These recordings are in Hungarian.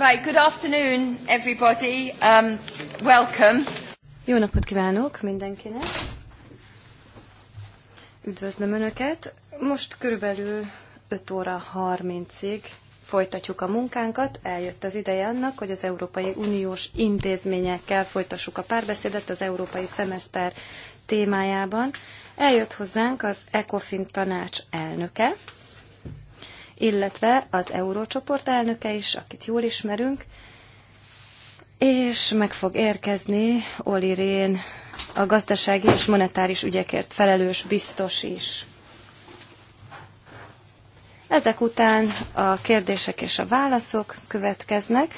Right, good afternoon everybody. Um, welcome. Jó napot kívánok mindenkinek. Üdvözlöm Önöket. Most körülbelül 5 óra 30-ig folytatjuk a munkánkat. Eljött az ideje annak, hogy az Európai Uniós intézményekkel folytassuk a párbeszédet az Európai Szemeszter témájában. Eljött hozzánk az ECOFIN tanács elnöke, illetve az eurócsoport elnöke is, akit jól ismerünk, és meg fog érkezni Oli Rén, a gazdasági és monetáris ügyekért felelős biztos is. Ezek után a kérdések és a válaszok következnek.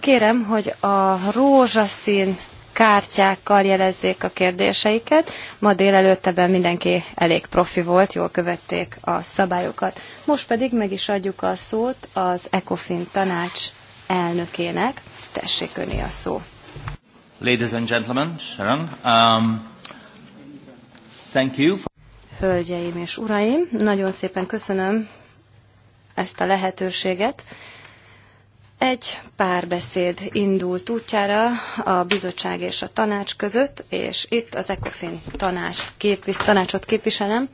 Kérem, hogy a rózsaszín kártyákkal jelezzék a kérdéseiket. Ma délelőtt ebben mindenki elég profi volt, jól követték a szabályokat. Most pedig meg is adjuk a szót az ECOFIN tanács elnökének. Tessék öné a szó. Ladies and gentlemen, Sharon, um, thank you. For... Hölgyeim és uraim, nagyon szépen köszönöm ezt a lehetőséget egy párbeszéd indult útjára a bizottság és a tanács között, és itt az ECOFIN tanács képvis, tanácsot képviselem,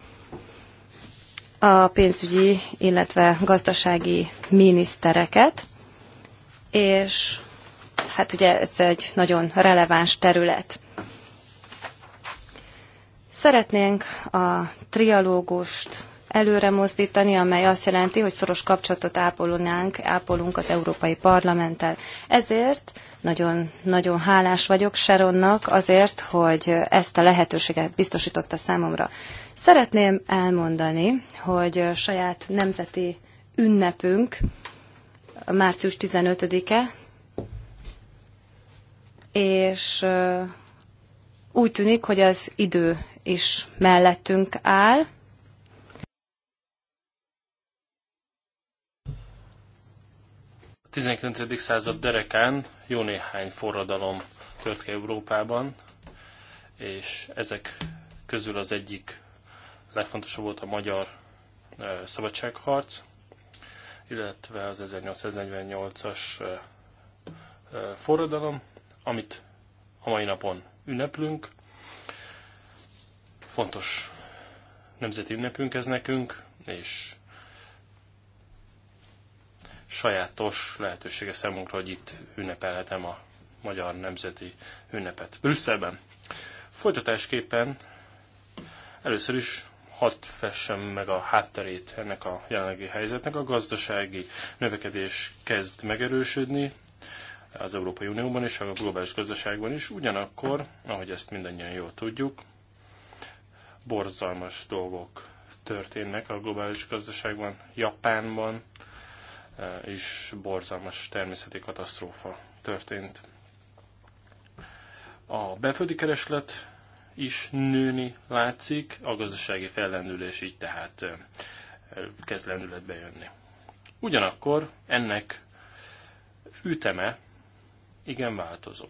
a pénzügyi, illetve gazdasági minisztereket, és hát ugye ez egy nagyon releváns terület. Szeretnénk a trialógust előre mozdítani, amely azt jelenti, hogy szoros kapcsolatot ápolnánk, ápolunk az Európai Parlamenttel. Ezért nagyon, nagyon hálás vagyok Sharonnak azért, hogy ezt a lehetőséget biztosította számomra. Szeretném elmondani, hogy saját nemzeti ünnepünk március 15-e, és úgy tűnik, hogy az idő is mellettünk áll, 19. század derekán jó néhány forradalom tört ki Európában, és ezek közül az egyik legfontosabb volt a magyar szabadságharc, illetve az 1848-as forradalom, amit a mai napon ünneplünk. Fontos nemzeti ünnepünk ez nekünk, és sajátos lehetősége számunkra, hogy itt ünnepelhetem a magyar nemzeti ünnepet. Brüsszelben. Folytatásképpen először is hadd fessem meg a hátterét ennek a jelenlegi helyzetnek. A gazdasági növekedés kezd megerősödni az Európai Unióban és a globális gazdaságban is. Ugyanakkor, ahogy ezt mindannyian jól tudjuk, borzalmas dolgok történnek a globális gazdaságban, Japánban, Eh, is borzalmas természeti katasztrófa történt. A belföldi kereslet is nőni látszik, a gazdasági fellendülés így tehát eh, eh, kezd lendületbe jönni. Ugyanakkor ennek üteme igen változó.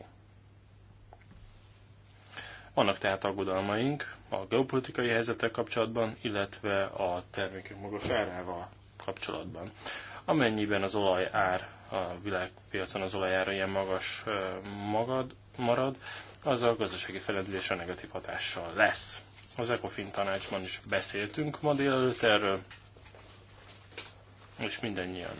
Vannak tehát aggodalmaink a geopolitikai helyzetek kapcsolatban, illetve a termékek magas árával kapcsolatban. Amennyiben az olaj ár a világpiacon az olajára ilyen magas magad, marad, az a gazdasági felendülésre negatív hatással lesz. Az ECOFIN tanácsban is beszéltünk ma délelőtt erről, és mindannyian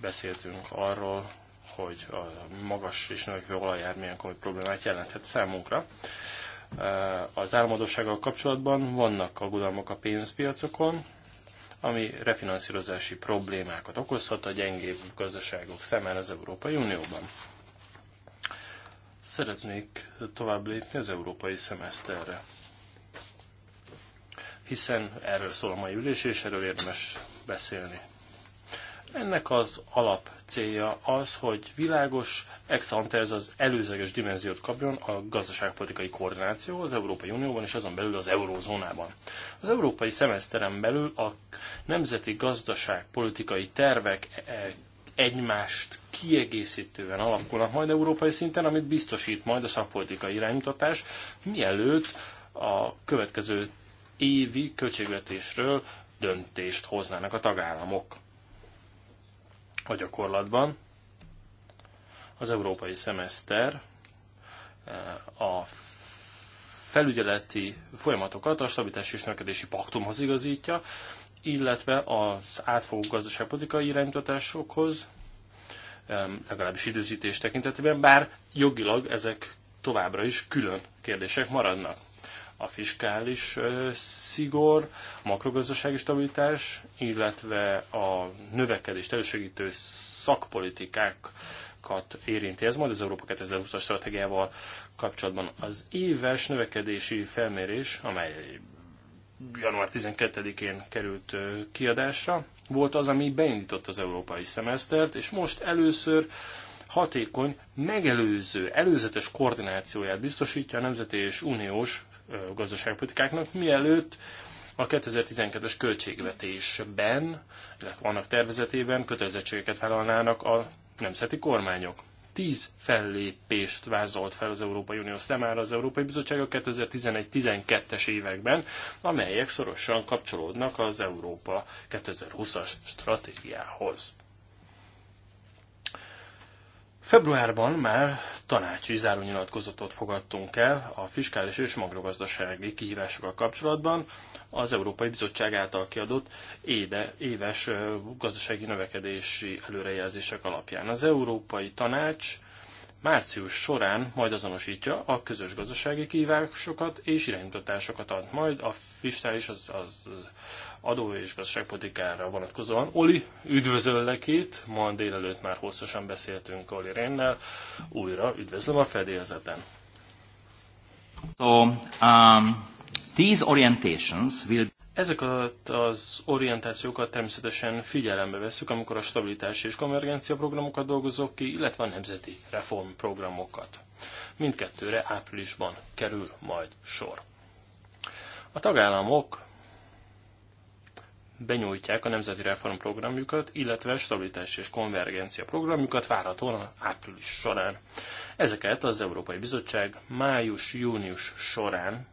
beszéltünk arról, hogy a magas és növekvő olajár milyen komoly problémát jelenthet számunkra. Az álmodossággal kapcsolatban vannak aggodalmak a pénzpiacokon, ami refinanszírozási problémákat okozhat a gyengébb gazdaságok számára az Európai Unióban. Szeretnék tovább lépni az európai szemeszterre, hiszen erről szól a mai ülés, és erről érdemes beszélni. Ennek az alap célja az, hogy világos, ex ante ez az előzeges dimenziót kapjon a gazdaságpolitikai koordináció az Európai Unióban és azon belül az eurózónában. Az európai szemeszteren belül a nemzeti gazdaságpolitikai tervek e, egymást kiegészítően alakulnak majd európai szinten, amit biztosít majd a szakpolitikai iránymutatás, mielőtt a következő évi költségvetésről döntést hoznának a tagállamok a gyakorlatban. Az európai szemeszter eh, a felügyeleti folyamatokat a stabilitási és növekedési paktumhoz igazítja, illetve az átfogó gazdaságpolitikai iránymutatásokhoz, legalábbis időzítés tekintetében, bár jogilag ezek továbbra is külön kérdések maradnak a fiskális szigor, a makrogazdasági stabilitás, illetve a növekedést elősegítő szakpolitikákat érinti. Ez majd az Európa 2020-as stratégiával kapcsolatban az éves növekedési felmérés, amely január 12-én került kiadásra, volt az, ami beindított az európai szemesztert, és most először hatékony, megelőző, előzetes koordinációját biztosítja a nemzeti és uniós gazdaságpolitikáknak, mielőtt a 2012-es költségvetésben, illetve annak tervezetében kötelezettségeket vállalnának a nemzeti kormányok. Tíz fellépést vázolt fel az Európai Unió számára az Európai Bizottság a 2011-12-es években, amelyek szorosan kapcsolódnak az Európa 2020-as stratégiához. Februárban már tanácsi zárónyilatkozatot fogadtunk el a fiskális és makrogazdasági kihívásokkal kapcsolatban az Európai Bizottság által kiadott éde, éves gazdasági növekedési előrejelzések alapján. Az Európai Tanács március során majd azonosítja a közös gazdasági kívásokat és iránymutatásokat ad majd a fiskális, az, az adó és gazdaságpolitikára vonatkozóan. Oli, üdvözöllek itt, ma délelőtt már hosszasan beszéltünk Oli Rennel, újra üdvözlöm a fedélzeten. So, um, these orientations will Ezeket az orientációkat természetesen figyelembe veszük, amikor a stabilitási és konvergencia programokat dolgozok ki, illetve a nemzeti reformprogramokat. Mindkettőre áprilisban kerül majd sor. A tagállamok benyújtják a nemzeti reformprogramjukat, illetve stabilitási és konvergencia programjukat várhatóan április során. Ezeket az Európai Bizottság május-június során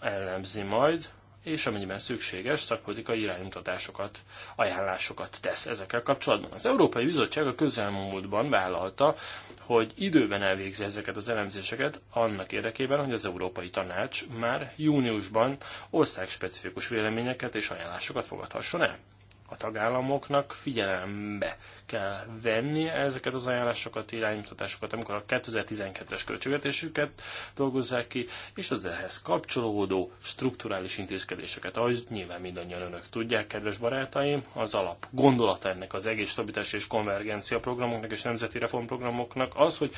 ellenzi majd, és amennyiben szükséges szakpolitikai iránymutatásokat, ajánlásokat tesz ezekkel kapcsolatban. Az Európai Bizottság a közelmúltban vállalta, hogy időben elvégzi ezeket az elemzéseket annak érdekében, hogy az Európai Tanács már júniusban országspecifikus véleményeket és ajánlásokat fogadhasson el a tagállamoknak figyelembe kell venni ezeket az ajánlásokat, iránymutatásokat, amikor a 2012-es költségvetésüket dolgozzák ki, és az ehhez kapcsolódó strukturális intézkedéseket. Ahogy nyilván mindannyian önök tudják, kedves barátaim, az alap gondolata ennek az egész stabilitás és konvergencia programoknak és nemzeti reformprogramoknak az, hogy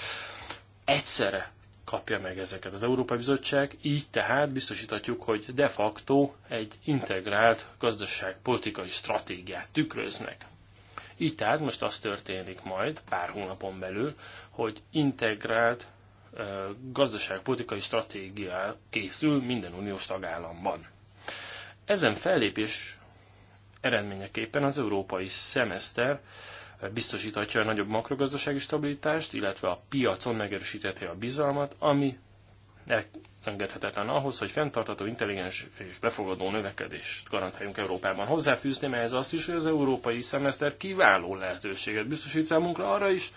egyszerre kapja meg ezeket az Európai Bizottság, így tehát biztosítatjuk, hogy de facto egy integrált gazdaságpolitikai stratégiát tükröznek. Így tehát most az történik majd pár hónapon belül, hogy integrált gazdaságpolitikai stratégia készül minden uniós tagállamban. Ezen fellépés eredményeképpen az európai szemeszter biztosíthatja a nagyobb makrogazdasági stabilitást, illetve a piacon megerősítheti a bizalmat, ami elengedhetetlen ahhoz, hogy fenntartató, intelligens és befogadó növekedést garantáljunk Európában. Hozzáfűzném ehhez azt is, hogy az európai szemeszter kiváló lehetőséget biztosít számunkra arra is,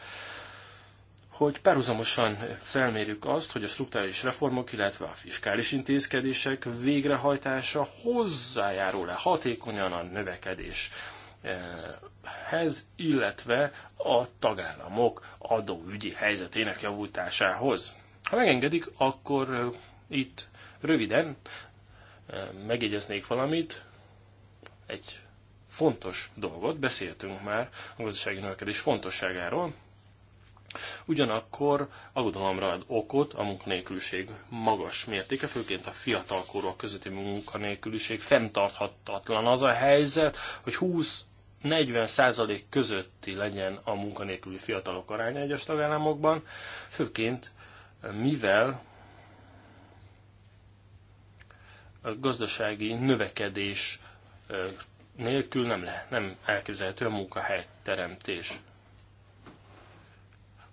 hogy párhuzamosan felmérjük azt, hogy a struktúrális reformok, illetve a fiskális intézkedések végrehajtása hozzájárul-e hatékonyan a növekedés hez, illetve a tagállamok adóügyi helyzetének javításához. Ha megengedik, akkor itt röviden megjegyeznék valamit, egy fontos dolgot, beszéltünk már a gazdasági növekedés fontosságáról, Ugyanakkor aggodalomra ad okot a munkanélküliség magas mértéke, főként a fiatalkorúak közötti munkanélküliség fenntarthatatlan az a helyzet, hogy 20 40% közötti legyen a munkanélküli fiatalok aránya egyes tagállamokban, főként eh, mivel a gazdasági növekedés eh, nélkül nem, le, nem elképzelhető a munkahely teremtés.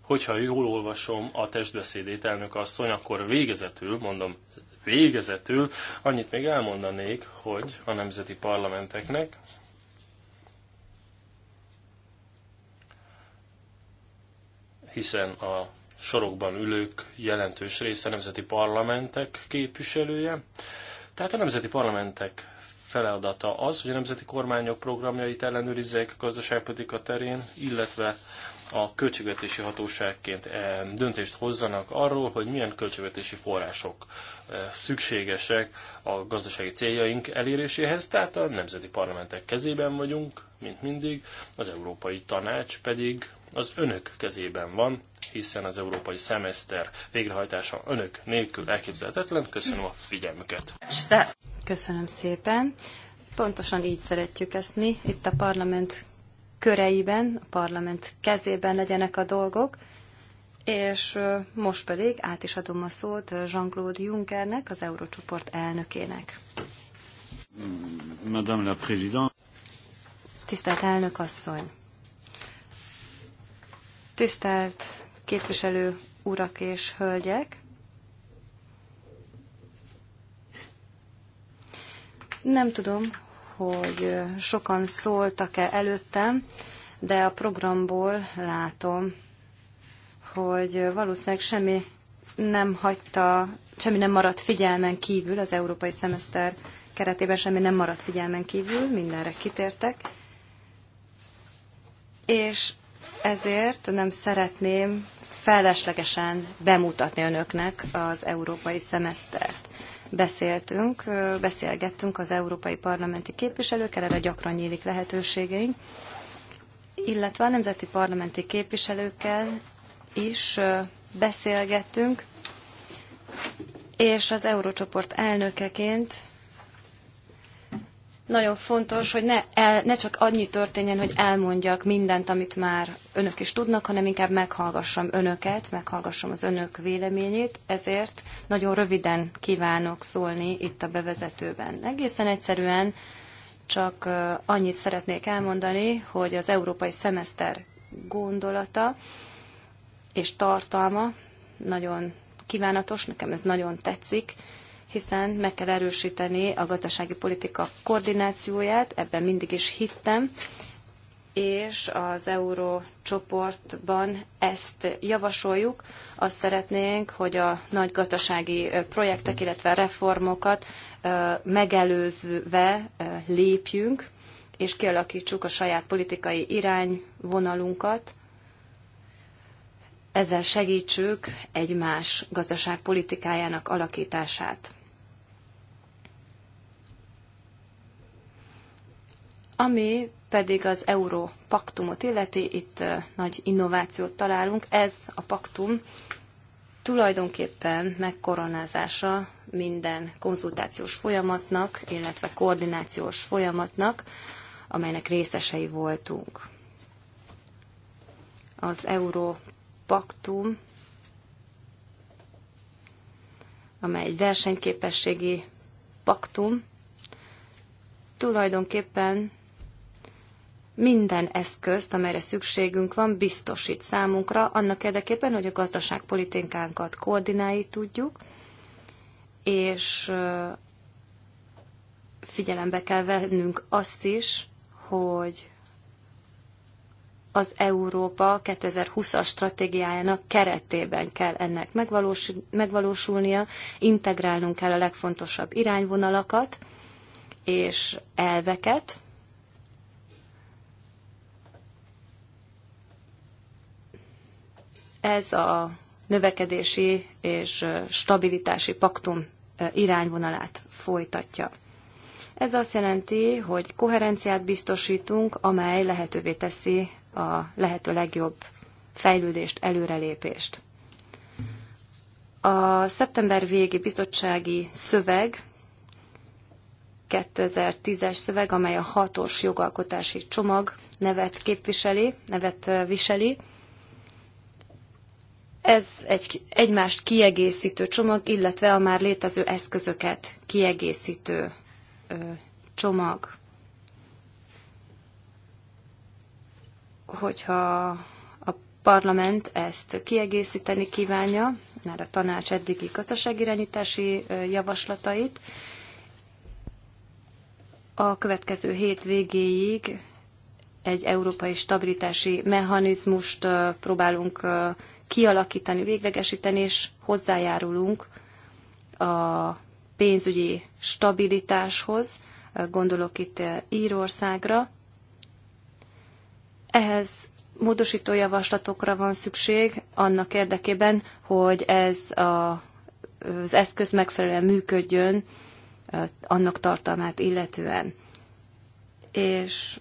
Hogyha jól olvasom a testbeszédét elnök asszony, akkor végezetül, mondom végezetül, annyit még elmondanék, hogy a nemzeti parlamenteknek hiszen a sorokban ülők jelentős része nemzeti parlamentek képviselője. Tehát a nemzeti parlamentek feladata az, hogy a nemzeti kormányok programjait ellenőrizzék a gazdaságpolitika terén, illetve a költségvetési hatóságként eh, döntést hozzanak arról, hogy milyen költségvetési források eh, szükségesek a gazdasági céljaink eléréséhez, tehát a nemzeti parlamentek kezében vagyunk, mint mindig, az Európai Tanács pedig az önök kezében van, hiszen az európai szemeszter végrehajtása önök nélkül elképzelhetetlen. Köszönöm a figyelmüket. Köszönöm szépen. Pontosan így szeretjük ezt mi, itt a parlament köreiben, a parlament kezében legyenek a dolgok, és most pedig át is adom a szót Jean-Claude Junckernek, az Eurócsoport elnökének. Madame la Présidente. Tisztelt elnök asszony! Tisztelt képviselő urak és hölgyek! Nem tudom, hogy sokan szóltak-e előttem, de a programból látom, hogy valószínűleg semmi nem hagyta, semmi nem maradt figyelmen kívül az európai szemeszter keretében, semmi nem maradt figyelmen kívül, mindenre kitértek. És ezért nem szeretném feleslegesen bemutatni önöknek az európai szemesztert. Beszéltünk, beszélgettünk az európai parlamenti képviselőkkel, erre gyakran nyílik lehetőségeink, illetve a nemzeti parlamenti képviselőkkel is beszélgettünk, és az eurócsoport elnökeként nagyon fontos, hogy ne, el, ne csak annyi történjen, hogy elmondjak mindent, amit már önök is tudnak, hanem inkább meghallgassam önöket, meghallgassam az önök véleményét, ezért nagyon röviden kívánok szólni itt a bevezetőben. Egészen egyszerűen csak annyit szeretnék elmondani, hogy az európai szemeszter gondolata és tartalma nagyon kívánatos, nekem ez nagyon tetszik, hiszen meg kell erősíteni a gazdasági politika koordinációját, ebben mindig is hittem, és az eurócsoportban ezt javasoljuk. Azt szeretnénk, hogy a nagy gazdasági projektek, illetve reformokat megelőzve lépjünk, és kialakítsuk a saját politikai irányvonalunkat, ezzel segítsük egymás gazdaságpolitikájának alakítását. Ami pedig az euró paktumot illeti, itt nagy innovációt találunk. Ez a paktum tulajdonképpen megkoronázása minden konzultációs folyamatnak, illetve koordinációs folyamatnak, amelynek részesei voltunk. Az Európaktum, amely egy versenyképességi paktum, tulajdonképpen minden eszközt, amelyre szükségünk van, biztosít számunkra, annak érdekében, hogy a gazdaságpolitikánkat koordinálni tudjuk, és figyelembe kell vennünk azt is, hogy az Európa 2020-as stratégiájának keretében kell ennek megvalósulnia, integrálnunk kell a legfontosabb irányvonalakat és elveket, Ez a növekedési és stabilitási paktum irányvonalát folytatja. Ez azt jelenti, hogy koherenciát biztosítunk, amely lehetővé teszi a lehető legjobb fejlődést, előrelépést. A szeptember végi bizottsági szöveg, 2010-es szöveg, amely a hatos jogalkotási csomag nevet képviseli, nevet viseli, ez egy egymást kiegészítő csomag, illetve a már létező eszközöket kiegészítő ö, csomag. Hogyha a parlament ezt kiegészíteni kívánja, már a tanács eddigi gazdaságirányítási javaslatait, a következő hét végéig egy európai stabilitási mechanizmust próbálunk kialakítani, véglegesíteni, és hozzájárulunk a pénzügyi stabilitáshoz, gondolok itt eh, Írországra. Ehhez módosító javaslatokra van szükség annak érdekében, hogy ez a, az eszköz megfelelően működjön eh, annak tartalmát illetően. És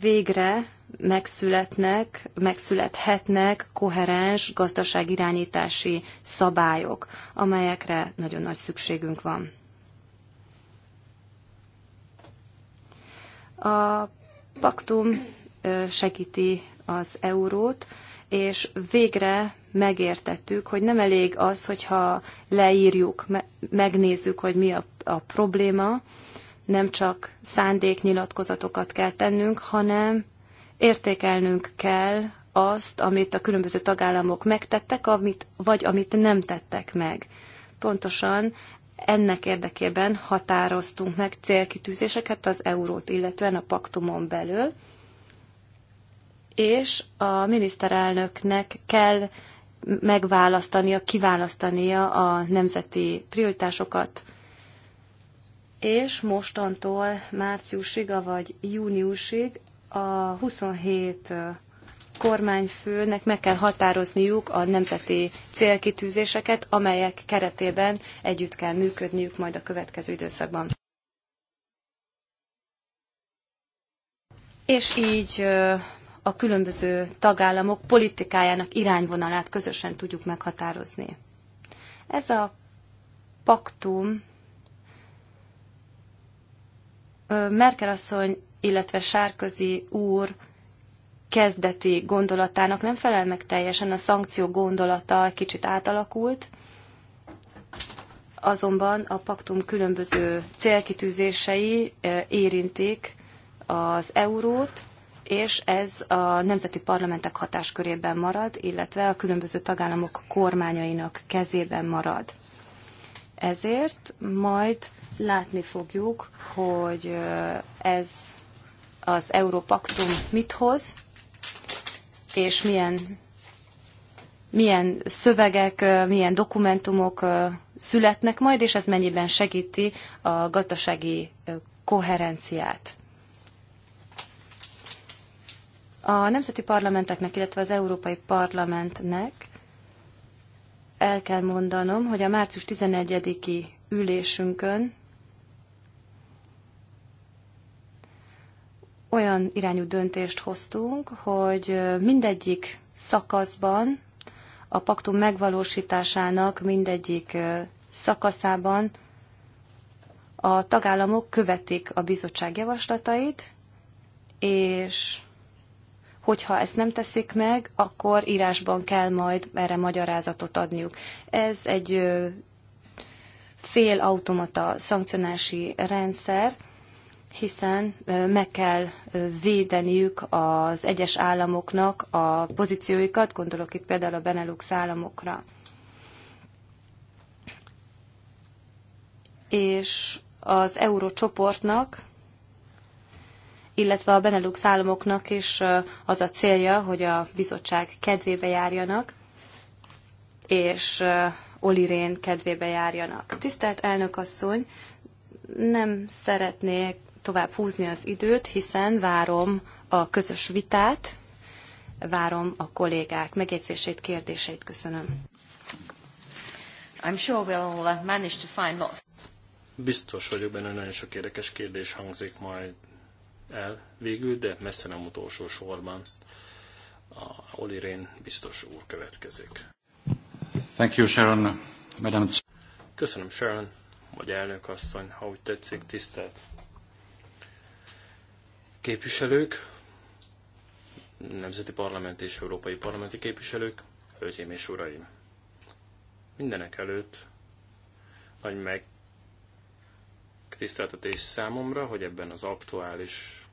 végre megszületnek, megszülethetnek koherens gazdaságirányítási szabályok, amelyekre nagyon nagy szükségünk van. A paktum segíti az eurót, és végre megértettük, hogy nem elég az, hogyha leírjuk, megnézzük, hogy mi a, a probléma, nem csak szándéknyilatkozatokat kell tennünk, hanem Értékelnünk kell azt, amit a különböző tagállamok megtettek, amit, vagy amit nem tettek meg. Pontosan ennek érdekében határoztunk meg célkitűzéseket az eurót, illetően a paktumon belül, és a miniszterelnöknek kell megválasztania, kiválasztania a nemzeti prioritásokat, és mostantól márciusig, vagy júniusig a 27 kormányfőnek meg kell határozniuk a nemzeti célkitűzéseket, amelyek keretében együtt kell működniük majd a következő időszakban. És így a különböző tagállamok politikájának irányvonalát közösen tudjuk meghatározni. Ez a paktum Merkel asszony illetve Sárközi úr kezdeti gondolatának nem felel meg teljesen, a szankció gondolata kicsit átalakult, azonban a paktum különböző célkitűzései e, érintik az eurót, és ez a nemzeti parlamentek hatáskörében marad, illetve a különböző tagállamok kormányainak kezében marad. Ezért majd látni fogjuk, hogy e, ez az Európaktum mit hoz, és milyen, milyen szövegek, milyen dokumentumok születnek majd, és ez mennyiben segíti a gazdasági koherenciát. A nemzeti parlamenteknek, illetve az Európai Parlamentnek el kell mondanom, hogy a március 11-i ülésünkön olyan irányú döntést hoztunk, hogy mindegyik szakaszban, a paktum megvalósításának mindegyik szakaszában a tagállamok követik a bizottság javaslatait, és hogyha ezt nem teszik meg, akkor írásban kell majd erre magyarázatot adniuk. Ez egy félautomata szankcionási rendszer, hiszen meg kell védeniük az egyes államoknak a pozícióikat, gondolok itt például a Benelux államokra. És az eurócsoportnak, illetve a Benelux államoknak is az a célja, hogy a bizottság kedvébe járjanak, és Olirén kedvébe járjanak. Tisztelt elnök asszony, nem szeretnék tovább húzni az időt, hiszen várom a közös vitát, várom a kollégák megjegyzését, kérdéseit. Köszönöm. I'm sure we'll uh, manage to find lots. Biztos vagyok benne, hogy nagyon sok érdekes kérdés hangzik majd el végül, de messze nem utolsó sorban. A Oli Rén biztos úr következik. Thank you, Sharon. Madam. Köszönöm, Sharon, vagy elnök asszony, ha úgy tetszik, tisztelt képviselők, nemzeti parlament és európai parlamenti képviselők, hölgyeim és uraim! Mindenek előtt nagy megtiszteltetés számomra, hogy ebben az aktuális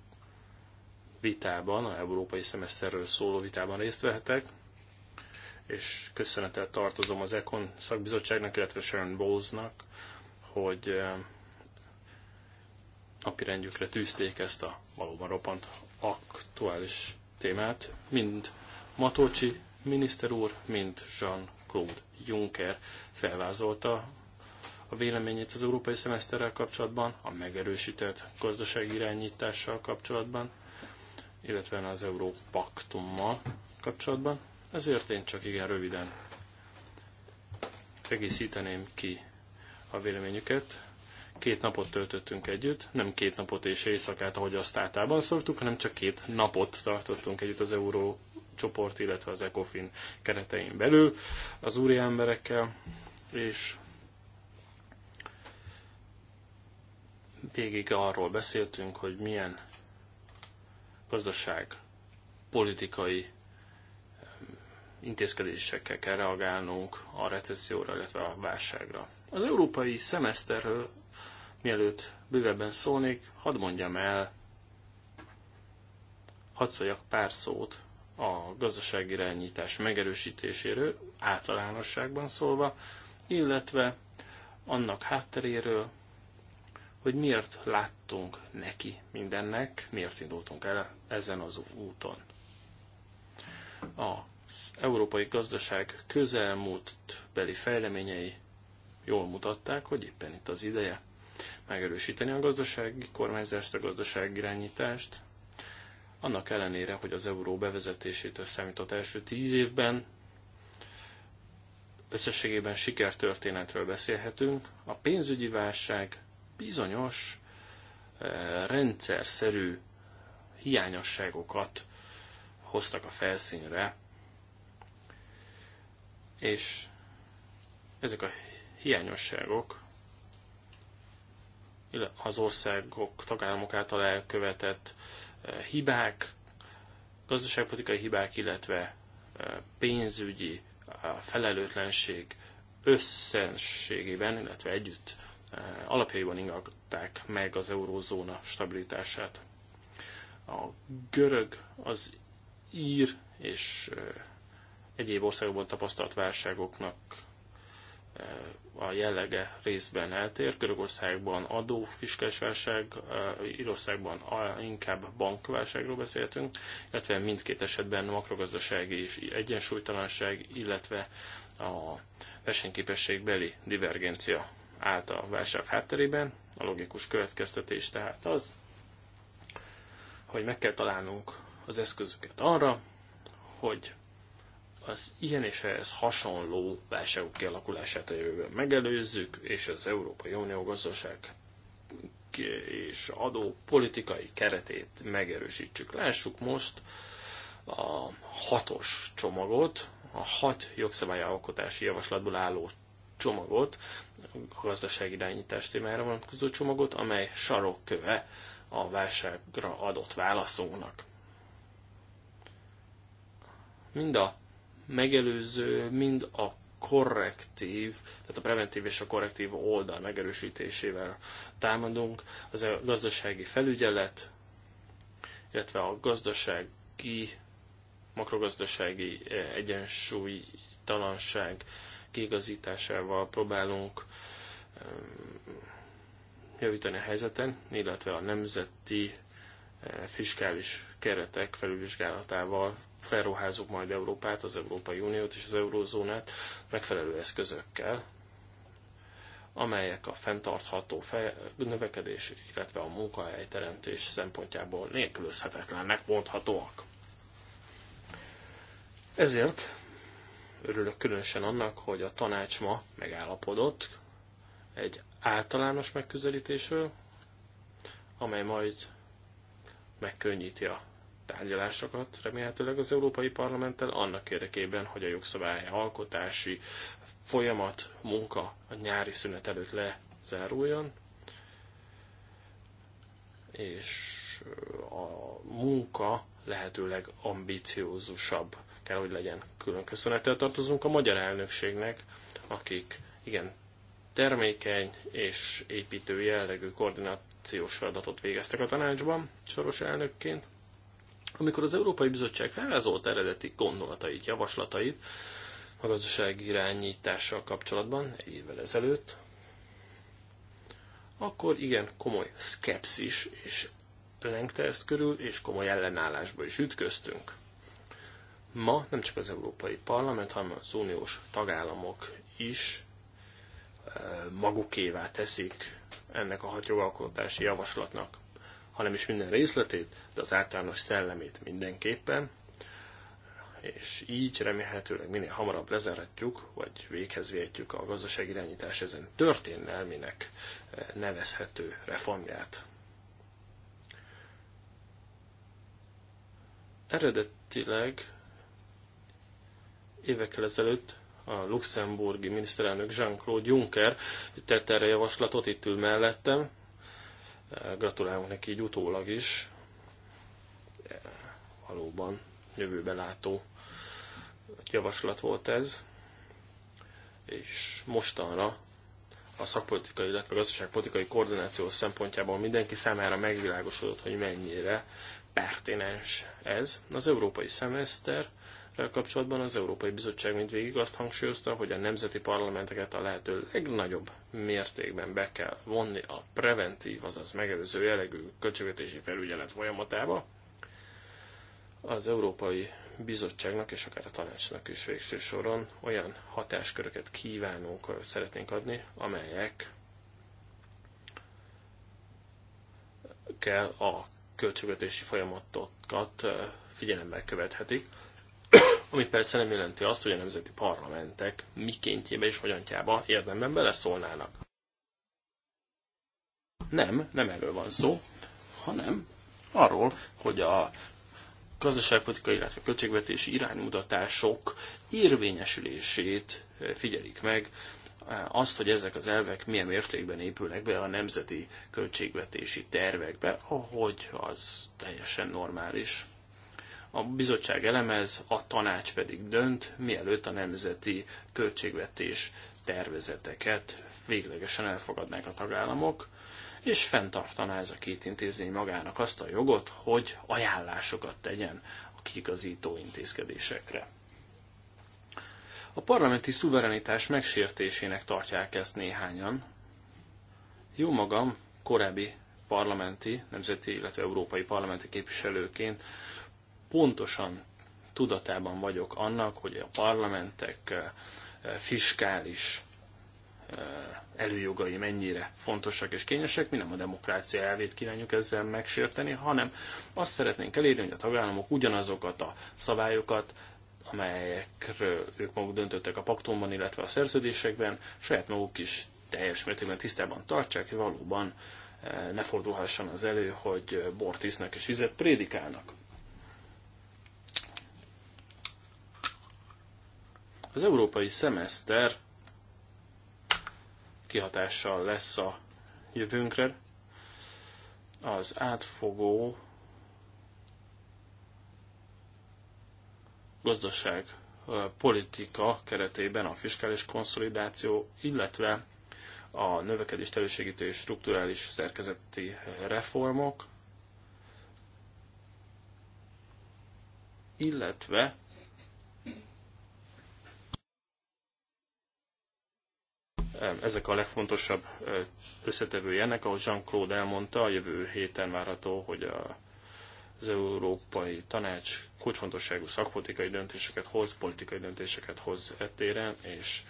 vitában, a európai szemeszterről szóló vitában részt vehetek, és köszönettel tartozom az Econ szakbizottságnak, illetve Sharon Bowlesnak, hogy eh, napirendjükre tűzték ezt a valóban roppant aktuális témát, mind Matocsi miniszter úr, mind Jean-Claude Juncker felvázolta a véleményét az európai szemeszterrel kapcsolatban, a megerősített gazdasági irányítással kapcsolatban, illetve az Európaktummal kapcsolatban. Ezért én csak igen röviden egészíteném ki a véleményüket. Két napot töltöttünk együtt, nem két napot és éjszakát, ahogy azt általában szoktuk, hanem csak két napot tartottunk együtt az Euró csoport, illetve az ECOFIN keretein belül az úri emberekkel, és végig arról beszéltünk, hogy milyen gazdaság, politikai intézkedésekkel kell reagálnunk a recesszióra, illetve a válságra. Az európai szemeszterről Mielőtt bővebben szólnék, hadd mondjam el, hadd szóljak pár szót a gazdaságirányítás megerősítéséről, általánosságban szólva, illetve annak hátteréről, hogy miért láttunk neki mindennek, miért indultunk el ezen az úton. Az európai gazdaság közelmúlt beli fejleményei jól mutatták, hogy éppen itt az ideje megerősíteni a gazdasági kormányzást, a gazdasági irányítást, annak ellenére, hogy az euró bevezetésétől számított első tíz évben összességében sikertörténetről beszélhetünk, a pénzügyi válság bizonyos eh, rendszerszerű hiányosságokat hoztak a felszínre, és ezek a hiányosságok az országok, tagállamok által elkövetett eh, hibák, gazdaságpolitikai hibák, illetve eh, pénzügyi eh, felelőtlenség összességében illetve együtt alapjaiban ingatták meg az eurózóna stabilitását. A görög, az ír és egyéb országokban tapasztalt válságoknak a jellege részben eltér. Görögországban adó, fiskás válság, eh, Írországban inkább bankválságról beszéltünk, illetve mindkét esetben makrogazdasági és egyensúlytalanság, illetve a beli divergencia állt a válság hátterében. A logikus következtetés tehát az, hogy meg kell találnunk az eszközöket arra, hogy az ilyen és ehhez hasonló válságok kialakulását a jövőben megelőzzük, és az Európai Unió gazdaság és adó politikai keretét megerősítsük. Lássuk most a hatos csomagot, a hat jogszabályalkotási javaslatból álló csomagot, a gazdasági irányítás témára vonatkozó csomagot, amely sarokköve a válságra adott válaszunknak. Mind a megelőző, mind a korrektív, tehát a preventív és a korrektív oldal megerősítésével támadunk, az a gazdasági felügyelet, illetve a gazdasági, makrogazdasági eh, egyensúlytalanság kiigazításával próbálunk ehm, javítani a helyzeten, illetve a nemzeti eh, fiskális keretek felülvizsgálatával felruházunk majd Európát, az Európai Uniót és az Eurózónát megfelelő eszközökkel, amelyek a fenntartható növekedés, illetve a munkahelyteremtés szempontjából nélkülözhetetlennek mondhatóak. Ezért örülök különösen annak, hogy a tanács ma megállapodott egy általános megközelítésről, amely majd megkönnyíti a tárgyalásokat remélhetőleg az Európai Parlamenttel annak érdekében, hogy a jogszabály alkotási folyamat, munka a nyári szünet előtt lezáruljon, és a munka lehetőleg ambiciózusabb kell, hogy legyen. Külön köszönettel tartozunk a magyar elnökségnek, akik igen termékeny és építő jellegű koordinációs feladatot végeztek a tanácsban soros elnökként. Amikor az Európai Bizottság felvázolt eredeti gondolatait, javaslatait a gazdasági irányítással kapcsolatban egy évvel ezelőtt, akkor igen komoly szkepszis és lengte ezt körül, és komoly ellenállásba is ütköztünk. Ma nem csak az Európai Parlament, hanem az uniós tagállamok is eh, magukévá teszik ennek a hatjogalkotási javaslatnak hanem is minden részletét, de az általános szellemét mindenképpen, és így remélhetőleg minél hamarabb lezáratjuk, vagy véghez vihetjük a gazdaságirányítás ezen történelminek eh, nevezhető reformját. Eredetileg évekkel ezelőtt a luxemburgi miniszterelnök Jean-Claude Juncker tett erre javaslatot, itt ül mellettem, Gratulálunk neki így utólag is. Valóban jövőben látó javaslat volt ez. És mostanra a szakpolitikai, illetve a gazdaságpolitikai koordináció szempontjából mindenki számára megvilágosodott, hogy mennyire pertinens ez. Az európai szemeszter kapcsolatban az Európai Bizottság mindvégig azt hangsúlyozta, hogy a nemzeti parlamenteket a lehető legnagyobb mértékben be kell vonni a preventív, azaz megelőző jellegű költségvetési felügyelet folyamatába. Az Európai Bizottságnak és akár a tanácsnak is végső soron olyan hatásköröket kívánunk, szeretnénk adni, amelyek kell a költségvetési folyamatokat figyelembe követhetik ami persze nem jelenti azt, hogy a nemzeti parlamentek mikéntjébe és hogyantjába érdemben beleszólnának. Nem, nem erről van szó, hanem arról, hogy a gazdaságpolitikai, illetve költségvetési iránymutatások érvényesülését eh, figyelik meg, eh, azt, hogy ezek az elvek milyen mértékben épülnek be a nemzeti költségvetési tervekbe, ahogy az teljesen normális a bizottság elemez, a tanács pedig dönt, mielőtt a nemzeti költségvetés tervezeteket véglegesen elfogadnák a tagállamok, és fenntartaná ez a két intézmény magának azt a jogot, hogy ajánlásokat tegyen a kiigazító intézkedésekre. A parlamenti szuverenitás megsértésének tartják ezt néhányan. Jó magam, korábbi parlamenti, nemzeti, illetve európai parlamenti képviselőként pontosan tudatában vagyok annak, hogy a parlamentek eh, eh, fiskális eh, előjogai mennyire fontosak és kényesek. Mi nem a demokrácia elvét kívánjuk ezzel megsérteni, hanem azt szeretnénk elérni, hogy a tagállamok ugyanazokat a szabályokat, amelyekről ők maguk döntöttek a paktumban, illetve a szerződésekben, saját maguk is teljes mértékben tisztában tartsák, hogy valóban ne fordulhasson az elő, hogy bort isznak és vizet prédikálnak. Az európai szemeszter kihatással lesz a jövőnkre. Az átfogó gazdaság politika keretében a fiskális konszolidáció, illetve a növekedés elősegítő és strukturális szerkezeti reformok, illetve Ezek a legfontosabb összetevői ennek, ahogy Jean-Claude elmondta, a jövő héten várható, hogy a, az Európai Tanács kulcsfontosságú szakpolitikai döntéseket hoz, politikai döntéseket hoz ettéren, és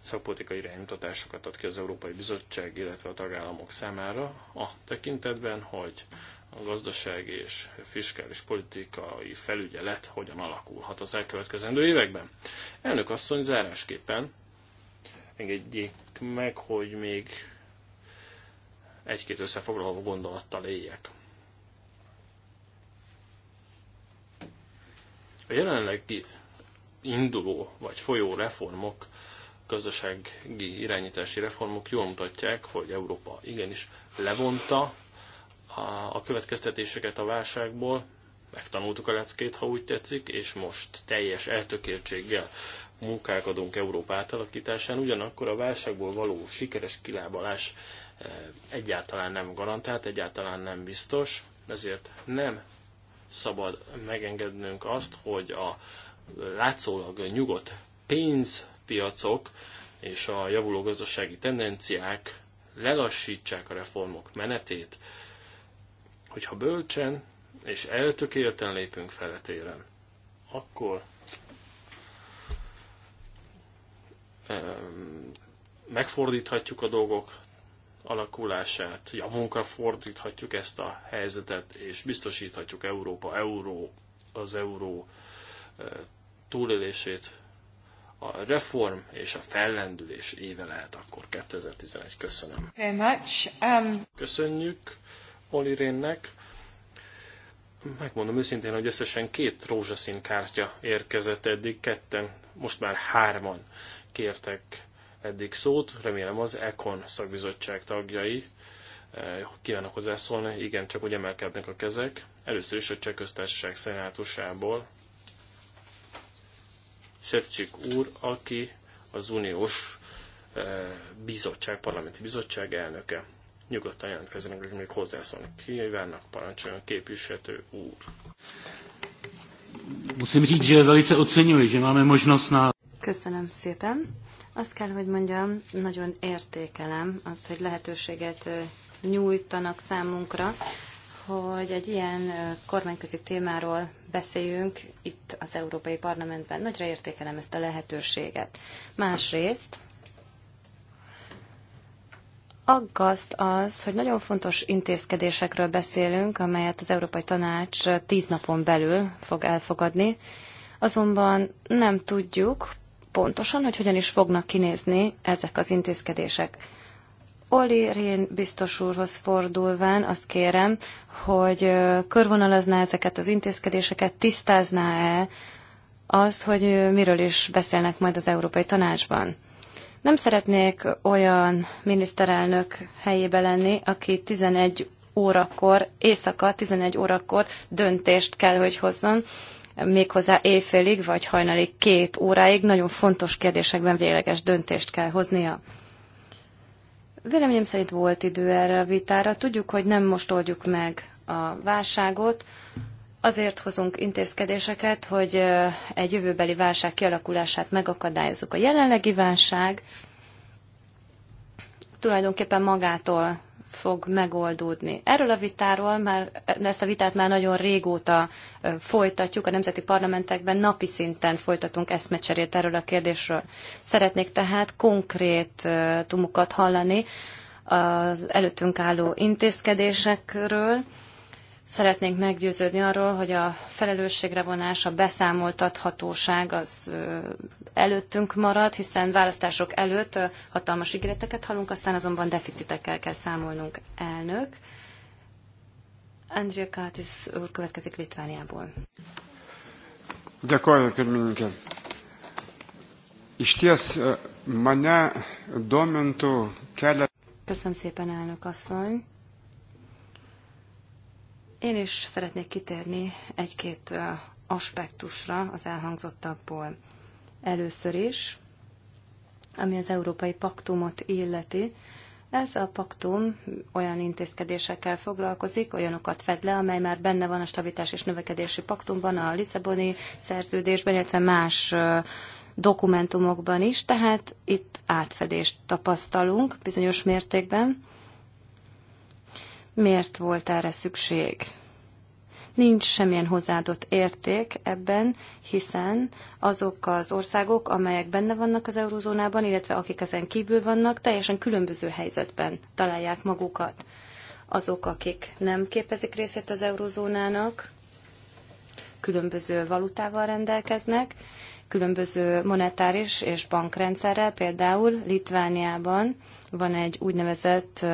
szakpolitikai iránymutatásokat ad ki az Európai Bizottság, illetve a tagállamok számára a tekintetben, hogy a gazdasági és fiskális politikai felügyelet hogyan alakulhat az elkövetkezendő években. Elnök asszony zárásképpen Engedjék meg, hogy még egy-két összefoglaló gondolattal éljek. A jelenlegi induló vagy folyó reformok, gazdasági irányítási reformok jól mutatják, hogy Európa igenis levonta a következtetéseket a válságból, megtanultuk a leckét, ha úgy tetszik, és most teljes eltökértséggel munkálkodunk Európa átalakításán, ugyanakkor a válságból való sikeres kilábalás eh, egyáltalán nem garantált, egyáltalán nem biztos, ezért nem szabad megengednünk azt, hogy a látszólag nyugodt pénzpiacok és a javuló gazdasági tendenciák lelassítsák a reformok menetét, hogyha bölcsen és eltökélten lépünk feletére, akkor megfordíthatjuk a dolgok alakulását, javunkra fordíthatjuk ezt a helyzetet, és biztosíthatjuk Európa, euró, az euró túlélését. A reform és a fellendülés éve lehet akkor 2011. Köszönöm. Very much. Um... Köszönjük Rénnek. Megmondom őszintén, hogy összesen két rózsaszín kártya érkezett eddig, ketten, most már hárman kértek eddig szót, remélem az ECON szakbizottság tagjai eh, kívánok hozzászólni, igen, csak hogy emelkednek a kezek. Először is a Cseh Köztársaság szenátusából Sefcsik úr, aki az uniós eh, bizottság, parlamenti bizottság elnöke. Nyugodtan jelentkezzenek, hogy még hozzászólni kívánnak, parancsoljon képviselő úr. Musím říct, že velice oceňuji, že máme možnost na... Köszönöm szépen. Azt kell, hogy mondjam, nagyon értékelem azt, hogy lehetőséget nyújtanak számunkra, hogy egy ilyen kormányközi témáról beszéljünk itt az Európai Parlamentben. Nagyra értékelem ezt a lehetőséget. Másrészt aggaszt az, hogy nagyon fontos intézkedésekről beszélünk, amelyet az Európai Tanács tíz napon belül fog elfogadni, azonban nem tudjuk pontosan, hogy hogyan is fognak kinézni ezek az intézkedések. Oli Rén biztos úrhoz fordulván azt kérem, hogy körvonalazná ezeket az intézkedéseket, tisztázná-e azt, hogy miről is beszélnek majd az Európai Tanácsban. Nem szeretnék olyan miniszterelnök helyébe lenni, aki 11 órakor, éjszaka 11 órakor döntést kell, hogy hozzon, méghozzá éjfélig vagy hajnalig két óráig nagyon fontos kérdésekben végleges döntést kell hoznia. Véleményem szerint volt idő erre a vitára. Tudjuk, hogy nem most oldjuk meg a válságot, azért hozunk intézkedéseket, hogy egy jövőbeli válság kialakulását megakadályozzuk. A jelenlegi válság tulajdonképpen magától fog megoldódni. Erről a vitáról már, ezt a vitát már nagyon régóta folytatjuk, a nemzeti parlamentekben napi szinten folytatunk eszmecserét erről a kérdésről. Szeretnék tehát konkrét tumukat hallani az előttünk álló intézkedésekről, Szeretnénk meggyőződni arról, hogy a felelősségre vonás, a beszámoltathatóság az előttünk marad, hiszen választások előtt hatalmas ígéreteket hallunk, aztán azonban deficitekkel kell számolnunk elnök. Andrea Kátis úr következik Litvániából. Dėkoju, pirmininkė. Iš ties mane Köszönöm szépen, elnök asszony. Én is szeretnék kitérni egy-két aspektusra az elhangzottakból. Először is, ami az Európai Paktumot illeti, ez a paktum olyan intézkedésekkel foglalkozik, olyanokat fed le, amely már benne van a stabilitás és növekedési paktumban, a Lisszaboni szerződésben, illetve más dokumentumokban is, tehát itt átfedést tapasztalunk bizonyos mértékben. Miért volt erre szükség? Nincs semmilyen hozzáadott érték ebben, hiszen azok az országok, amelyek benne vannak az Eurózónában, illetve akik ezen kívül vannak, teljesen különböző helyzetben találják magukat. Azok, akik nem képezik részét az Eurózónának, különböző valutával rendelkeznek, különböző monetáris és bankrendszerrel, például Litvániában van egy úgynevezett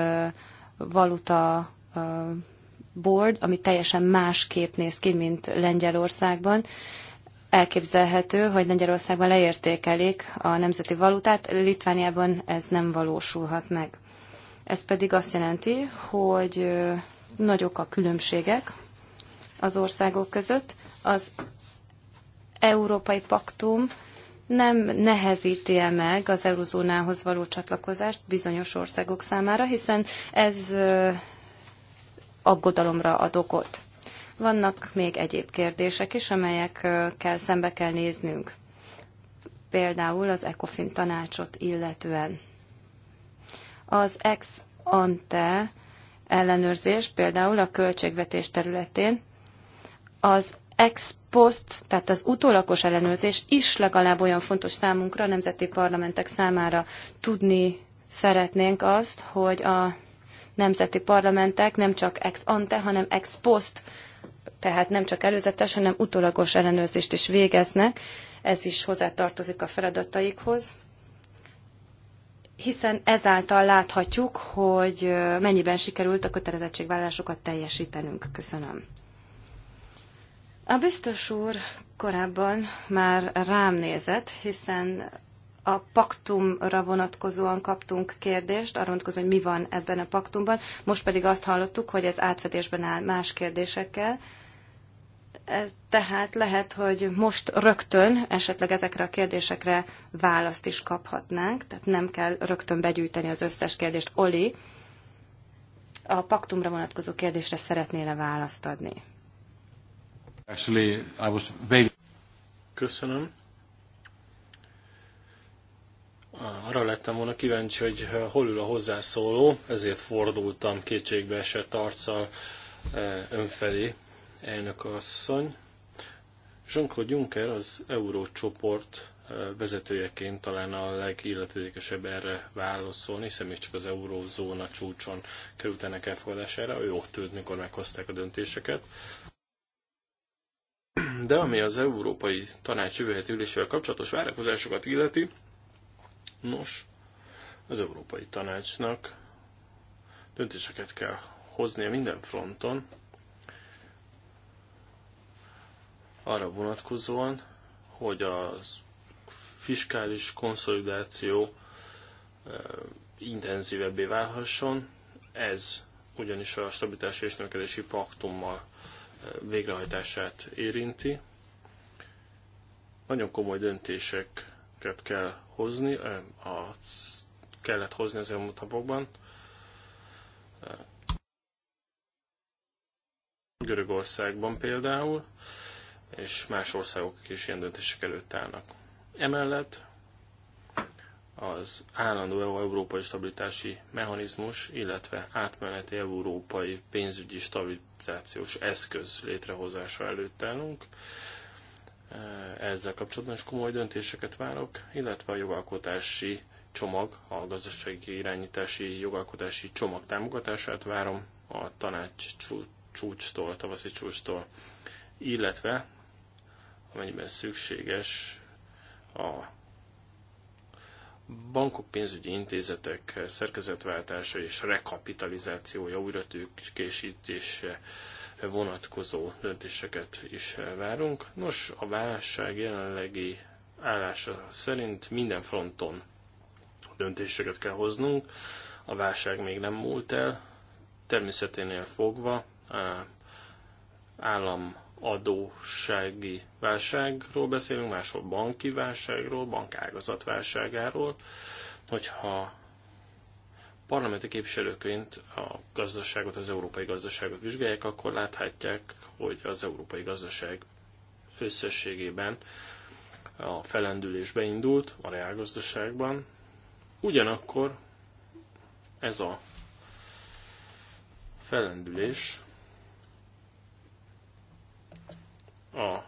valuta board, ami teljesen másképp néz ki, mint Lengyelországban. Elképzelhető, hogy Lengyelországban leértékelik a nemzeti valutát, Litvániában ez nem valósulhat meg. Ez pedig azt jelenti, hogy nagyok a különbségek az országok között. Az Európai Paktum nem nehezíti -e meg az eurozónához való csatlakozást bizonyos országok számára, hiszen ez aggodalomra ad okot. Vannak még egyéb kérdések is, amelyekkel szembe kell néznünk. Például az ECOFIN tanácsot illetően. Az ex ante ellenőrzés például a költségvetés területén az ex post, tehát az utólagos ellenőrzés is legalább olyan fontos számunkra, a nemzeti parlamentek számára tudni szeretnénk azt, hogy a nemzeti parlamentek nem csak ex ante, hanem ex post, tehát nem csak előzetes, hanem utólagos ellenőrzést is végeznek. Ez is hozzátartozik a feladataikhoz hiszen ezáltal láthatjuk, hogy mennyiben sikerült a kötelezettségvállalásokat teljesítenünk. Köszönöm. A biztos úr korábban már rám nézett, hiszen a paktumra vonatkozóan kaptunk kérdést, arra vonatkozóan, hogy mi van ebben a paktumban. Most pedig azt hallottuk, hogy ez átfedésben áll más kérdésekkel. E, tehát lehet, hogy most rögtön esetleg ezekre a kérdésekre választ is kaphatnánk, tehát nem kell rögtön begyűjteni az összes kérdést. Oli, a paktumra vonatkozó kérdésre szeretnél-e választ adni? Actually, I was Köszönöm. Arra lettem volna kíváncsi, hogy hol ül a hozzászóló, ezért fordultam kétségbe esett arccal önfelé, elnök asszony. Jean-Claude Juncker az eurócsoport vezetőjeként talán a legilletékesebb erre válaszolni, hiszen még csak az eurózóna csúcson került ennek elfogadására, ő ott ült, mikor meghozták a döntéseket. De ami az Európai Tanács jövő heti ülésével kapcsolatos várakozásokat illeti, nos, az Európai Tanácsnak döntéseket kell hoznia minden fronton, arra vonatkozóan, hogy a fiskális konszolidáció intenzívebbé válhasson, ez ugyanis a stabilitási és növekedési paktummal végrehajtását érinti. Nagyon komoly döntéseket kell hozni, a, kellett hozni az elmúlt napokban. Görögországban például, és más országok is ilyen döntések előtt állnak. Emellett az állandó európai stabilitási mechanizmus, illetve átmeneti európai pénzügyi stabilizációs eszköz létrehozása előtt állunk. Eh, ezzel kapcsolatban is komoly döntéseket várok, illetve a jogalkotási csomag, a gazdasági irányítási jogalkotási csomag támogatását várom a tanács csúcstól, a tavaszi csúcstól, illetve amennyiben szükséges a bankok pénzügyi intézetek szerkezetváltása és rekapitalizációja, újra tőkésítése vonatkozó döntéseket is várunk. Nos, a válság jelenlegi állása szerint minden fronton döntéseket kell hoznunk. A válság még nem múlt el, természeténél fogva állam adósági válságról beszélünk, máshol banki válságról, bankágazat válságáról, hogyha parlamenti képviselőként a gazdaságot, az európai gazdaságot vizsgálják, akkor láthatják, hogy az európai gazdaság összességében a felendülés beindult a reálgazdaságban. Ugyanakkor ez a felendülés a,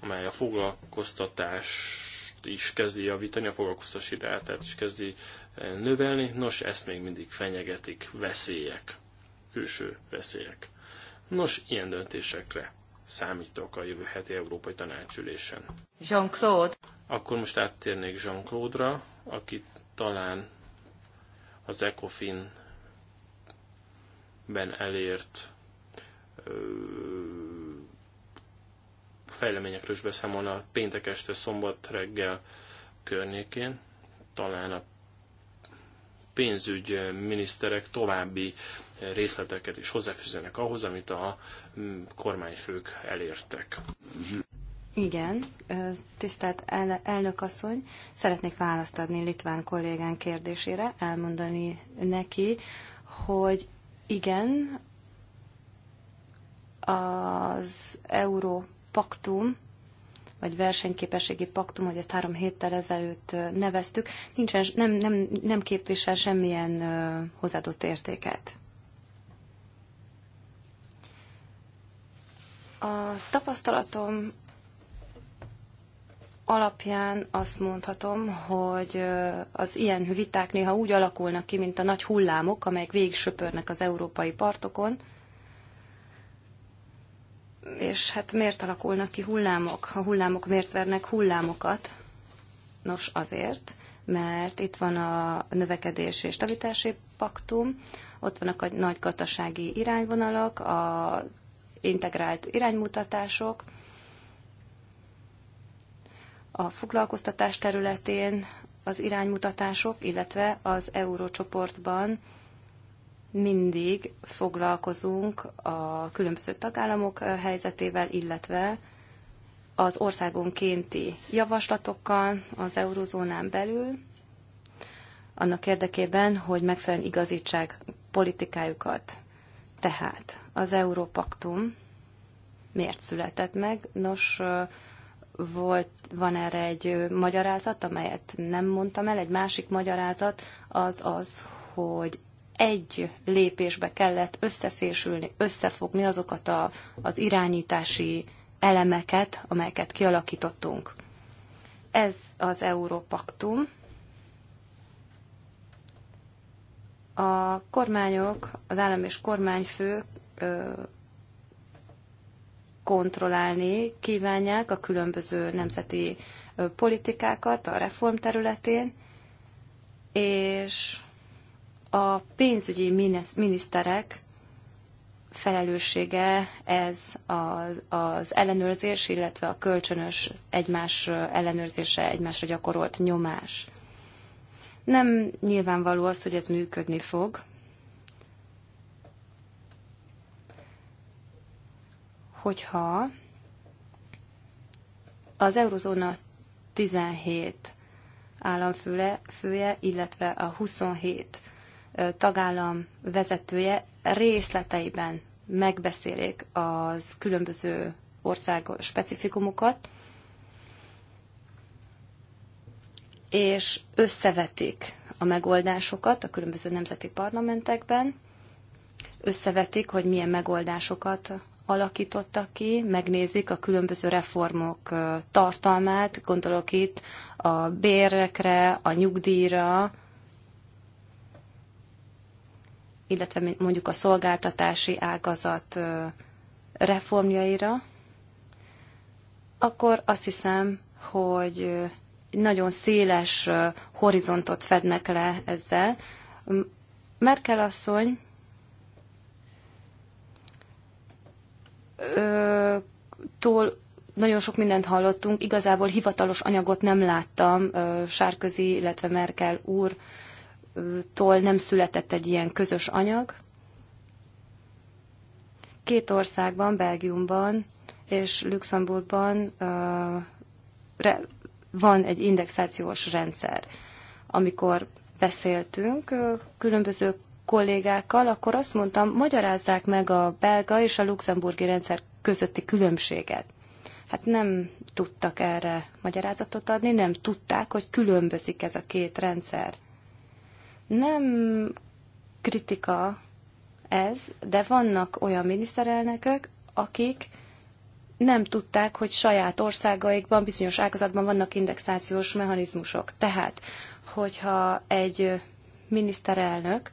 amely a foglalkoztatást is kezdi javítani, a foglalkoztatási rátát is kezdi eh, növelni. Nos, ezt még mindig fenyegetik veszélyek, külső veszélyek. Nos, ilyen döntésekre számítok a jövő heti Európai Tanácsülésen. Jean-Claude. Akkor most áttérnék Jean-Claude-ra, aki talán az ECOFIN-ben elért ö, fejleményekről is beszámolna péntek este, szombat reggel környékén. Talán a pénzügyminiszterek további részleteket is hozzáfűzenek ahhoz, amit a mm, kormányfők elértek. Igen, tisztelt el, elnök asszony, szeretnék választ adni Litván kollégán kérdésére, elmondani neki, hogy igen, az euró paktum, vagy versenyképességi paktum, hogy ezt három héttel ezelőtt neveztük, nincsen, nem, nem, nem képvisel semmilyen hozzáadott értéket. A tapasztalatom alapján azt mondhatom, hogy az ilyen viták néha úgy alakulnak ki, mint a nagy hullámok, amelyek végig söpörnek az európai partokon, és hát miért alakulnak ki hullámok? Ha hullámok miért vernek hullámokat? Nos, azért, mert itt van a növekedés és stabilitási paktum, ott vannak a nagy gazdasági irányvonalak, a integrált iránymutatások, a foglalkoztatás területén az iránymutatások, illetve az eurócsoportban mindig foglalkozunk a különböző tagállamok helyzetével, illetve az országonkénti javaslatokkal az eurozónán belül, annak érdekében, hogy megfelelően igazítsák politikájukat. Tehát az Európaktum miért született meg? Nos, volt, van erre egy magyarázat, amelyet nem mondtam el. Egy másik magyarázat az az, hogy egy lépésbe kellett összefésülni, összefogni azokat a, az irányítási elemeket, amelyeket kialakítottunk. Ez az Európaktum. A kormányok, az állam és kormányfők ö, kontrollálni kívánják a különböző nemzeti politikákat a reform területén, és a pénzügyi miniszterek felelőssége ez az, az ellenőrzés, illetve a kölcsönös egymás ellenőrzése, egymásra gyakorolt nyomás. Nem nyilvánvaló az, hogy ez működni fog. Hogyha az eurozóna 17 államfője, illetve a 27 tagállam vezetője részleteiben megbeszélik az különböző ország specifikumokat, és összevetik a megoldásokat a különböző nemzeti parlamentekben, összevetik, hogy milyen megoldásokat alakítottak ki, megnézik a különböző reformok tartalmát, gondolok itt a bérekre, a nyugdíjra, illetve mondjuk a szolgáltatási ágazat reformjaira, akkor azt hiszem, hogy nagyon széles horizontot fednek le ezzel. Merkel asszony tól nagyon sok mindent hallottunk, igazából hivatalos anyagot nem láttam Sárközi, illetve Merkel úr tól nem született egy ilyen közös anyag. Két országban, Belgiumban és Luxemburgban re van egy indexációs rendszer. Amikor beszéltünk különböző kollégákkal, akkor azt mondtam, magyarázzák meg a belga és a luxemburgi rendszer közötti különbséget. Hát nem tudtak erre magyarázatot adni, nem tudták, hogy különbözik ez a két rendszer. Nem kritika ez, de vannak olyan miniszterelnökök, akik nem tudták, hogy saját országaikban, bizonyos ágazatban vannak indexációs mechanizmusok. Tehát, hogyha egy miniszterelnök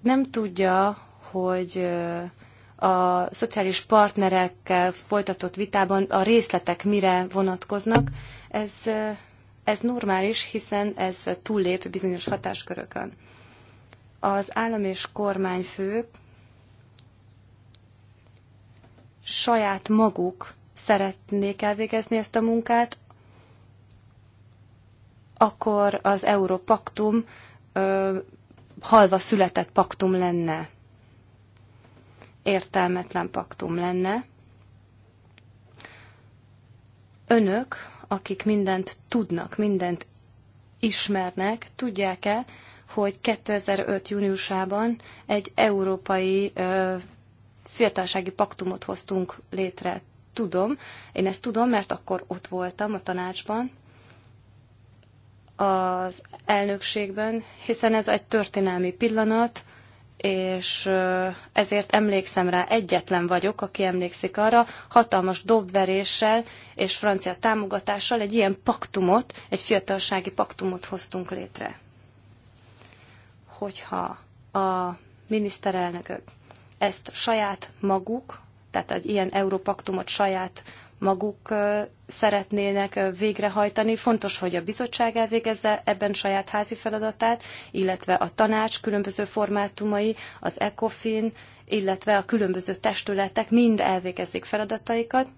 nem tudja, hogy a szociális partnerekkel folytatott vitában a részletek mire vonatkoznak, ez ez normális, hiszen ez túllép bizonyos hatáskörökön. Az állam és kormányfők saját maguk szeretnék elvégezni ezt a munkát, akkor az Európaktum ö, halva született paktum lenne. Értelmetlen paktum lenne. Önök akik mindent tudnak, mindent ismernek, tudják-e, hogy 2005. júniusában egy európai ö, fiatalsági paktumot hoztunk létre. Tudom, én ezt tudom, mert akkor ott voltam a tanácsban, az elnökségben, hiszen ez egy történelmi pillanat, és ezért emlékszem rá, egyetlen vagyok, aki emlékszik arra, hatalmas dobveréssel és francia támogatással egy ilyen paktumot, egy fiatalsági paktumot hoztunk létre. Hogyha a miniszterelnökök ezt saját maguk, tehát egy ilyen európaktumot saját maguk szeretnének végrehajtani. Fontos, hogy a bizottság elvégezze ebben saját házi feladatát, illetve a tanács különböző formátumai, az ECOFIN, illetve a különböző testületek mind elvégezzék feladataikat,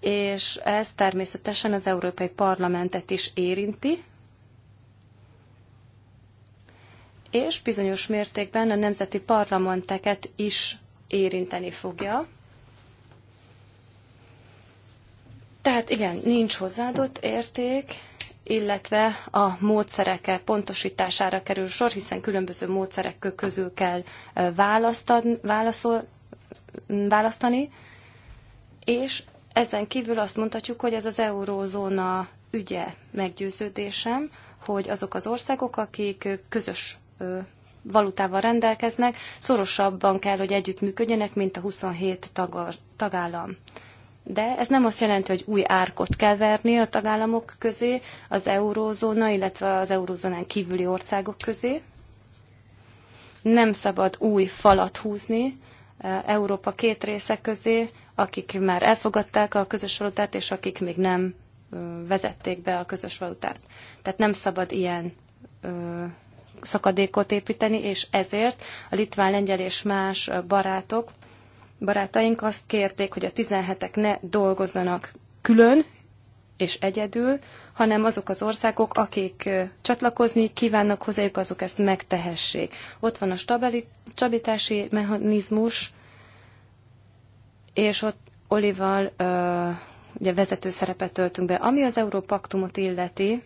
és ez természetesen az Európai Parlamentet is érinti, és bizonyos mértékben a nemzeti parlamenteket is érinteni fogja. Tehát igen, nincs hozzáadott érték, illetve a módszerek pontosítására kerül sor, hiszen különböző módszerek közül kell válaszol, választani, és ezen kívül azt mondhatjuk, hogy ez az eurózóna ügye meggyőződésem, hogy azok az országok, akik közös valutával rendelkeznek, szorosabban kell, hogy együttműködjenek, mint a 27 tagor, tagállam de ez nem azt jelenti, hogy új árkot kell verni a tagállamok közé, az eurózóna, illetve az eurózónán kívüli országok közé. Nem szabad új falat húzni eh, Európa két része közé, akik már elfogadták a közös valutát, és akik még nem eh, vezették be a közös valutát. Tehát nem szabad ilyen eh, szakadékot építeni, és ezért a litván, lengyel és más barátok barátaink azt kérték, hogy a 17-ek ne dolgozzanak külön és egyedül, hanem azok az országok, akik csatlakozni kívánnak hozzájuk, azok ezt megtehessék. Ott van a stabilitási mechanizmus, és ott Olival ugye vezető szerepet töltünk be. Ami az Európaktumot illeti,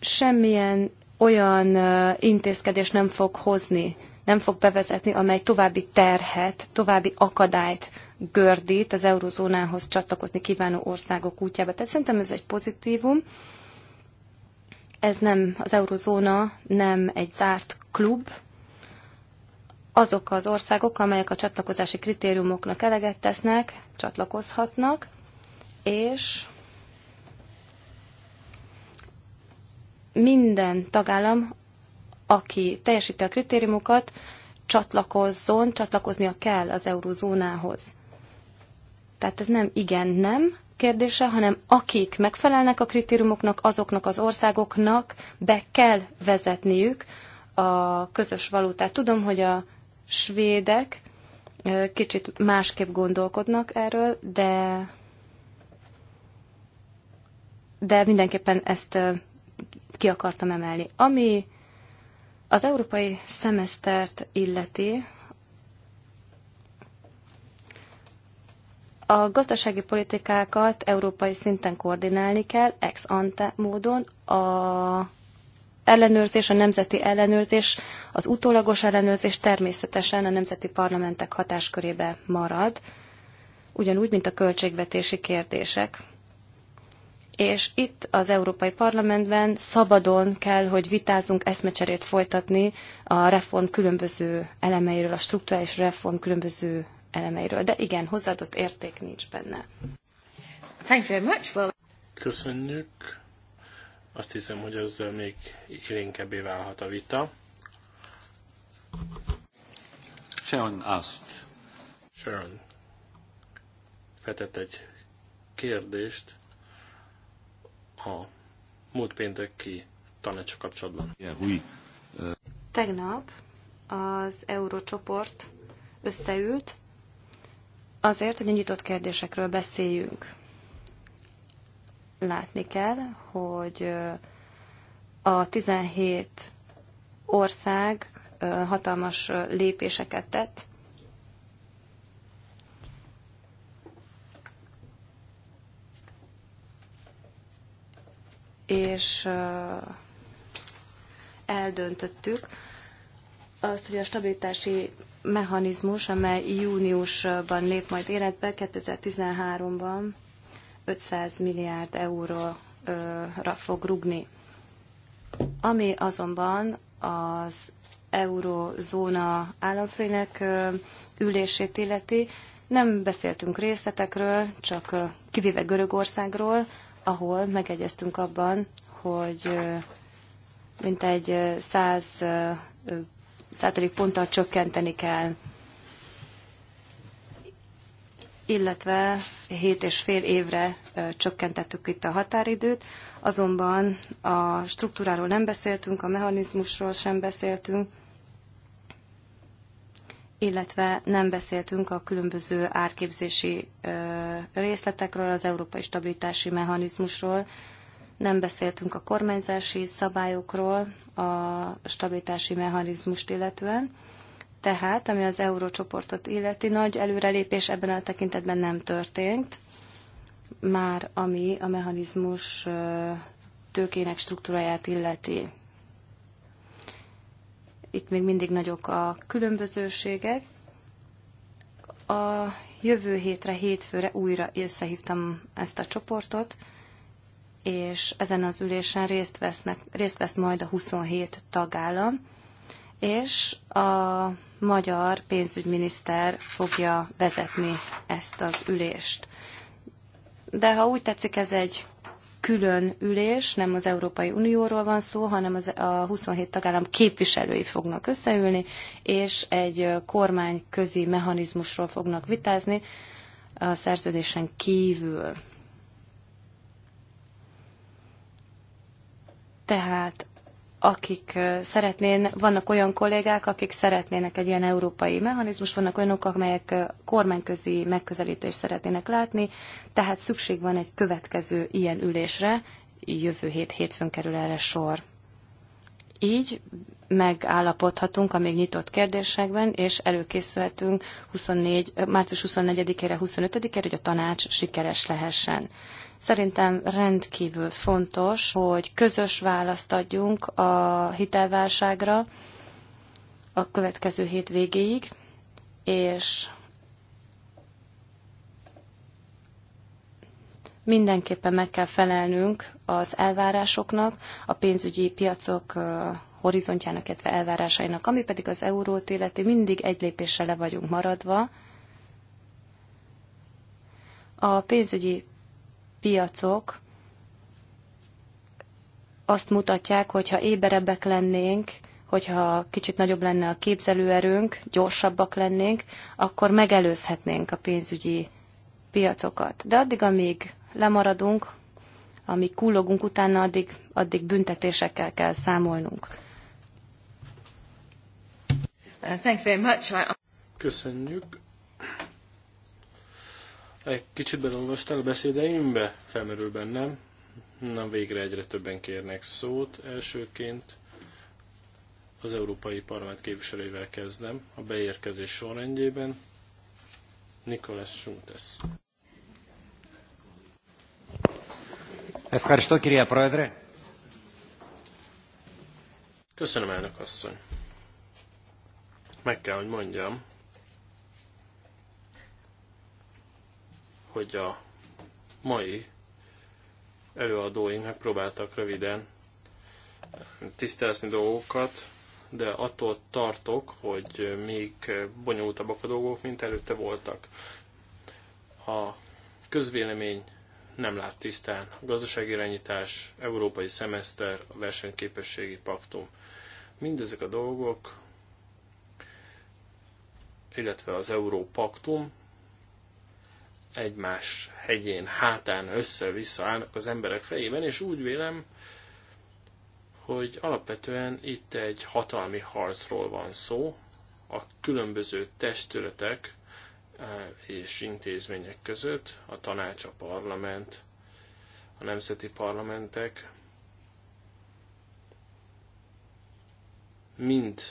semmilyen olyan intézkedés nem fog hozni, nem fog bevezetni, amely további terhet, további akadályt gördít az eurozónához csatlakozni kívánó országok útjába. Tehát szerintem ez egy pozitívum. Ez nem, az eurozóna nem egy zárt klub. Azok az országok, amelyek a csatlakozási kritériumoknak eleget tesznek, csatlakozhatnak, és minden tagállam aki teljesíti a kritériumokat, csatlakozzon, csatlakoznia kell az eurozónához. Tehát ez nem igen-nem kérdése, hanem akik megfelelnek a kritériumoknak, azoknak az országoknak be kell vezetniük a közös valutát. Tudom, hogy a svédek kicsit másképp gondolkodnak erről, de de mindenképpen ezt ki akartam emelni. Ami az európai szemesztert illeti a gazdasági politikákat európai szinten koordinálni kell, ex ante módon, a ellenőrzés, a nemzeti ellenőrzés, az utólagos ellenőrzés természetesen a nemzeti parlamentek hatáskörébe marad, ugyanúgy, mint a költségvetési kérdések és itt az Európai Parlamentben szabadon kell, hogy vitázunk, eszmecserét folytatni a reform különböző elemeiről, a struktúrális reform különböző elemeiről. De igen, hozzáadott érték nincs benne. Thank you very much. Well... Köszönjük. Azt hiszem, hogy ezzel még élénkebbé válhat a vita. Sharon azt. Sharon. Fetett egy kérdést a múlt pénteki tanácsa kapcsolatban? Uh, Tegnap az Eurócsoport összeült azért, hogy a nyitott kérdésekről beszéljünk. Látni kell, hogy uh, a 17 ország uh, hatalmas lépéseket tett és eldöntöttük azt, hogy a stabilitási mechanizmus, amely júniusban lép majd életbe, 2013-ban 500 milliárd euróra fog rugni. Ami azonban az eurózóna államfőinek ülését illeti, nem beszéltünk részletekről, csak kivéve Görögországról, ahol megegyeztünk abban, hogy mintegy 100 százalék ponttal csökkenteni kell, illetve hétes-fél évre csökkentettük itt a határidőt, azonban a struktúráról nem beszéltünk, a mechanizmusról sem beszéltünk, illetve nem beszéltünk a különböző árképzési részletekről, az európai stabilitási mechanizmusról, nem beszéltünk a kormányzási szabályokról, a stabilitási mechanizmust illetően. Tehát, ami az eurócsoportot illeti, nagy előrelépés ebben a tekintetben nem történt, már ami a mechanizmus tőkének struktúráját illeti itt még mindig nagyok a különbözőségek. A jövő hétre, hétfőre újra összehívtam ezt a csoportot, és ezen az ülésen részt, vesznek, részt vesz majd a 27 tagállam, és a magyar pénzügyminiszter fogja vezetni ezt az ülést. De ha úgy tetszik, ez egy külön ülés, nem az Európai Unióról van szó, hanem az, a 27 tagállam képviselői fognak összeülni, és egy kormányközi mechanizmusról fognak vitázni a szerződésen kívül. Tehát akik szeretnének, vannak olyan kollégák, akik szeretnének egy ilyen európai mechanizmus, vannak olyanok, amelyek kormányközi megközelítést szeretnének látni, tehát szükség van egy következő ilyen ülésre, jövő hét hétfőn kerül erre sor. Így megállapodhatunk a még nyitott kérdésekben, és előkészülhetünk 24, március 24-ére, 25-ére, hogy a tanács sikeres lehessen. Szerintem rendkívül fontos, hogy közös választ adjunk a hitelválságra a következő hét végéig, és Mindenképpen meg kell felelnünk az elvárásoknak, a pénzügyi piacok horizontjának, illetve elvárásainak, ami pedig az eurót illeti, mindig egy lépésre le vagyunk maradva. A pénzügyi piacok azt mutatják, hogyha éberebbek lennénk, hogyha kicsit nagyobb lenne a képzelőerőnk, gyorsabbak lennénk, akkor megelőzhetnénk a pénzügyi piacokat. De addig, amíg lemaradunk, amíg kullogunk utána, addig, addig büntetésekkel kell számolnunk. Uh, Köszönjük. Egy kicsit belolvastál a beszédeimbe? Felmerül bennem. Na végre egyre többen kérnek szót. Elsőként az Európai Parlament képviselőivel kezdem a beérkezés sorrendjében. Nikolás Suntes. Köszönöm, elnök asszony. Meg kell, hogy mondjam, hogy a mai előadóink megpróbáltak röviden tisztázni dolgokat, de attól tartok, hogy még bonyolultabbak a dolgok, mint előtte voltak. A közvélemény nem lát tisztán. A gazdaságirányítás, európai szemeszter, a versenyképességi paktum. Mindezek a dolgok, illetve az Európaktum egymás hegyén, hátán össze-vissza állnak az emberek fejében, és úgy vélem, hogy alapvetően itt egy hatalmi harcról van szó, a különböző testületek és intézmények között, a tanács, a parlament, a nemzeti parlamentek, mind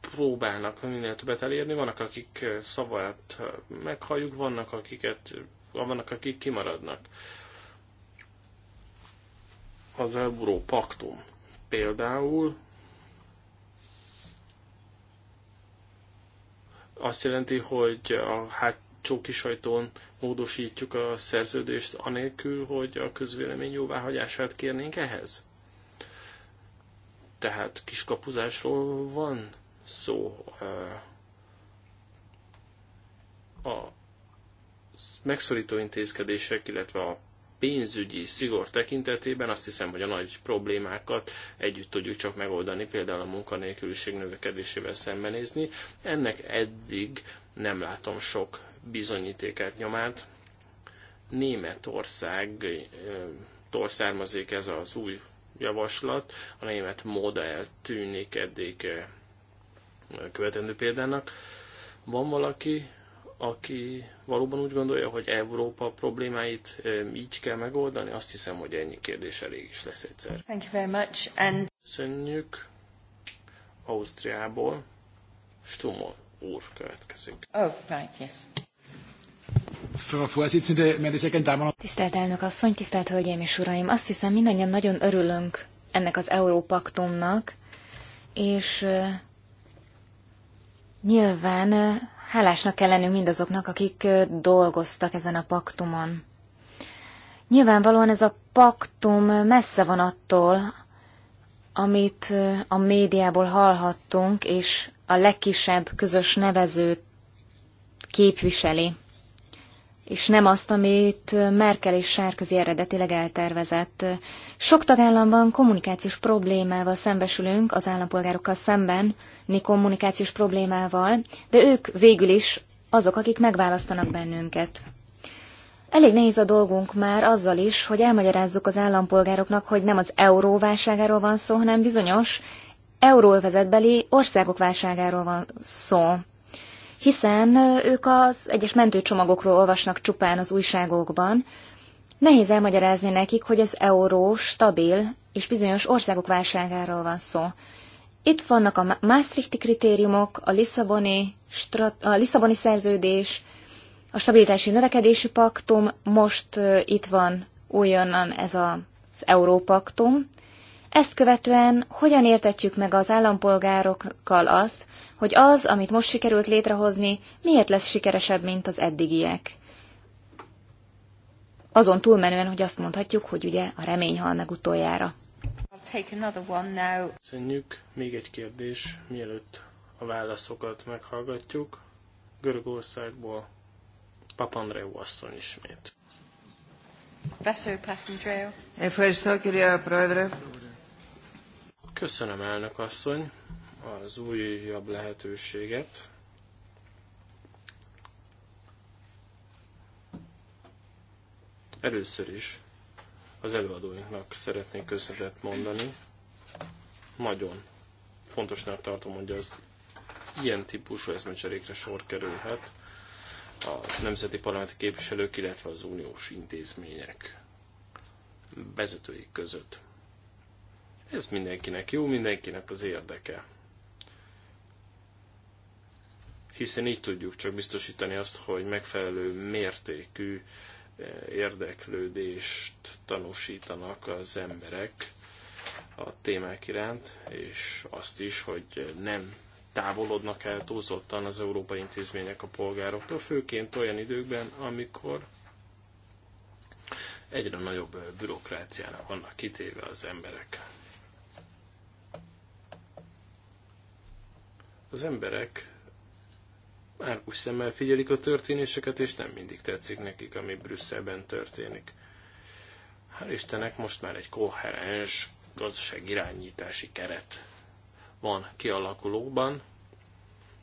próbálnak minél többet elérni, vannak akik eh, szavát eh, meghalljuk, vannak akiket, eh, vannak akik kimaradnak. Az Európaktum például azt jelenti, hogy a hátsó kisajtón módosítjuk a szerződést anélkül, hogy a közvélemény jóváhagyását kérnénk ehhez? Tehát kiskapuzásról van szó. Eh, a megszorító intézkedések, illetve a pénzügyi szigor tekintetében azt hiszem, hogy a nagy problémákat együtt tudjuk csak megoldani, például a munkanélküliség növekedésével szembenézni. Ennek eddig nem látom sok bizonyítékát nyomát. Németország származik ez az új javaslat, a német modell tűnik eddig eh, követendő példának. Van valaki, aki valóban úgy gondolja, hogy Európa problémáit így kell megoldani, azt hiszem, hogy ennyi kérdés elég is lesz egyszer. Thank you very much. And... Köszönjük Ausztriából. Stumol úr következik. Oh, right, yes. Tisztelt elnök asszony, tisztelt hölgyeim és uraim! Azt hiszem, mindannyian nagyon örülünk ennek az Európaktumnak, és nyilván Hálásnak kell lennünk mindazoknak, akik dolgoztak ezen a paktumon. Nyilvánvalóan ez a paktum messze van attól, amit a médiából hallhattunk, és a legkisebb közös nevezőt képviseli, és nem azt, amit Merkel és Sárközi eredetileg eltervezett. Sok tagállamban kommunikációs problémával szembesülünk az állampolgárokkal szemben, kommunikációs problémával, de ők végül is azok, akik megválasztanak bennünket. Elég nehéz a dolgunk már azzal is, hogy elmagyarázzuk az állampolgároknak, hogy nem az euró válságáról van szó, hanem bizonyos euróvezetbeli országok válságáról van szó. Hiszen ők az egyes mentőcsomagokról olvasnak csupán az újságokban. Nehéz elmagyarázni nekik, hogy az euró stabil, és bizonyos országok válságáról van szó. Itt vannak a Maastrichti kritériumok, a Lisszaboni, strat, a Lisszaboni szerződés, a stabilitási növekedési paktum, most itt van újonnan ez az Európaktum. Ezt követően hogyan értetjük meg az állampolgárokkal azt, hogy az, amit most sikerült létrehozni, miért lesz sikeresebb, mint az eddigiek? Azon túlmenően, hogy azt mondhatjuk, hogy ugye a remény hal meg utoljára take another one now. Szenjük, Még egy kérdés, mielőtt a válaszokat meghallgatjuk. Görögországból Papandreou asszony ismét. Vesző Papandreou. Ευχαριστώ, κυρία Πρόεδρε. Köszönöm, elnök asszony, az újabb lehetőséget. Először is az előadóinknak szeretnék köszönetet mondani. Nagyon fontosnak tartom, hogy az ilyen típusú eszmecserékre sor kerülhet a nemzeti parlamenti képviselők, illetve az uniós intézmények vezetői között. Ez mindenkinek jó, mindenkinek az érdeke. Hiszen így tudjuk csak biztosítani azt, hogy megfelelő mértékű érdeklődést tanúsítanak az emberek a témák iránt, és azt is, hogy nem távolodnak el túlzottan az európai intézmények a polgároktól, főként olyan időkben, amikor egyre nagyobb bürokráciának vannak kitéve az emberek. Az emberek árkus szemmel figyelik a történéseket, és nem mindig tetszik nekik, ami Brüsszelben történik. Hál' Istennek most már egy koherens gazdaságirányítási keret van kialakulóban.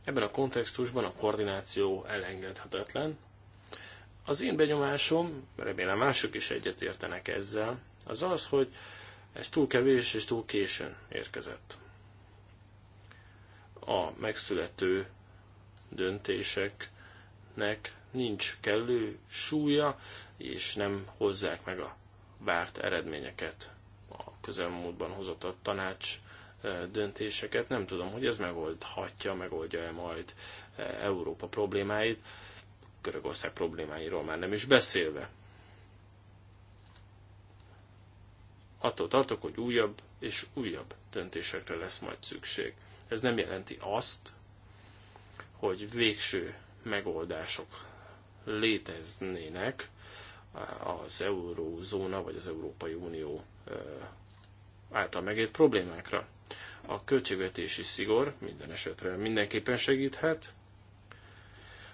Ebben a kontextusban a koordináció elengedhetetlen. Az én benyomásom, remélem mások is egyetértenek ezzel, az az, hogy ez túl kevés és túl későn érkezett. A megszülető döntéseknek nincs kellő súlya, és nem hozzák meg a várt eredményeket a közelmúltban hozott a tanács e, döntéseket. Nem tudom, hogy ez megoldhatja, megoldja-e majd e, Európa problémáit, Görögország problémáiról már nem is beszélve. Attól tartok, hogy újabb és újabb döntésekre lesz majd szükség. Ez nem jelenti azt, hogy végső megoldások léteznének az eurózóna vagy az Európai Unió által megért problémákra. A költségvetési szigor minden esetre mindenképpen segíthet,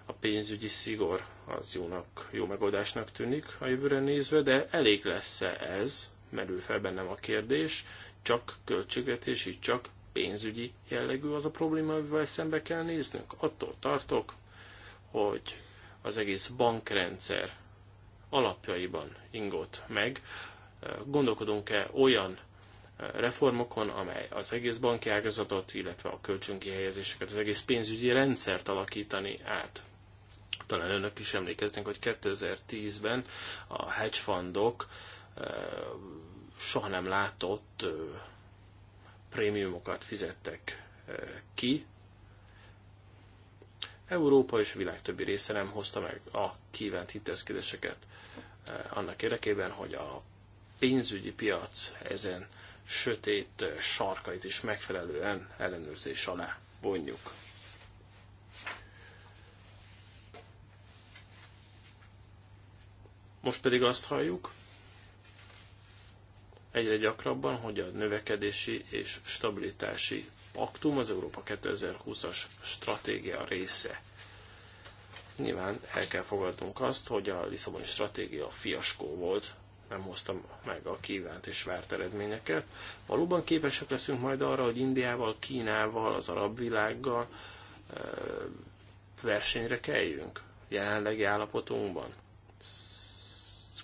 a pénzügyi szigor az jónak, jó megoldásnak tűnik a jövőre nézve, de elég lesz-e ez, merül fel bennem a kérdés, csak költségvetési, csak pénzügyi jellegű az a probléma, amivel szembe kell néznünk. Attól tartok, hogy az egész bankrendszer alapjaiban ingott meg. Gondolkodunk-e olyan eh, reformokon, amely az egész banki ágazatot, illetve a helyezéseket, az egész pénzügyi rendszert alakítani át. Talán önök is emlékeznek, hogy 2010-ben a hedge fundok eh, soha nem látott eh, prémiumokat fizettek eh, ki. Európa és a világ többi része nem hozta meg a kívánt intézkedéseket eh, annak érdekében, hogy a pénzügyi piac ezen sötét eh, sarkait is megfelelően ellenőrzés alá vonjuk. Most pedig azt halljuk, egyre gyakrabban, hogy a növekedési és stabilitási paktum az Európa 2020-as stratégia része. Nyilván el kell fogadnunk azt, hogy a Lisszaboni stratégia fiaskó volt, nem hoztam meg a kívánt és várt eredményeket. Valóban képesek leszünk majd arra, hogy Indiával, Kínával, az arab világgal versenyre kelljünk, jelenlegi állapotunkban?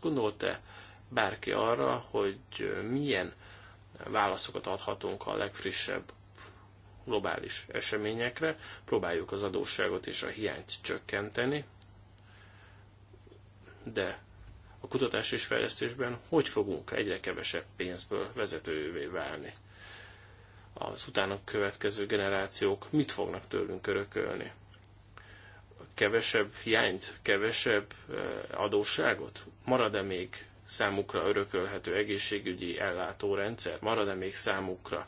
Gondolt-e bárki arra, hogy milyen válaszokat adhatunk a legfrissebb globális eseményekre, próbáljuk az adósságot és a hiányt csökkenteni, de a kutatás és fejlesztésben hogy fogunk egyre kevesebb pénzből vezetővé válni? Az utána következő generációk mit fognak tőlünk örökölni? Kevesebb hiányt, kevesebb eh, adósságot? Marad-e még számukra örökölhető egészségügyi ellátórendszer? Marad-e még számukra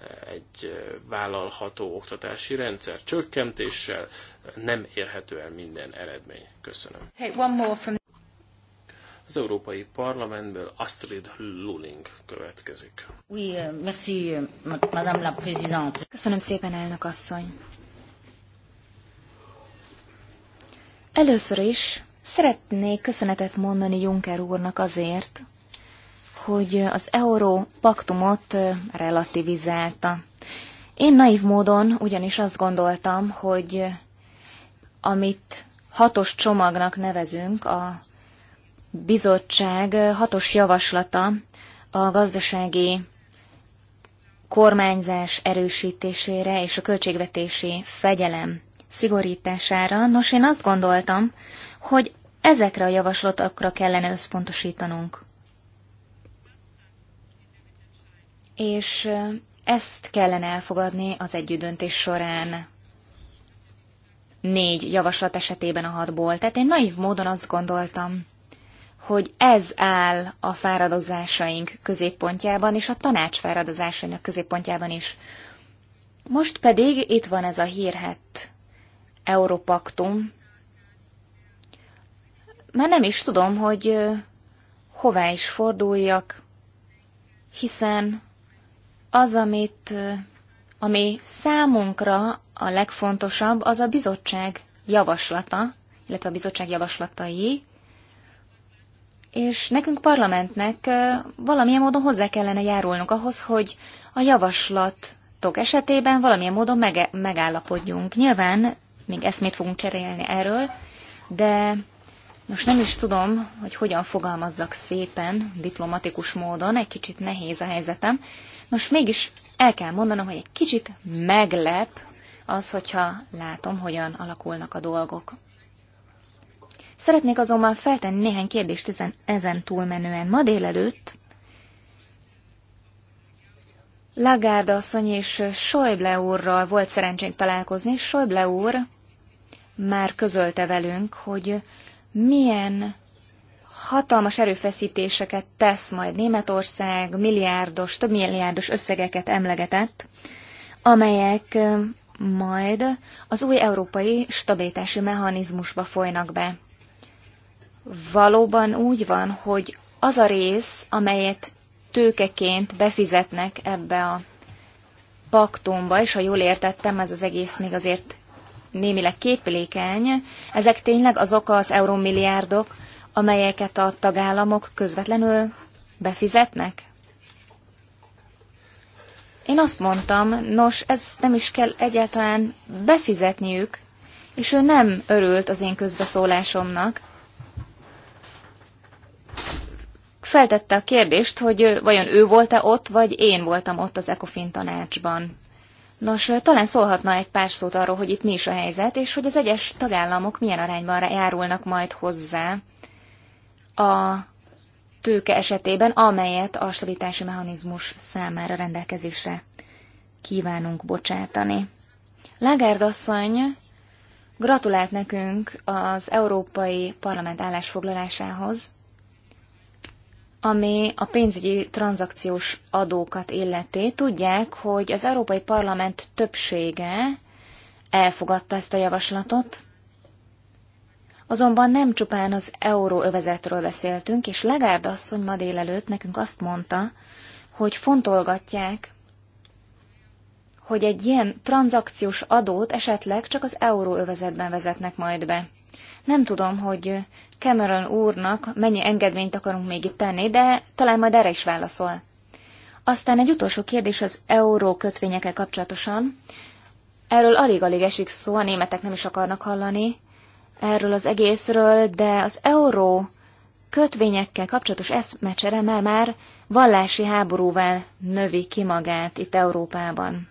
eh, egy eh, vállalható oktatási rendszer? Csökkentéssel nem érhető el minden eredmény. Köszönöm. Hey, one more from... Az Európai Parlamentből Astrid Luling következik. Oui, euh, merci, euh, madame la présidente. Köszönöm szépen, elnök asszony. Először is Szeretnék köszönetet mondani Juncker úrnak azért, hogy az euró paktumot relativizálta. Én naív módon ugyanis azt gondoltam, hogy amit hatos csomagnak nevezünk, a bizottság hatos javaslata a gazdasági kormányzás erősítésére és a költségvetési fegyelem szigorítására. Nos, én azt gondoltam, hogy ezekre a javaslatokra kellene összpontosítanunk. És ezt kellene elfogadni az együttdöntés során. Négy javaslat esetében a hatból. Tehát én naív módon azt gondoltam, hogy ez áll a fáradozásaink középpontjában, és a tanács fáradozásainak középpontjában is. Most pedig itt van ez a hírhet Európaktum, már nem is tudom, hogy hová is forduljak, hiszen az, amit, ami számunkra a legfontosabb, az a bizottság javaslata, illetve a bizottság javaslatai, és nekünk parlamentnek valamilyen módon hozzá kellene járulnunk ahhoz, hogy a javaslatok esetében valamilyen módon mege- megállapodjunk. Nyilván még eszmét fogunk cserélni erről, de most nem is tudom, hogy hogyan fogalmazzak szépen, diplomatikus módon, egy kicsit nehéz a helyzetem. Most mégis el kell mondanom, hogy egy kicsit meglep az, hogyha látom, hogyan alakulnak a dolgok. Szeretnék azonban feltenni néhány kérdést ezen, ezen túlmenően. Ma délelőtt Lagarde asszony és Schäuble úrral volt szerencsénk találkozni. Schäuble úr már közölte velünk, hogy milyen hatalmas erőfeszítéseket tesz majd Németország, milliárdos, több milliárdos összegeket emlegetett, amelyek majd az új európai stabilitási mechanizmusba folynak be. Valóban úgy van, hogy az a rész, amelyet tőkeként befizetnek ebbe a paktumba, és ha jól értettem, ez az egész még azért némileg képlékeny, ezek tényleg azok az eurómilliárdok, amelyeket a tagállamok közvetlenül befizetnek? Én azt mondtam, nos, ez nem is kell egyáltalán befizetniük, és ő nem örült az én közbeszólásomnak. Feltette a kérdést, hogy vajon ő volt-e ott, vagy én voltam ott az ECOFIN tanácsban. Nos, talán szólhatna egy pár szót arról, hogy itt mi is a helyzet, és hogy az egyes tagállamok milyen arányban járulnak majd hozzá a tőke esetében, amelyet a stabilitási mechanizmus számára rendelkezésre kívánunk bocsátani. Lagarde asszony gratulált nekünk az Európai Parlament állásfoglalásához, ami a pénzügyi tranzakciós adókat illeti. Tudják, hogy az Európai Parlament többsége elfogadta ezt a javaslatot, azonban nem csupán az euróövezetről beszéltünk, és Legárd asszony ma délelőtt nekünk azt mondta, hogy fontolgatják, hogy egy ilyen tranzakciós adót esetleg csak az euróövezetben vezetnek majd be. Nem tudom, hogy Cameron úrnak mennyi engedményt akarunk még itt tenni, de talán majd erre is válaszol. Aztán egy utolsó kérdés az euró kötvényekkel kapcsolatosan. Erről alig-alig esik szó, a németek nem is akarnak hallani erről az egészről, de az euró kötvényekkel kapcsolatos eszmecsere már-már vallási háborúvel növi ki magát itt Európában.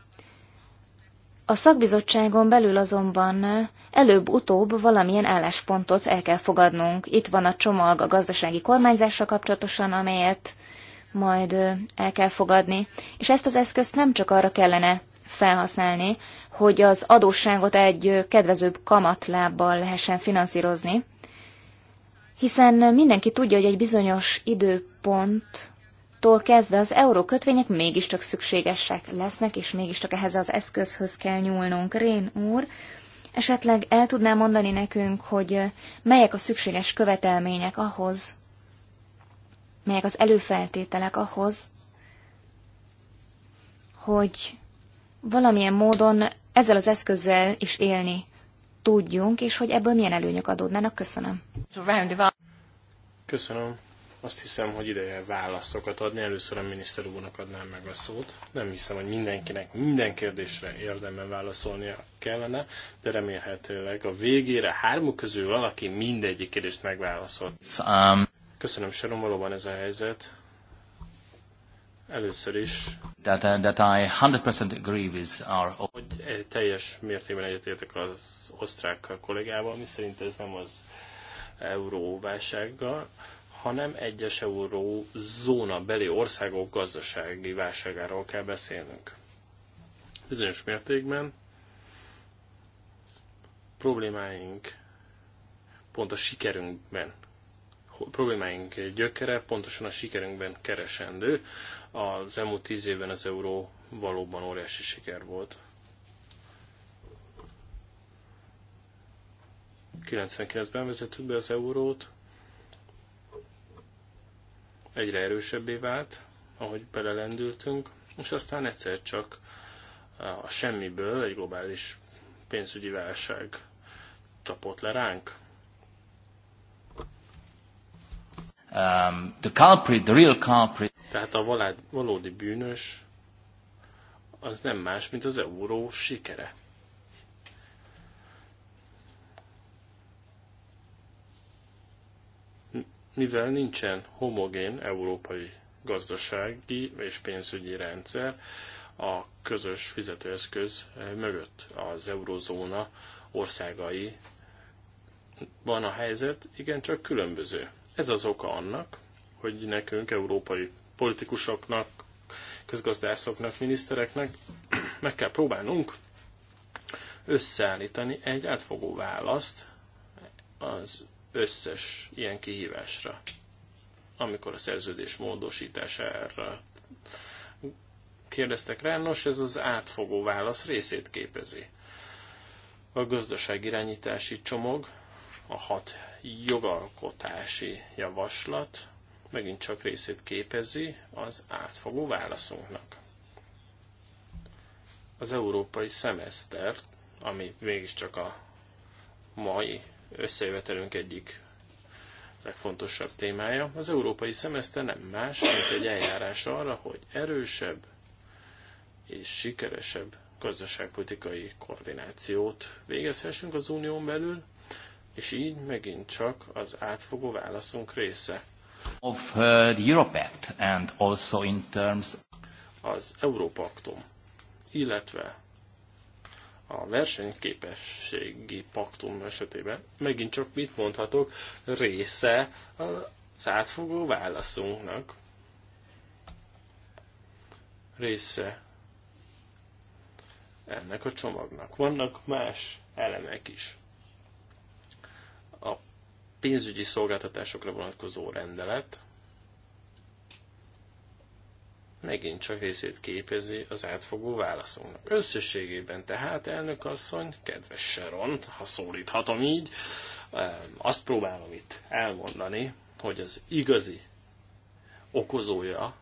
A szakbizottságon belül azonban előbb-utóbb valamilyen álláspontot el kell fogadnunk. Itt van a csomag a gazdasági kormányzásra kapcsolatosan, amelyet majd el kell fogadni. És ezt az eszközt nem csak arra kellene felhasználni, hogy az adósságot egy kedvezőbb kamatlábbal lehessen finanszírozni, hiszen mindenki tudja, hogy egy bizonyos időpont mostantól kezdve az eurókötvények mégiscsak szükségesek lesznek, és mégiscsak ehhez az eszközhöz kell nyúlnunk. Rén úr, esetleg el tudná mondani nekünk, hogy melyek a szükséges követelmények ahhoz, melyek az előfeltételek ahhoz, hogy valamilyen módon ezzel az eszközzel is élni tudjunk, és hogy ebből milyen előnyök adódnának. Köszönöm. Köszönöm. Azt hiszem, hogy ideje válaszokat adni. Először a miniszter úrnak adnám meg a szót. Nem hiszem, hogy mindenkinek minden kérdésre érdemben válaszolnia kellene, de remélhetőleg a végére hármuk közül valaki mindegyik kérdést megválaszol. Um... Köszönöm, Sharon, valóban ez a helyzet. Először is. That, uh, that I 100% agree with our... Hogy e teljes mértékben egyetértek az osztrák kollégával, mi szerint ez nem az euróválsággal, hanem egyes zóna beli országok gazdasági válságáról kell beszélnünk. Bizonyos mértékben problémáink pont a sikerünkben problémáink gyökere pontosan a sikerünkben keresendő. Az elmúlt tíz évben az euró valóban óriási siker volt. 99-ben vezettük be az eurót, egyre erősebbé vált, ahogy belelendültünk, és aztán egyszer csak a semmiből egy globális pénzügyi válság csapott le ránk. Um, the culprit, the real culprit. Tehát a valád, valódi bűnös az nem más, mint az euró sikere. mivel nincsen homogén európai gazdasági és pénzügyi rendszer a közös fizetőeszköz eh, mögött az eurozóna országai van a helyzet, igencsak különböző. Ez az oka annak, hogy nekünk, európai politikusoknak, közgazdászoknak, minisztereknek meg kell próbálnunk összeállítani egy átfogó választ az összes ilyen kihívásra, amikor a szerződés módosítására kérdeztek rá, nos ez az átfogó válasz részét képezi. A gazdaságirányítási csomag, a hat jogalkotási javaslat megint csak részét képezi az átfogó válaszunknak. Az európai szemeszter, ami mégiscsak a mai összejövetelünk egyik legfontosabb témája. Az európai szemeszter nem más, mint egy eljárás arra, hogy erősebb és sikeresebb gazdaságpolitikai koordinációt végezhessünk az unión belül, és így megint csak az átfogó válaszunk része. Of uh, the Europe Act and also in terms az Aktum, illetve a versenyképességi paktum esetében megint csak mit mondhatok, része az átfogó válaszunknak. Része ennek a csomagnak. Vannak más elemek is. A pénzügyi szolgáltatásokra vonatkozó rendelet, megint csak részét képezi az átfogó válaszunknak. Összességében tehát, elnök asszony, kedves Sharon, ha szólíthatom így, azt próbálom itt elmondani, hogy az igazi okozója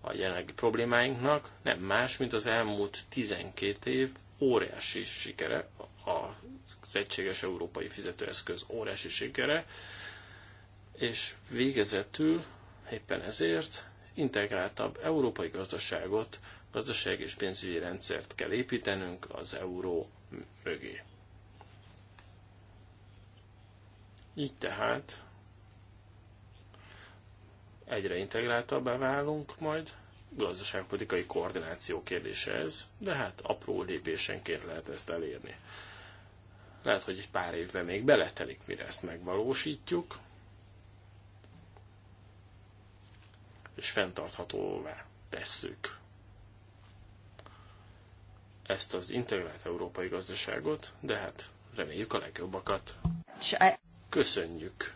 a jelenlegi problémáinknak nem más, mint az elmúlt 12 év óriási sikere, az egységes európai fizetőeszköz óriási sikere, és végezetül éppen ezért integráltabb európai gazdaságot, gazdaság és pénzügyi rendszert kell építenünk az euró mögé. Így tehát egyre integráltabbá válunk majd, gazdaságpolitikai koordináció kérdése ez, de hát apró lépésenként lehet ezt elérni. Lehet, hogy egy pár évben még beletelik, mire ezt megvalósítjuk, és fenntarthatóvá tesszük ezt az integrált európai gazdaságot, de hát reméljük a legjobbakat. Köszönjük!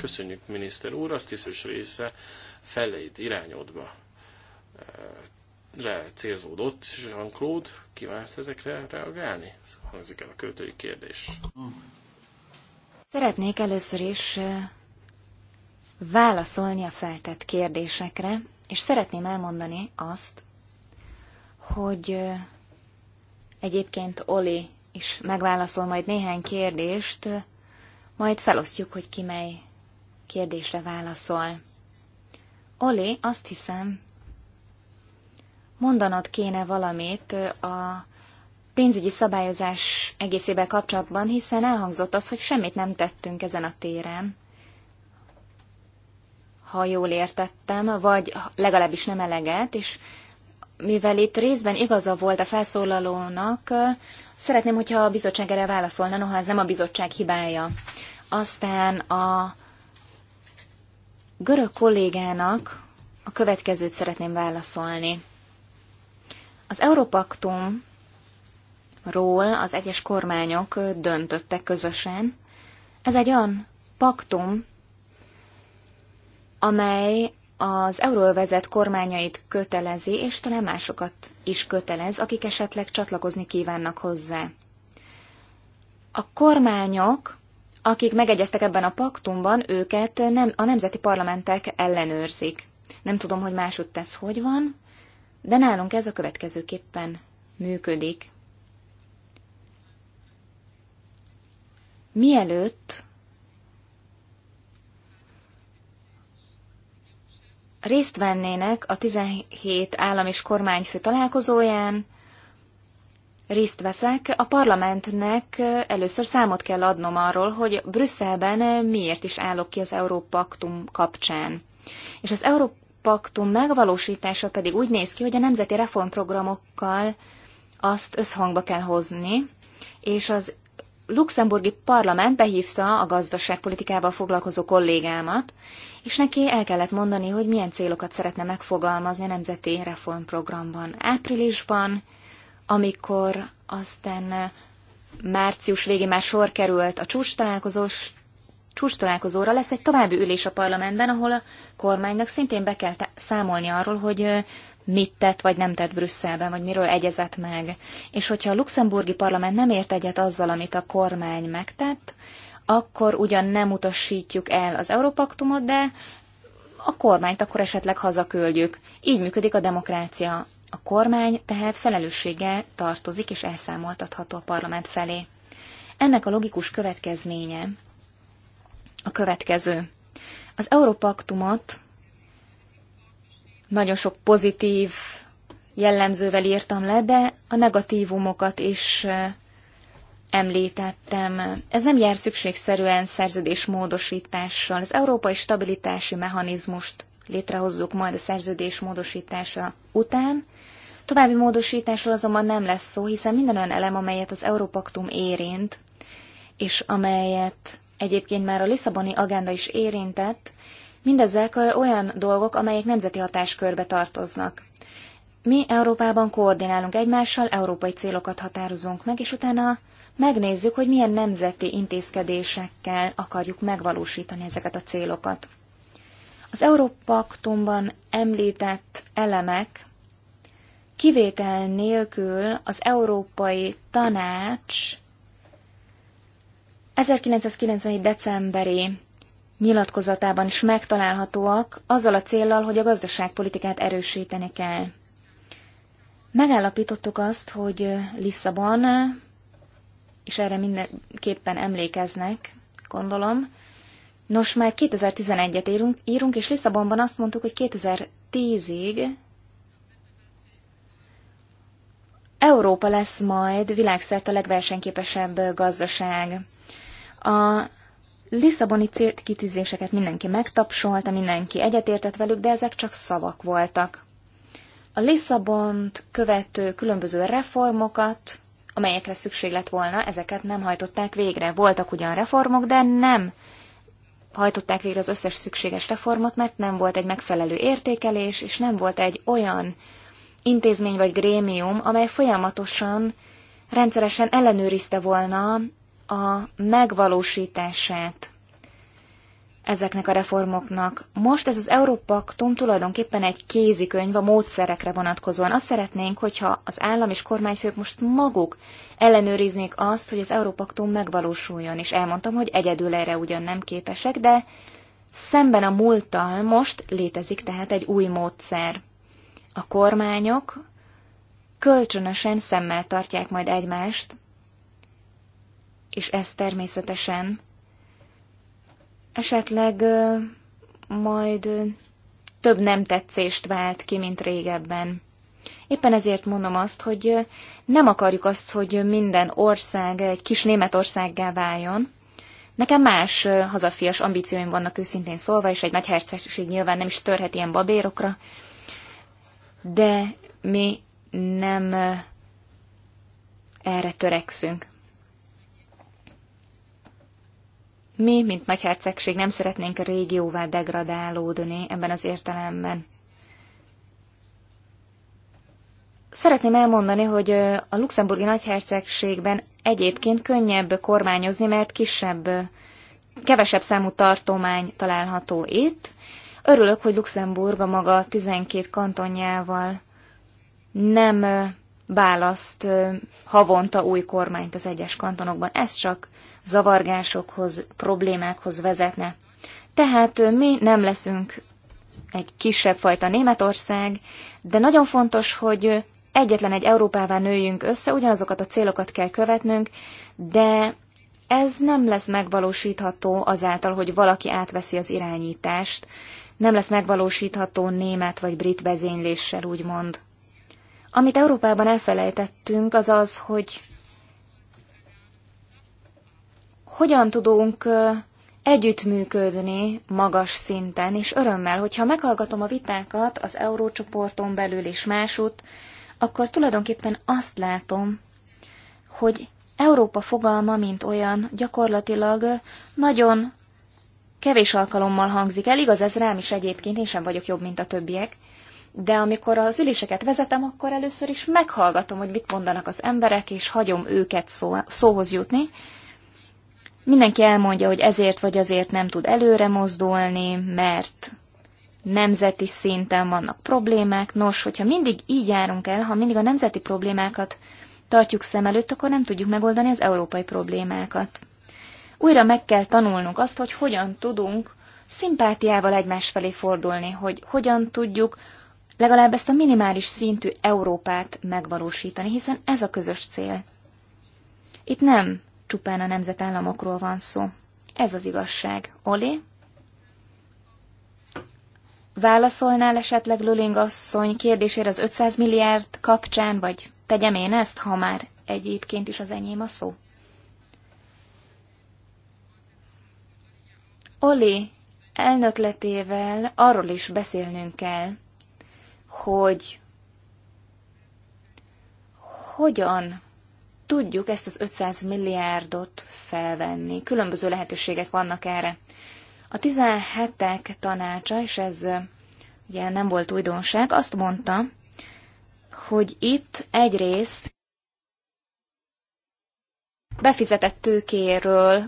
Köszönjük, miniszter úr, az tisztes része feleit irányodva eh, Rá célzódott. Jean-Claude, kívánsz ezekre reagálni? Hangzik el a költői kérdés. Szeretnék először is eh, válaszolni a feltett kérdésekre, és szeretném elmondani azt, hogy egyébként Oli is megválaszol majd néhány kérdést, majd felosztjuk, hogy ki mely kérdésre válaszol. Oli, azt hiszem, mondanod kéne valamit a pénzügyi szabályozás egészében kapcsolatban, hiszen elhangzott az, hogy semmit nem tettünk ezen a téren ha jól értettem, vagy legalábbis nem eleget, és mivel itt részben igaza volt a felszólalónak, szeretném, hogyha a bizottság erre válaszolna, noha ez nem a bizottság hibája. Aztán a görög kollégának a következőt szeretném válaszolni. Az Európaktumról az egyes kormányok döntöttek közösen. Ez egy olyan paktum, amely az euróvezet kormányait kötelezi, és talán másokat is kötelez, akik esetleg csatlakozni kívánnak hozzá. A kormányok, akik megegyeztek ebben a paktumban, őket nem, a nemzeti parlamentek ellenőrzik. Nem tudom, hogy máshogy tesz, hogy van, de nálunk ez a következőképpen működik. Mielőtt részt vennének a 17 állam és kormányfő találkozóján, részt veszek, a parlamentnek először számot kell adnom arról, hogy Brüsszelben miért is állok ki az Európaktum kapcsán. És az Európaktum megvalósítása pedig úgy néz ki, hogy a nemzeti reformprogramokkal azt összhangba kell hozni, és az luxemburgi parlament behívta a gazdaságpolitikával foglalkozó kollégámat, és neki el kellett mondani, hogy milyen célokat szeretne megfogalmazni a Nemzeti Reformprogramban. Áprilisban, amikor aztán eh, március végén már sor került a csúcs találkozós csúcs találkozóra lesz egy további ülés a parlamentben, ahol a kormánynak szintén be kell számolni arról, hogy eh, mit tett vagy nem tett Brüsszelben, vagy miről egyezett meg. És hogyha a luxemburgi parlament nem ért egyet azzal, amit a kormány megtett, akkor ugyan nem utasítjuk el az Európaktumot, de a kormányt akkor esetleg hazaküldjük. Így működik a demokrácia. A kormány tehát felelőssége tartozik és elszámoltatható a parlament felé. Ennek a logikus következménye a következő. Az Európaktumot nagyon sok pozitív jellemzővel írtam le, de a negatívumokat is említettem. Ez nem jár szükségszerűen szerződésmódosítással. Az európai stabilitási mechanizmust létrehozzuk majd a szerződés módosítása után. További módosításról azonban nem lesz szó, hiszen minden olyan elem, amelyet az Európaktum érint, és amelyet egyébként már a Lisszaboni agenda is érintett, Mindezek olyan dolgok, amelyek nemzeti hatáskörbe tartoznak. Mi Európában koordinálunk egymással, európai célokat határozunk meg, és utána megnézzük, hogy milyen nemzeti intézkedésekkel akarjuk megvalósítani ezeket a célokat. Az Európaktumban említett elemek kivétel nélkül az Európai Tanács 1997. decemberi nyilatkozatában is megtalálhatóak, azzal a céllal, hogy a gazdaságpolitikát erősíteni kell. Megállapítottuk azt, hogy Lisszabon, és erre mindenképpen emlékeznek, gondolom, Nos, már 2011-et írunk, írunk, és Lisszabonban azt mondtuk, hogy 2010-ig Európa lesz majd világszerte a legversenyképesebb gazdaság. A Lisszaboni kitűzéseket mindenki megtapsolta, mindenki egyetértett velük, de ezek csak szavak voltak. A Lisszabont követő különböző reformokat, amelyekre szükség lett volna, ezeket nem hajtották végre. Voltak ugyan reformok, de nem hajtották végre az összes szükséges reformot, mert nem volt egy megfelelő értékelés, és nem volt egy olyan intézmény vagy grémium, amely folyamatosan, rendszeresen ellenőrizte volna a megvalósítását ezeknek a reformoknak. Most ez az Európaktum tulajdonképpen egy kézikönyv a módszerekre vonatkozóan. Azt szeretnénk, hogyha az állam és kormányfők most maguk ellenőriznék azt, hogy az Európaktum megvalósuljon, és elmondtam, hogy egyedül erre ugyan nem képesek, de szemben a múlttal most létezik tehát egy új módszer. A kormányok kölcsönösen szemmel tartják majd egymást, és ez természetesen esetleg majd több nem tetszést vált ki, mint régebben. Éppen ezért mondom azt, hogy nem akarjuk azt, hogy minden ország egy kis Németországgá váljon. Nekem más hazafias ambícióim vannak őszintén szólva, és egy nagy hercegség nyilván nem is törhet ilyen babérokra, de mi nem erre törekszünk. Mi, mint nagyhercegség nem szeretnénk a régióvá degradálódni ebben az értelemben. Szeretném elmondani, hogy a luxemburgi nagyhercegségben egyébként könnyebb kormányozni, mert kisebb, kevesebb számú tartomány található itt. Örülök, hogy Luxemburg a maga 12 kantonjával nem választ havonta új kormányt az egyes kantonokban. Ez csak zavargásokhoz, problémákhoz vezetne. Tehát mi nem leszünk egy kisebb fajta Németország, de nagyon fontos, hogy egyetlen egy Európává nőjünk össze, ugyanazokat a célokat kell követnünk, de ez nem lesz megvalósítható azáltal, hogy valaki átveszi az irányítást, nem lesz megvalósítható német vagy brit vezényléssel, úgymond. Amit Európában elfelejtettünk, az az, hogy hogyan tudunk együttműködni magas szinten, és örömmel, hogyha meghallgatom a vitákat az eurócsoporton belül és másút, akkor tulajdonképpen azt látom, hogy Európa fogalma, mint olyan, gyakorlatilag nagyon kevés alkalommal hangzik el, igaz ez rám is egyébként, én sem vagyok jobb, mint a többiek, de amikor az üléseket vezetem, akkor először is meghallgatom, hogy mit mondanak az emberek, és hagyom őket szó, szóhoz jutni, Mindenki elmondja, hogy ezért vagy azért nem tud előre mozdulni, mert nemzeti szinten vannak problémák. Nos, hogyha mindig így járunk el, ha mindig a nemzeti problémákat tartjuk szem előtt, akkor nem tudjuk megoldani az európai problémákat. Újra meg kell tanulnunk azt, hogy hogyan tudunk szimpátiával egymás felé fordulni, hogy hogyan tudjuk legalább ezt a minimális szintű Európát megvalósítani, hiszen ez a közös cél. Itt nem csupán a nemzetállamokról van szó. Ez az igazság. Oli? Válaszolnál esetleg Luling asszony kérdésére az 500 milliárd kapcsán, vagy tegyem én ezt, ha már egyébként is az enyém a szó? Oli elnökletével arról is beszélnünk kell, hogy hogyan tudjuk ezt az 500 milliárdot felvenni. Különböző lehetőségek vannak erre. A 17-ek tanácsa, és ez ugye nem volt újdonság, azt mondta, hogy itt egyrészt befizetett tőkéről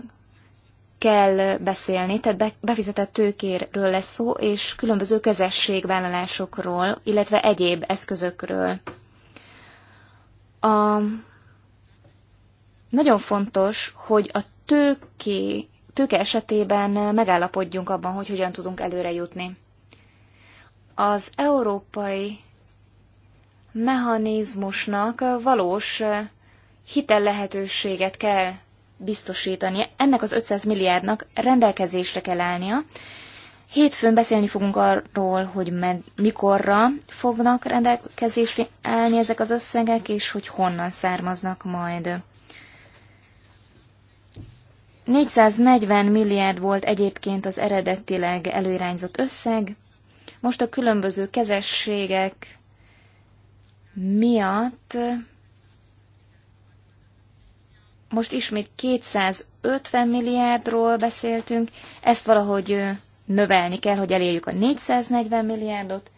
kell beszélni, tehát befizetett tőkéről lesz szó, és különböző közességvállalásokról, illetve egyéb eszközökről. A nagyon fontos, hogy a tőké, tőke esetében megállapodjunk abban, hogy hogyan tudunk előre jutni. Az európai mechanizmusnak valós hitellehetőséget kell biztosítani. Ennek az 500 milliárdnak rendelkezésre kell állnia. Hétfőn beszélni fogunk arról, hogy med, mikorra fognak rendelkezésre állni ezek az összegek, és hogy honnan származnak majd. 440 milliárd volt egyébként az eredetileg előirányzott összeg, most a különböző kezességek miatt most ismét 250 milliárdról beszéltünk, ezt valahogy növelni kell, hogy elérjük a 440 milliárdot,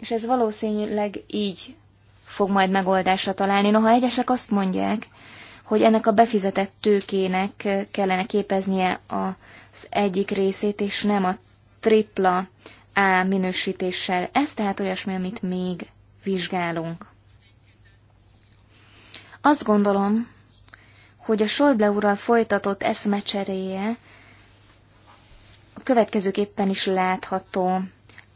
és ez valószínűleg így fog majd megoldásra találni. Noha egyesek azt mondják, hogy ennek a befizetett tőkének kellene képeznie az egyik részét, és nem a tripla A minősítéssel. Ez tehát olyasmi, amit még vizsgálunk. Azt gondolom, hogy a Schäuble úrral folytatott eszmecseréje következőképpen is látható.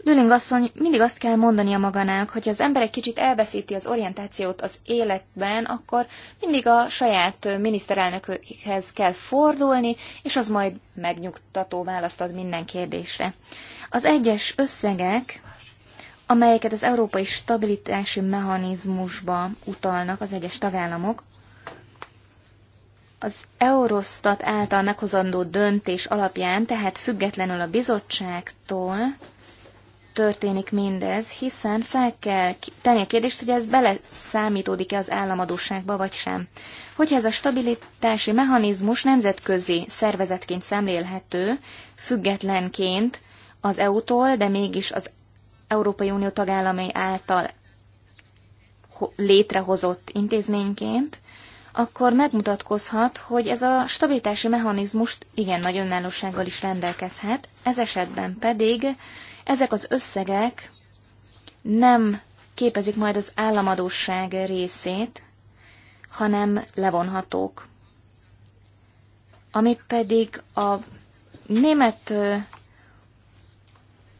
Lüling asszony, mindig azt kell mondania magának, hogy ha az ember egy kicsit elveszíti az orientációt az életben, akkor mindig a saját miniszterelnökhez kell fordulni, és az majd megnyugtató választ ad minden kérdésre. Az egyes összegek, amelyeket az európai stabilitási mechanizmusba utalnak az egyes tagállamok, az Eurostat által meghozandó döntés alapján, tehát függetlenül a bizottságtól, történik mindez, hiszen fel kell tenni a kérdést, hogy ez beleszámítódik-e az államadóságba, vagy sem. Hogyha ez a stabilitási mechanizmus nemzetközi szervezetként szemlélhető, függetlenként az EU-tól, de mégis az Európai Unió tagállamai által létrehozott intézményként, akkor megmutatkozhat, hogy ez a stabilitási mechanizmust igen nagy önállósággal is rendelkezhet, ez esetben pedig ezek az összegek nem képezik majd az államadóság részét, hanem levonhatók. Ami pedig a német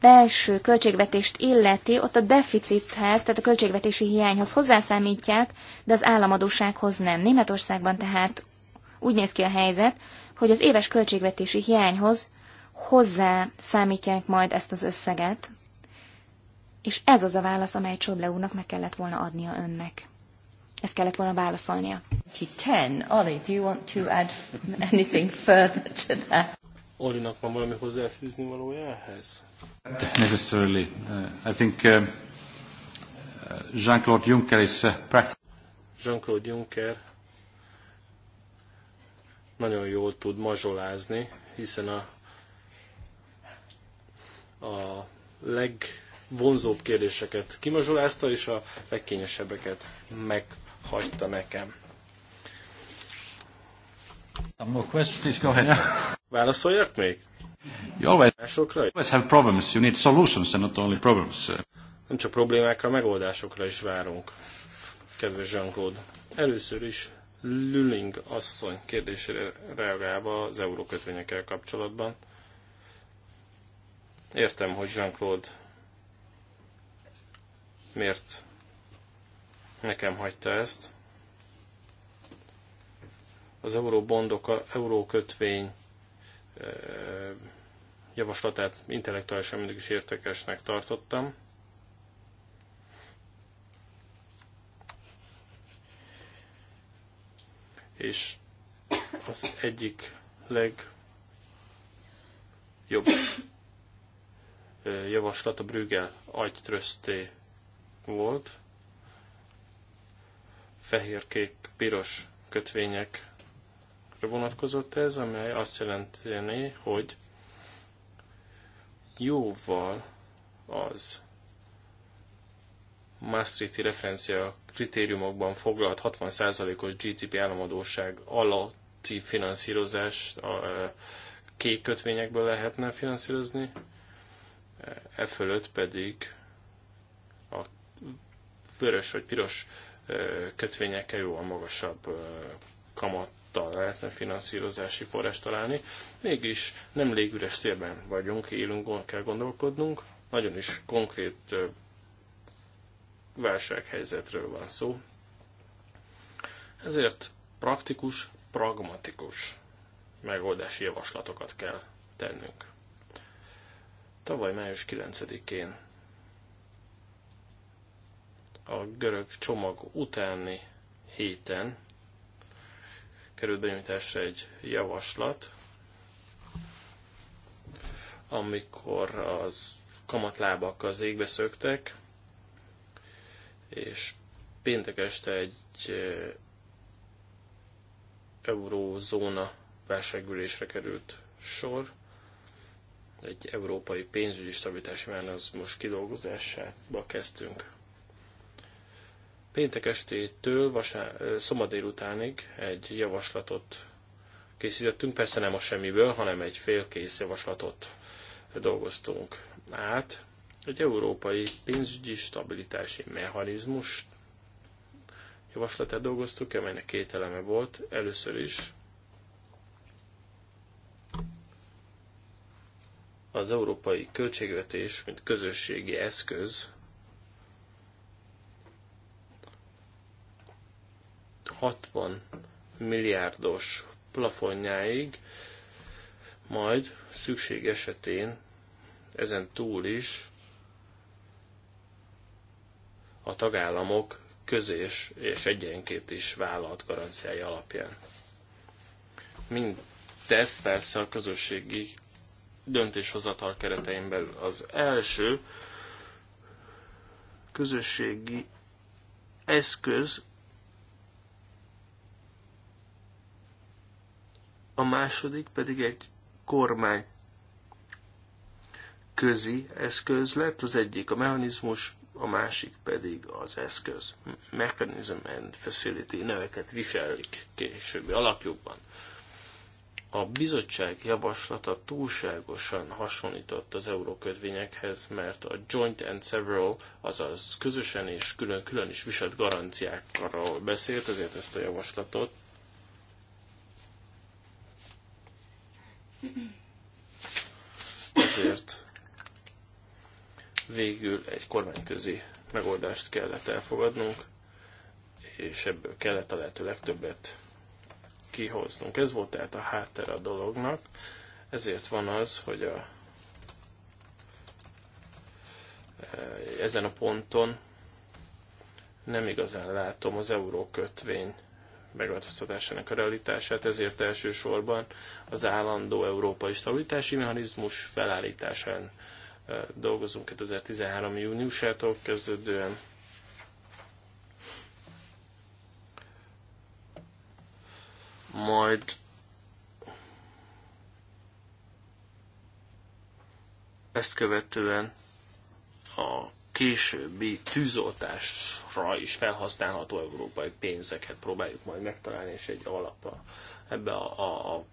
belső költségvetést illeti, ott a deficithez, tehát a költségvetési hiányhoz hozzászámítják, de az államadósághoz nem. Németországban tehát úgy néz ki a helyzet, hogy az éves költségvetési hiányhoz hozzá számítják majd ezt az összeget, és ez az a válasz, amely Csobble úrnak meg kellett volna adnia önnek. Ezt kellett volna válaszolnia. Oli, do you want to add anything further to that? Olinak van valami hozzáfűzni valója ehhez? Necessarily. Uh, I think um, uh, Jean-Claude Juncker is uh, Jean-Claude Juncker nagyon jól tud mazsolázni, hiszen a a legvonzóbb kérdéseket kimazsolázta, és a legkényesebbeket meghagyta nekem. No question, please go ahead. Válaszoljak még? You always, másokra? always have problems. You need solutions and not only problems. Nem csak problémákra, megoldásokra is várunk. Kedves Jean-Claude. Először is Lüling asszony kérdésére reagálva az eurókötvényekkel kapcsolatban. Értem, hogy Jean-Claude miért nekem hagyta ezt. Az euróbondok, eurókötvény javaslatát intellektuálisan mindig is értekesnek tartottam. És az egyik legjobb javaslat a Brüggel agytrösté volt. Fehér-kék, piros kötvényekre vonatkozott ez, amely azt jelenti, hogy jóval az Maastrichti referencia kritériumokban foglalt 60%-os GDP államadóság alatti finanszírozást a e, kék kötvényekből lehetne finanszírozni, e fölött pedig a vörös vagy piros e, kötvényekkel jóval magasabb e, kamattal lehetne finanszírozási forrás találni. Mégis nem légüres térben vagyunk, élünk, kell gondolkodnunk. Nagyon is konkrét e, válsághelyzetről van szó. Ezért praktikus, pragmatikus megoldási javaslatokat kell tennünk. Tavaly május 9-én a görög csomag utáni héten került benyújtásra egy javaslat, amikor az kamatlábak az égbe szöktek, és péntek este egy eurózóna válságülésre került sor egy európai pénzügyi stabilitási mechanizmus kidolgozásába kezdtünk. Péntek estétől szombat délutánig egy javaslatot készítettünk, persze nem a semmiből, hanem egy félkész javaslatot dolgoztunk át. Egy európai pénzügyi stabilitási mechanizmus javaslatát dolgoztuk, amelynek két eleme volt. Először is az európai költségvetés, mint közösségi eszköz ...60 milliárdos plafonjáig, majd szükség esetén ezen túl is a tagállamok közés és egyenként is vállalt garanciái alapján. Mindezt persze a közösségi döntéshozatal keretein belül. Az első közösségi eszköz a második pedig egy kormány közi eszköz lett, az egyik a mechanizmus, a másik pedig az eszköz. Mechanism and Facility neveket viselik későbbi alakjukban a bizottság javaslata túlságosan hasonlított az eurókötvényekhez, mert a joint and several, azaz közösen és külön-külön is viselt garanciákkal beszélt, ezért ezt a javaslatot. Ezért végül egy kormányközi megoldást kellett elfogadnunk, és ebből kellett a lehető legtöbbet kihoznunk. Ez volt tehát a háttér a dolognak, ezért van az, hogy a, eh, ezen a ponton nem igazán látom az eurókötvény megváltoztatásának a realitását, ezért elsősorban az állandó európai stabilitási mechanizmus felállításán eh, dolgozunk 2013. júniusától kezdődően. majd ezt követően a későbbi tűzoltásra is felhasználható európai pénzeket próbáljuk majd megtalálni, és egy alapra ebbe a, a, a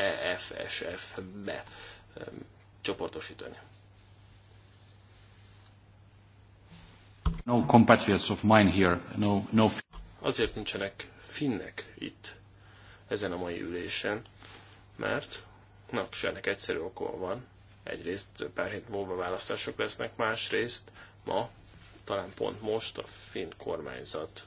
EFSF-be csoportosítani. No compatriots of mine here. No, no... Azért nincsenek finnek itt, ezen a mai ülésen, mert na, és ennek egyszerű oka van. Egyrészt pár hét múlva választások lesznek, másrészt ma, talán pont most a finn kormányzat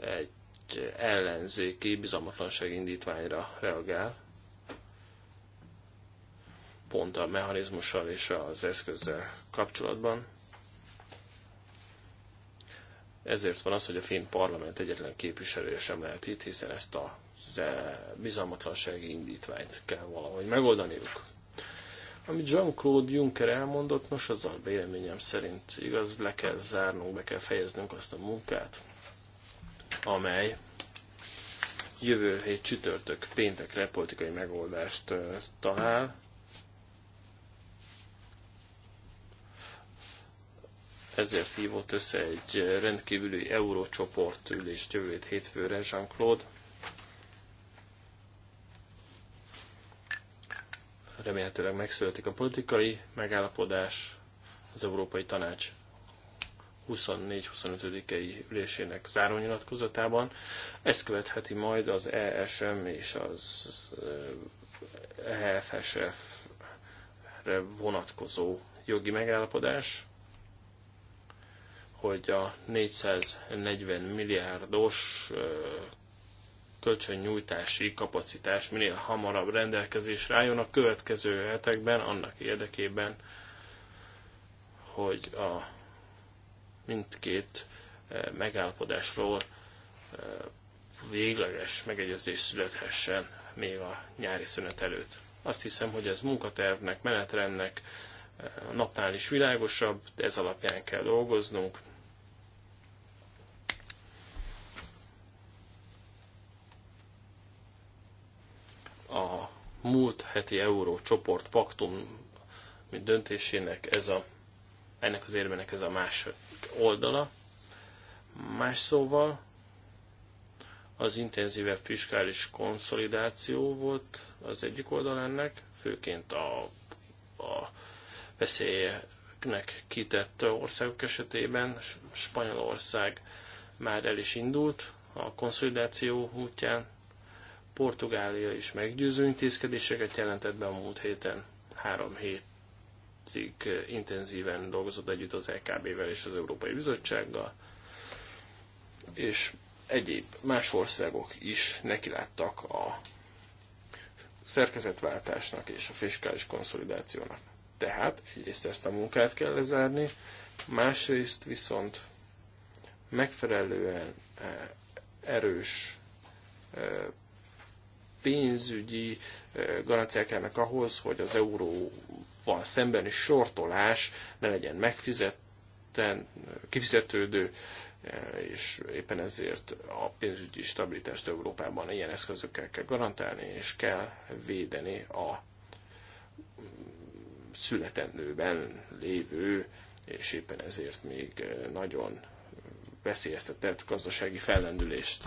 eh, egy ellenzéki bizalmatlanság indítványra reagál, pont a mechanizmussal és az eszközzel kapcsolatban. Ezért van az, hogy a finn parlament egyetlen képviselője sem lehet itt, hiszen ezt a e, bizalmatlansági indítványt kell valahogy megoldaniuk. Amit Jean-Claude Juncker elmondott, nos a véleményem szerint igaz, le kell zárnunk, be kell fejeznünk azt a munkát, amely jövő hét csütörtök péntekre politikai megoldást e, talál. ezért hívott össze egy rendkívüli eurócsoport ülést jövőt hétfőre Jean-Claude. Remélhetőleg megszületik a politikai megállapodás az Európai Tanács 24-25-i ülésének zárónyilatkozatában. Ezt követheti majd az ESM és az EFSF-re eh, e vonatkozó jogi megállapodás, hogy a 440 milliárdos kölcsönnyújtási kapacitás minél hamarabb rendelkezésre álljon a következő hetekben, annak érdekében, hogy a mindkét megállapodásról végleges megegyezés születhessen még a nyári szünet előtt. Azt hiszem, hogy ez munkatervnek, menetrendnek, a napnál is világosabb, ez alapján kell dolgoznunk, a múlt heti euró csoport paktum mint döntésének ez a, ennek az érvének ez a másik oldala. Más szóval az intenzívebb fiskális konszolidáció volt az egyik oldal ennek, főként a, a veszélyeknek kitett országok esetében. Spanyolország már el is indult a konszolidáció útján, Portugália is meggyőző intézkedéseket jelentett be a múlt héten. Három hétig eh, intenzíven dolgozott együtt az LKB-vel e és az Európai Bizottsággal, és egyéb más országok is nekiláttak a szerkezetváltásnak és a fiskális konszolidációnak. Tehát egyrészt ezt a munkát kell lezárni, másrészt viszont megfelelően eh, erős eh, pénzügyi garanciák kellnek ahhoz, hogy az euróval szembeni sortolás ne legyen megfizetten, kifizetődő, és éppen ezért a pénzügyi stabilitást Európában ilyen eszközökkel kell garantálni, és kell védeni a születendőben lévő, és éppen ezért még nagyon veszélyeztetett gazdasági fellendülést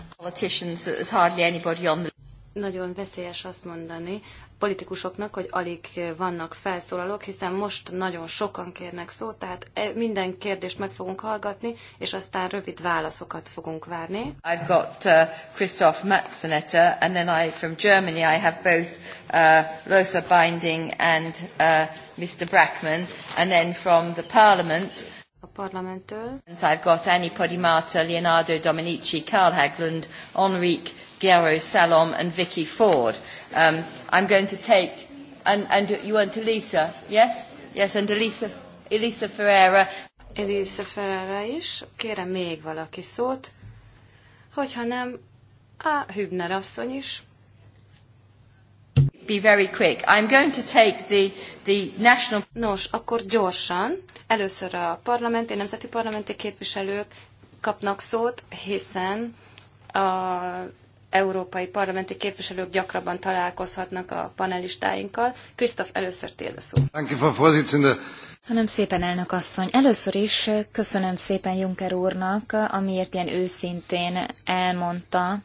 nagyon veszélyes azt mondani politikusoknak, hogy alig vannak felszólalók, hiszen most nagyon sokan kérnek szót, tehát e, minden kérdést meg fogunk hallgatni, és aztán rövid válaszokat fogunk várni. I've got uh, Christoph Matzenette, and then I, from Germany, I have both uh, Lothar Binding and uh, Mr. Brackman, and then from the Parliament, a And I've got Annie Podimata, Leonardo Dominici, Karl Haglund, Enrique Gero Salom and Vicky Ford. Um, I'm going to take, and, and you want Elisa, yes? Yes, and Elisa, Elisa Ferreira. Elisa Ferreira is. Kérem még valaki szót. Hogyha nem, a Hübner asszony is. Be very quick. I'm going to take the, the national... Nos, akkor gyorsan. Először a parlamenti, nemzeti parlamenti képviselők kapnak szót, hiszen a európai parlamenti képviselők gyakrabban találkozhatnak a panelistáinkkal. Krisztof, először tiéd a szó. Köszönöm szépen, elnök asszony. Először is köszönöm szépen Juncker úrnak, amiért ilyen őszintén elmondta,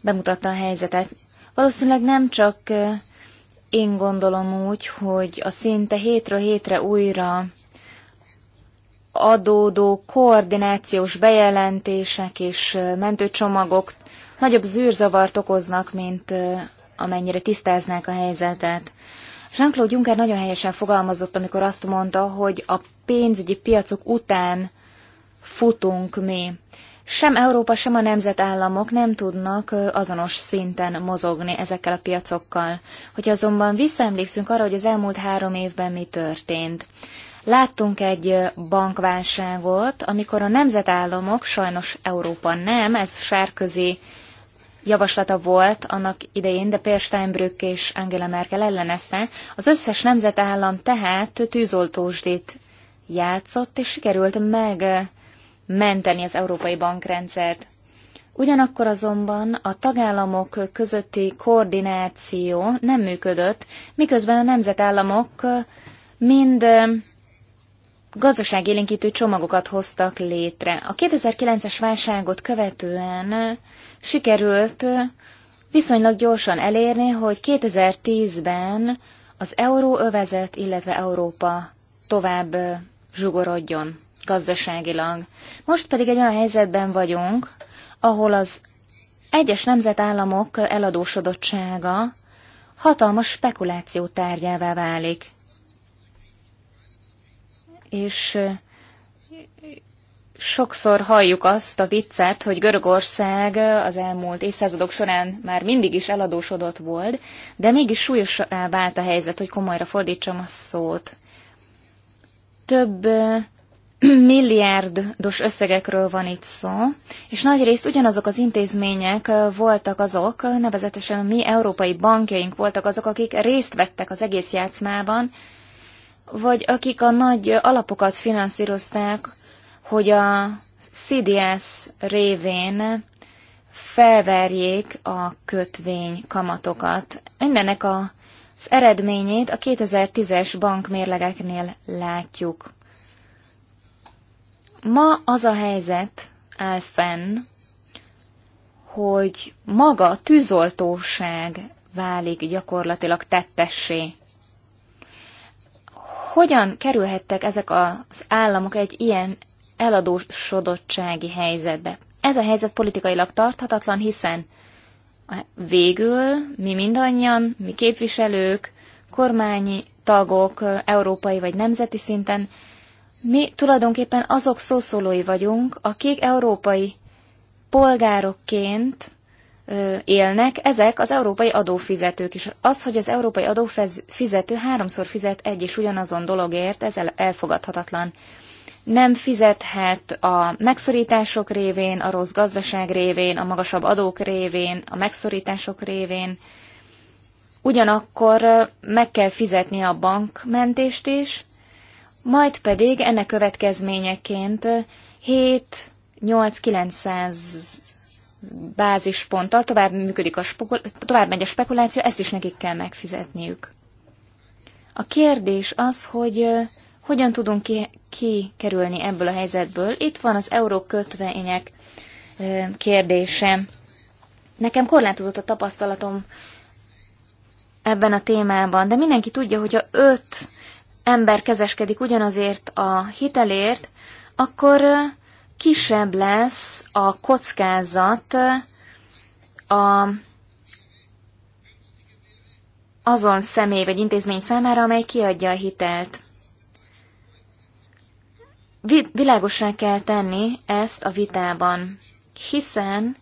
bemutatta a helyzetet. Valószínűleg nem csak én gondolom úgy, hogy a szinte hétről hétre újra adódó koordinációs bejelentések és mentőcsomagok nagyobb zűrzavart okoznak, mint amennyire tisztáznák a helyzetet. Jean-Claude Juncker nagyon helyesen fogalmazott, amikor azt mondta, hogy a pénzügyi piacok után futunk mi. Sem Európa, sem a nemzetállamok nem tudnak azonos szinten mozogni ezekkel a piacokkal. Hogy azonban visszaemlékszünk arra, hogy az elmúlt három évben mi történt. Láttunk egy bankválságot, amikor a nemzetállamok, sajnos Európa nem, ez sárközi javaslata volt annak idején, de Per Steinbrück és Angela Merkel ellenezte. Az összes nemzetállam tehát tűzoltósdit játszott, és sikerült megmenteni az európai bankrendszert. Ugyanakkor azonban a tagállamok közötti koordináció nem működött, miközben a nemzetállamok mind gazdaságélénkítő csomagokat hoztak létre. A 2009-es válságot követően sikerült viszonylag gyorsan elérni, hogy 2010-ben az euróövezet, illetve Európa tovább zsugorodjon gazdaságilag. Most pedig egy olyan helyzetben vagyunk, ahol az egyes nemzetállamok eladósodottsága hatalmas spekuláció tárgyává válik és sokszor halljuk azt a viccet, hogy Görögország az elmúlt évszázadok során már mindig is eladósodott volt, de mégis súlyos vált a helyzet, hogy komolyra fordítsam a szót. Több milliárdos összegekről van itt szó, és nagyrészt ugyanazok az intézmények voltak azok, nevezetesen a mi európai bankjaink voltak azok, akik részt vettek az egész játszmában, vagy akik a nagy alapokat finanszírozták, hogy a CDS révén felverjék a kötvény kamatokat. Mindennek az eredményét a 2010-es bankmérlegeknél látjuk. Ma az a helyzet áll fenn, hogy maga a tűzoltóság válik gyakorlatilag tettessé hogyan kerülhettek ezek az államok egy ilyen eladósodottsági helyzetbe? Ez a helyzet politikailag tarthatatlan, hiszen végül mi mindannyian, mi képviselők, kormányi tagok, európai vagy nemzeti szinten, mi tulajdonképpen azok szószólói vagyunk, akik európai polgárokként élnek, ezek az európai adófizetők is. Az, hogy az európai adófizető háromszor fizet egy és ugyanazon dologért, ez elfogadhatatlan. Nem fizethet a megszorítások révén, a rossz gazdaság révén, a magasabb adók révén, a megszorítások révén. Ugyanakkor meg kell fizetni a bankmentést is, majd pedig ennek következményeként 7 8 900 bázisponttal, tovább, működik a tovább megy a spekuláció, ezt is nekik kell megfizetniük. A kérdés az, hogy hogyan tudunk ki, kikerülni ebből a helyzetből. Itt van az euró kötvények kérdése. Nekem korlátozott a tapasztalatom ebben a témában, de mindenki tudja, hogy a öt ember kezeskedik ugyanazért a hitelért, akkor kisebb lesz a kockázat a, azon személy vagy intézmény számára, amely kiadja a hitelt. Világosá kell tenni ezt a vitában, hiszen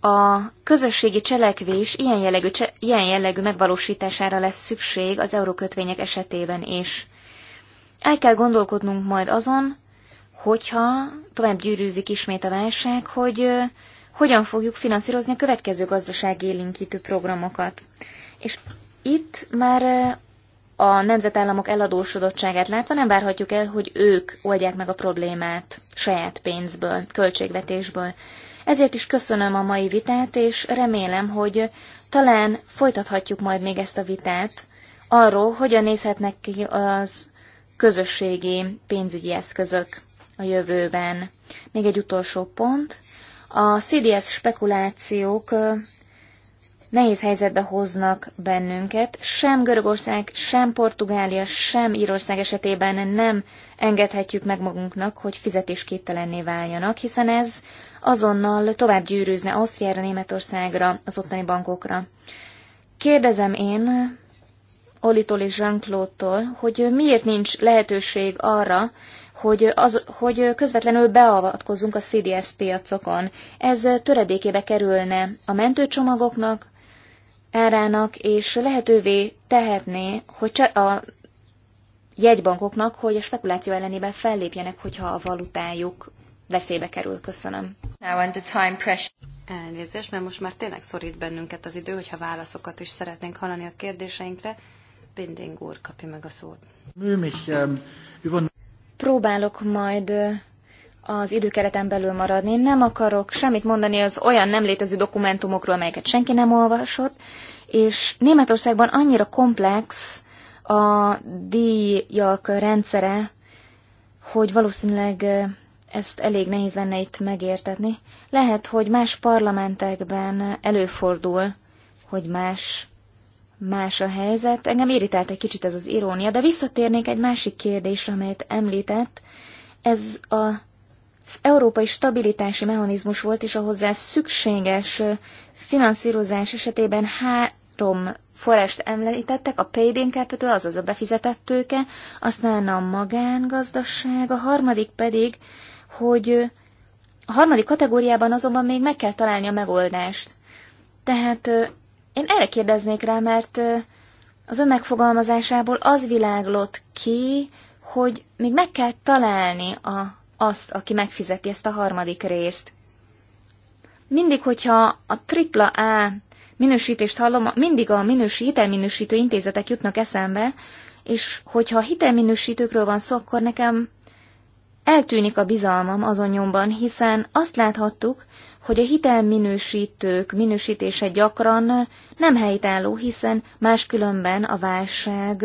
a közösségi cselekvés ilyen jellegű, cse, ilyen jellegű megvalósítására lesz szükség az eurókötvények esetében is. El kell gondolkodnunk majd azon, hogyha tovább gyűrűzik ismét a válság, hogy hogyan fogjuk finanszírozni a következő élinkítő programokat. És itt már a nemzetállamok eladósodottságát látva nem várhatjuk el, hogy ők oldják meg a problémát saját pénzből, költségvetésből. Ezért is köszönöm a mai vitát, és remélem, hogy talán folytathatjuk majd még ezt a vitát arról, hogyan nézhetnek ki az közösségi pénzügyi eszközök a jövőben. Még egy utolsó pont. A CDS spekulációk nehéz helyzetbe hoznak bennünket. Sem Görögország, sem Portugália, sem Írország esetében nem engedhetjük meg magunknak, hogy fizetésképtelenné váljanak, hiszen ez azonnal tovább gyűrűzne Ausztriára, Németországra, az ottani bankokra. Kérdezem én Olitól és Jean-Claude-tól, hogy miért nincs lehetőség arra, hogy, az, hogy közvetlenül beavatkozunk a CDS piacokon. Ez töredékébe kerülne a mentőcsomagoknak, árának, és lehetővé tehetné, hogy a jegybankoknak, hogy a spekuláció ellenében fellépjenek, hogyha a valutájuk veszélybe kerül. Köszönöm. Now the time pressure. Elnézést, mert most már tényleg szorít bennünket az idő, hogyha válaszokat is szeretnénk hallani a kérdéseinkre. Binding úr kapja meg a szót. Műmich, um, ähm, Próbálok majd az időkereten belül maradni. Nem akarok semmit mondani az olyan nem létező dokumentumokról, amelyeket senki nem olvasott, és Németországban annyira komplex a díjak rendszere, hogy valószínűleg ezt elég nehéz lenne itt megértetni. Lehet, hogy más parlamentekben előfordul, hogy más más a helyzet. Engem irritált egy kicsit ez az irónia, de visszatérnék egy másik kérdésre, amelyet említett. Ez a, az európai stabilitási mechanizmus volt, és a hozzá szükséges finanszírozás esetében három forrást említettek, a paid-in capital, azaz a befizetett tőke, aztán a magángazdaság, a harmadik pedig, hogy a harmadik kategóriában azonban még meg kell találni a megoldást. Tehát én erre kérdeznék rá, mert az ön megfogalmazásából az világlott ki, hogy még meg kell találni a, azt, aki megfizeti ezt a harmadik részt. Mindig, hogyha a tripla A minősítést hallom, mindig a minősi, hitelminősítő intézetek jutnak eszembe, és hogyha hitelminősítőkről van szó, akkor nekem eltűnik a bizalmam azon nyomban, hiszen azt láthattuk, hogy a hitelminősítők minősítése gyakran nem helytálló, hiszen máskülönben a válság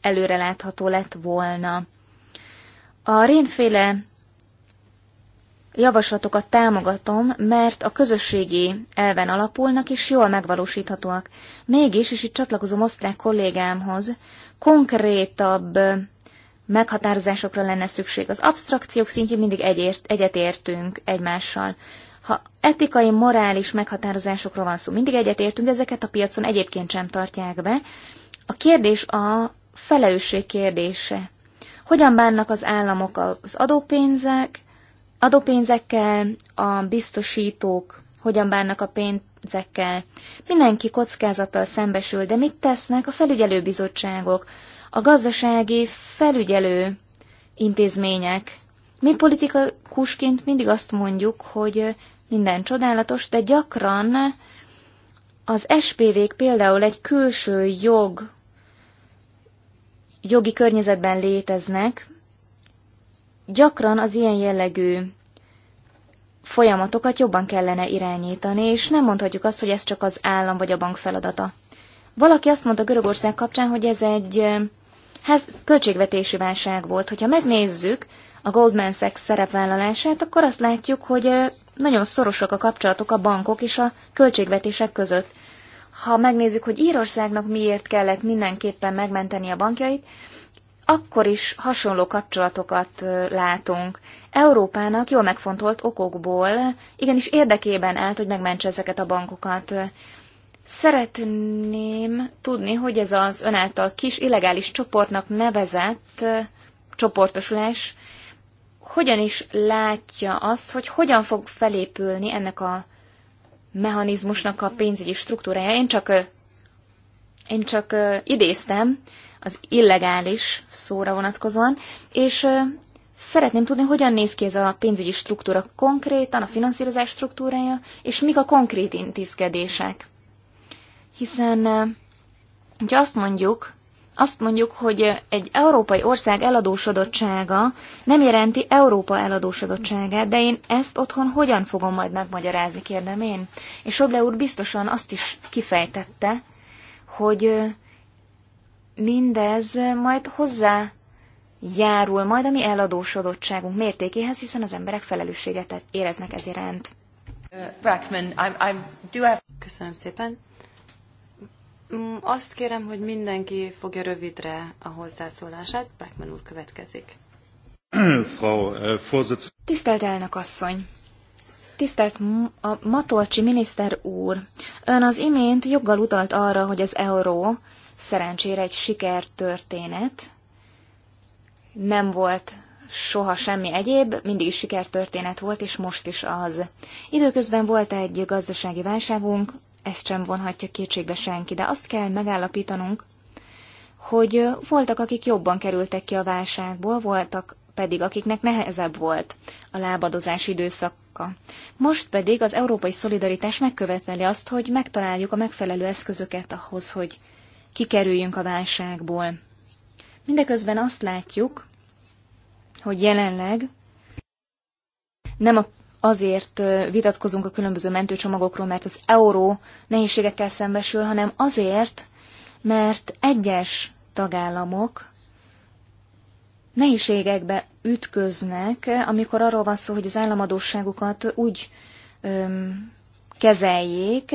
előrelátható lett volna. A rénféle javaslatokat támogatom, mert a közösségi elven alapulnak és jól megvalósíthatóak. Mégis, és itt csatlakozom osztrák kollégámhoz, konkrétabb meghatározásokra lenne szükség. Az absztrakciók szintjén mindig egyért, egyetértünk egymással. Ha etikai, morális meghatározásokról van szó, mindig egyetértünk, de ezeket a piacon egyébként sem tartják be. A kérdés a felelősség kérdése. Hogyan bánnak az államok az adópénzek, adópénzekkel, a biztosítók hogyan bánnak a pénzekkel. Mindenki kockázattal szembesül, de mit tesznek a felügyelőbizottságok, a gazdasági felügyelő intézmények? Mi politikusként mindig azt mondjuk, hogy minden csodálatos, de gyakran az SPV-k például egy külső jog, jogi környezetben léteznek, gyakran az ilyen jellegű folyamatokat jobban kellene irányítani, és nem mondhatjuk azt, hogy ez csak az állam vagy a bank feladata. Valaki azt mondta Görögország kapcsán, hogy ez egy eh, ház, költségvetési válság volt. Hogyha megnézzük a Goldman Sachs szerepvállalását, akkor azt látjuk, hogy eh, nagyon szorosak a kapcsolatok a bankok és a költségvetések között. Ha megnézzük, hogy Írországnak miért kellett mindenképpen megmenteni a bankjait, akkor is hasonló kapcsolatokat látunk. Európának jól megfontolt okokból igenis érdekében állt, hogy megmentse ezeket a bankokat. Szeretném tudni, hogy ez az önáltal kis illegális csoportnak nevezett csoportosulás hogyan is látja azt, hogy hogyan fog felépülni ennek a mechanizmusnak a pénzügyi struktúrája. Én csak, én csak idéztem az illegális szóra vonatkozóan, és szeretném tudni, hogyan néz ki ez a pénzügyi struktúra konkrétan, a finanszírozás struktúrája, és mik a konkrét intézkedések. Hiszen, hogyha azt mondjuk, azt mondjuk, hogy egy európai ország eladósodottsága nem jelenti Európa eladósodottságát, de én ezt otthon hogyan fogom majd megmagyarázni, kérdem én. És Soble úr biztosan azt is kifejtette, hogy mindez majd hozzá járul majd a mi eladósodottságunk mértékéhez, hiszen az emberek felelősséget éreznek ez iránt. Köszönöm szépen. Mm, azt kérem, hogy mindenki fogja rövidre a hozzászólását. Bachmann úr következik. Frau, äh, Tisztelt elnök asszony! Tisztelt a Matolcsi miniszter úr! Ön az imént joggal utalt arra, hogy az euró szerencsére egy sikertörténet. Nem volt soha semmi egyéb, mindig is sikertörténet volt, és most is az. Időközben volt egy gazdasági válságunk, ezt sem vonhatja kétségbe senki, de azt kell megállapítanunk, hogy voltak, akik jobban kerültek ki a válságból, voltak pedig, akiknek nehezebb volt a lábadozás időszaka. Most pedig az európai szolidaritás megköveteli azt, hogy megtaláljuk a megfelelő eszközöket ahhoz, hogy kikerüljünk a válságból. Mindeközben azt látjuk, hogy jelenleg nem a azért vitatkozunk a különböző mentőcsomagokról, mert az euró nehézségekkel szembesül, hanem azért, mert egyes tagállamok nehézségekbe ütköznek, amikor arról van szó, hogy az államadóságukat úgy öm, kezeljék,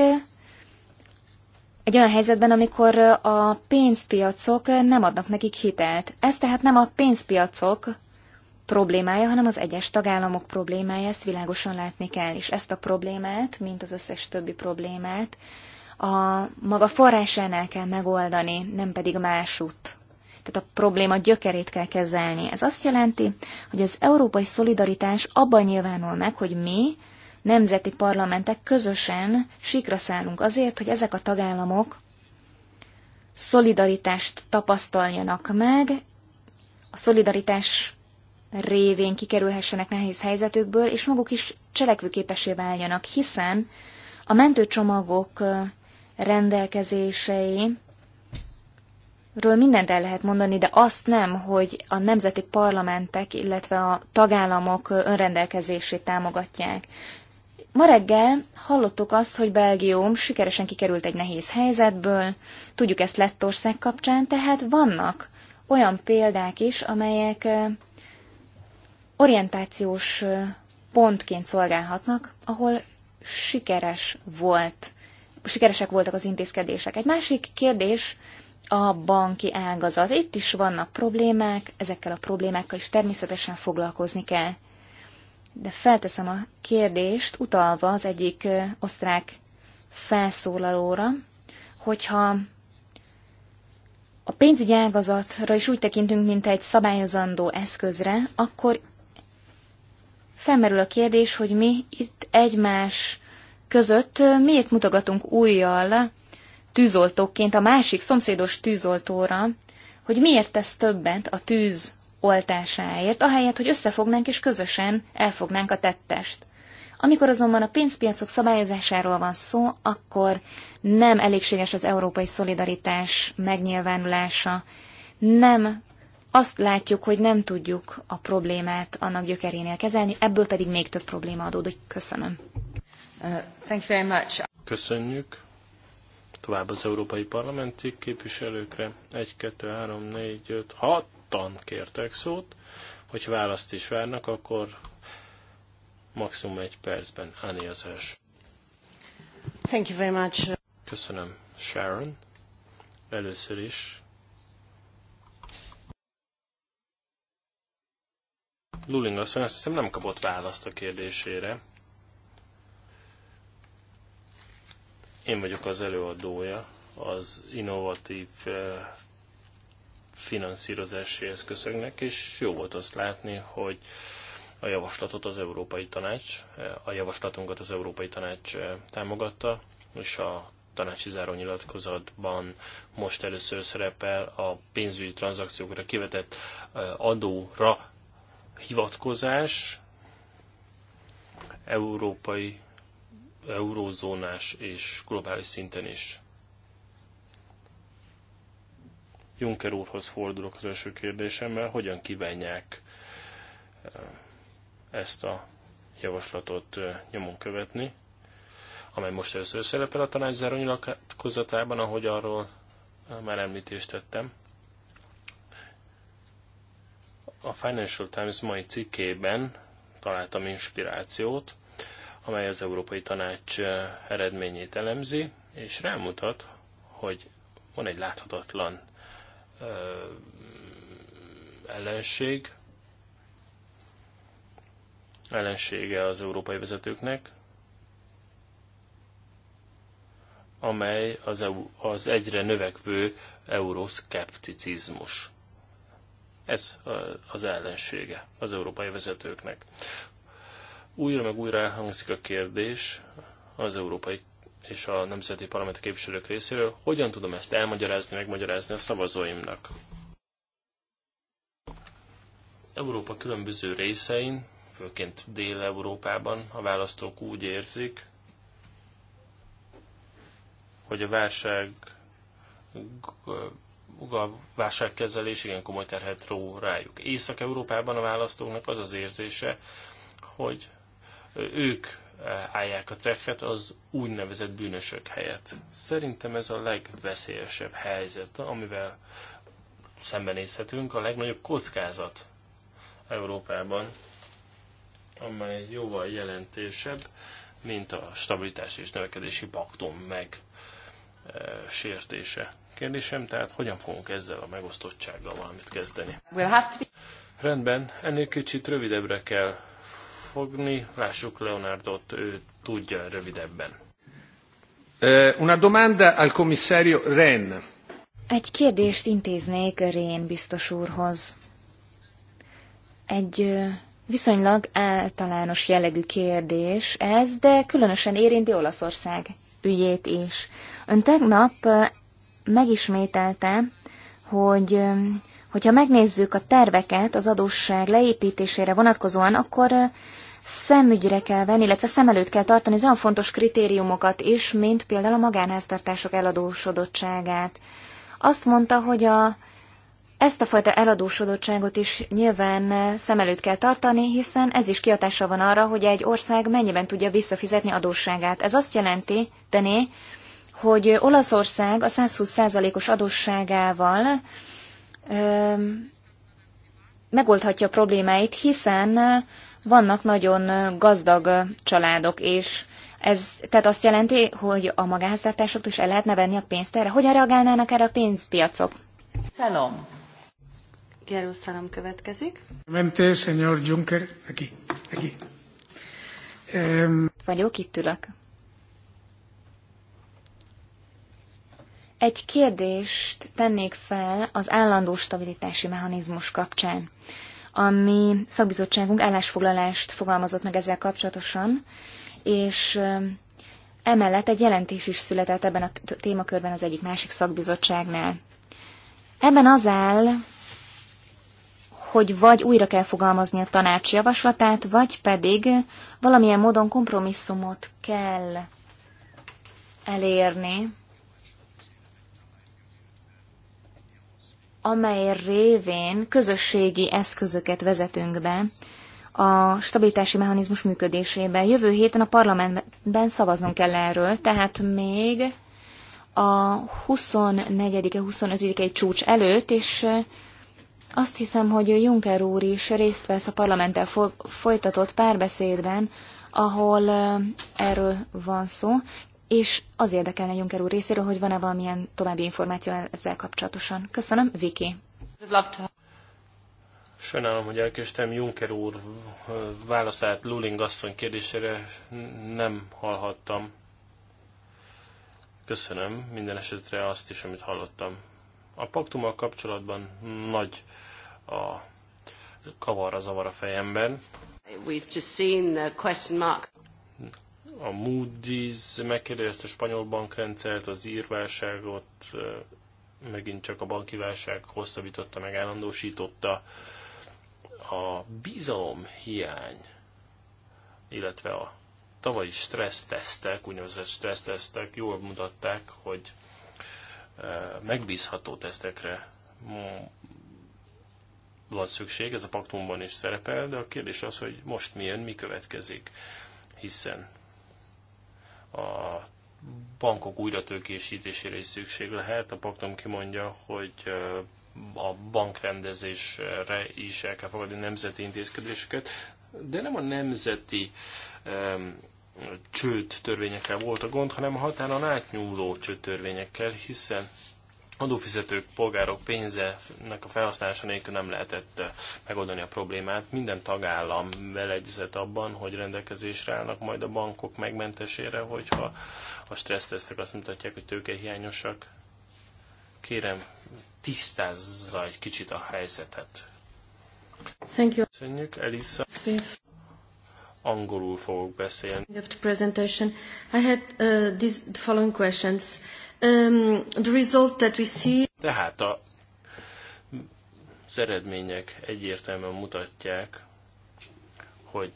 egy olyan helyzetben, amikor a pénzpiacok nem adnak nekik hitelt. Ez tehát nem a pénzpiacok problémája, hanem az egyes tagállamok problémája, ezt világosan látni kell. És ezt a problémát, mint az összes többi problémát, a maga forrásánál kell megoldani, nem pedig másút. Tehát a probléma gyökerét kell kezelni. Ez azt jelenti, hogy az európai szolidaritás abban nyilvánul meg, hogy mi, nemzeti parlamentek közösen sikra szállunk azért, hogy ezek a tagállamok szolidaritást tapasztaljanak meg, a szolidaritás révén kikerülhessenek nehéz helyzetükből, és maguk is cselekvőképesé váljanak, hiszen a mentőcsomagok rendelkezései ről mindent el lehet mondani, de azt nem, hogy a nemzeti parlamentek, illetve a tagállamok önrendelkezését támogatják. Ma reggel hallottuk azt, hogy Belgium sikeresen kikerült egy nehéz helyzetből, tudjuk ezt Lettország kapcsán, tehát vannak olyan példák is, amelyek orientációs pontként szolgálhatnak, ahol sikeres volt, sikeresek voltak az intézkedések. Egy másik kérdés a banki ágazat. Itt is vannak problémák, ezekkel a problémákkal is természetesen foglalkozni kell. De felteszem a kérdést, utalva az egyik osztrák felszólalóra, hogyha a pénzügyi ágazatra is úgy tekintünk, mint egy szabályozandó eszközre, akkor felmerül a kérdés, hogy mi itt egymás között miért mutogatunk újjal tűzoltóként a másik szomszédos tűzoltóra, hogy miért tesz többet a tűz oltásáért, ahelyett, hogy összefognánk és közösen elfognánk a tettest. Amikor azonban a pénzpiacok szabályozásáról van szó, akkor nem elégséges az európai szolidaritás megnyilvánulása, nem azt látjuk, hogy nem tudjuk a problémát annak gyökerénél kezelni, ebből pedig még több probléma adódik. Köszönöm. Uh, thank you very much. Köszönjük. Tovább az európai parlamenti képviselőkre. 1, 2, 3, 4, 5, 6 tan kértek szót. Hogyha választ is várnak, akkor maximum egy percben. állni az első. Thank you very much. Köszönöm, Sharon. Először is Luling mondja, azt hiszem nem kapott választ a kérdésére. Én vagyok az előadója az innovatív eh, finanszírozási eszközöknek, és jó volt azt látni, hogy a javaslatot az Európai Tanács, eh, a javaslatunkat az Európai Tanács eh, támogatta, és a tanácsi zárónyilatkozatban most először szerepel a pénzügyi tranzakciókra kivetett adóra hivatkozás európai, eurózónás és globális szinten is. Juncker úrhoz fordulok az első kérdésemmel, hogyan kívánják eh, ezt a javaslatot eh, nyomon követni, amely most először szerepel a tanács zárónyilatkozatában, ahogy arról eh, már említést tettem a Financial Times mai cikkében találtam inspirációt, amely az Európai Tanács eh, eredményét elemzi, és rámutat, hogy van egy láthatatlan ö, eh, ellenség, ellensége az európai vezetőknek, amely az, EU, az egyre növekvő euroszkepticizmus. Ez az ellensége az európai vezetőknek. Újra meg újra elhangzik a kérdés az európai és a nemzeti parlamenti képviselők részéről, hogyan tudom ezt elmagyarázni, megmagyarázni a szavazóimnak. Európa különböző részein, főként Dél-Európában a választók úgy érzik, hogy a válság a válságkezelés igen komoly terhet ró rájuk. Észak-Európában a választóknak az az érzése, hogy ők eh, állják a cekket az úgynevezett bűnösök helyett. Szerintem ez a legveszélyesebb helyzet, amivel szembenézhetünk, a legnagyobb kockázat Európában, amely jóval jelentősebb, mint a stabilitás és növekedési paktum meg eh, sértése. Kérdésem tehát, hogyan fogunk ezzel a megosztottsággal valamit kezdeni? We'll have to be... Rendben, ennél kicsit rövidebbre kell fogni. Lássuk Leonardot, ő tudja rövidebben. Uh, una domanda al commissario Ren. Egy kérdést intéznék Rén biztos úrhoz. Egy viszonylag általános jellegű kérdés ez, de különösen érinti Olaszország ügyét is. Ön tegnap megismételte, hogy hogyha megnézzük a terveket az adósság leépítésére vonatkozóan, akkor szemügyre kell venni, illetve szem előtt kell tartani az olyan fontos kritériumokat is, mint például a magánháztartások eladósodottságát. Azt mondta, hogy a, ezt a fajta eladósodottságot is nyilván szem előtt kell tartani, hiszen ez is kiatása van arra, hogy egy ország mennyiben tudja visszafizetni adósságát. Ez azt jelenti, tené, hogy Olaszország a 120%-os adósságával ö, megoldhatja a problémáit, hiszen vannak nagyon gazdag családok, és ez tehát azt jelenti, hogy a magáztartásoktól is el lehetne venni a pénzt erre. Hogyan reagálnának erre a pénzpiacok? Szelom. Jerusalem következik. Mente, señor Juncker, aki, aki. Um... Vagyok, itt ülök. Egy kérdést tennék fel az állandó stabilitási mechanizmus kapcsán. A mi szakbizottságunk állásfoglalást fogalmazott meg ezzel kapcsolatosan, és emellett egy jelentés is született ebben a témakörben az egyik másik szakbizottságnál. Ebben az áll, hogy vagy újra kell fogalmazni a tanács javaslatát, vagy pedig valamilyen módon kompromisszumot kell elérni amely révén közösségi eszközöket vezetünk be a stabilitási mechanizmus működésébe. Jövő héten a parlamentben szavaznunk kell erről, tehát még a 24 25-i csúcs előtt, és azt hiszem, hogy Juncker úr is részt vesz a parlamenttel folytatott párbeszédben, ahol erről van szó és az érdekelne Juncker úr részéről, hogy van-e valamilyen további információ ezzel kapcsolatosan. Köszönöm, Viki. Sajnálom, hogy elkéstem Juncker úr válaszát Luling asszony kérdésére nem hallhattam. Köszönöm minden esetre azt is, amit hallottam. A paktummal kapcsolatban nagy a kavar, a zavar a fejemben. We've just seen the question mark a Moody's megkérdezte a spanyol bankrendszert, az írválságot, megint csak a banki válság hosszabbította, meg állandósította. A bizalom hiány, illetve a tavalyi stressztesztek, úgynevezett stressztesztek jól mutatták, hogy megbízható tesztekre van szükség, ez a paktumban is szerepel, de a kérdés az, hogy most milyen, mi következik. Hiszen a bankok újratőkésítésére is szükség lehet. A paktum kimondja, hogy a bankrendezésre is el kell fogadni nemzeti intézkedéseket, de nem a nemzeti um, csőd törvényekkel volt a gond, hanem a határon átnyúló csőd törvényekkel, hiszen adófizetők, polgárok pénzenek a felhasználása nélkül nem lehetett eh, megoldani a problémát. Minden tagállam beleegyezett abban, hogy rendelkezésre állnak majd a bankok megmentesére, hogyha a stressztesztek azt mutatják, hogy tőkehiányosak. Kérem, tisztázza egy kicsit a helyzetet. Thank you. Köszönjük, Elisa. Angolul fogok beszélni. presentation, I had uh, these the following questions. Um, the result that we see... Tehát a, az eredmények egyértelműen mutatják, hogy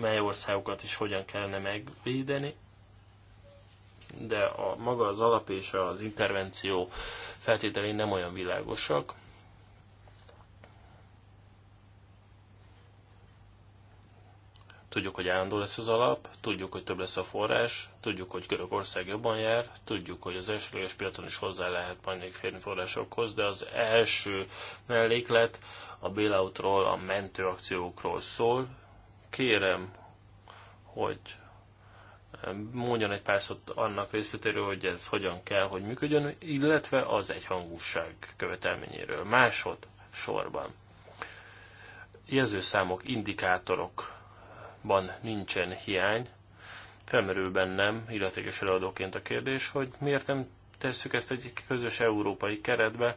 mely országokat is hogyan kellene megvédeni, de a maga az alap és az intervenció feltételei nem olyan világosak. Tudjuk, hogy állandó lesz az alap, tudjuk, hogy több lesz a forrás, tudjuk, hogy Görögország jobban jár, tudjuk, hogy az elsőleges piacon is hozzá lehet majd még férni forrásokhoz, de az első melléklet a bailoutról, a mentőakciókról szól. Kérem, hogy mondjon egy pár szót annak részletéről, hogy ez hogyan kell, hogy működjön, illetve az egyhangúság követelményéről. Másod sorban jelzőszámok, indikátorok van nincsen hiány. Felmerül bennem illetékes előadóként a kérdés, hogy miért nem tesszük ezt egy közös európai keretbe,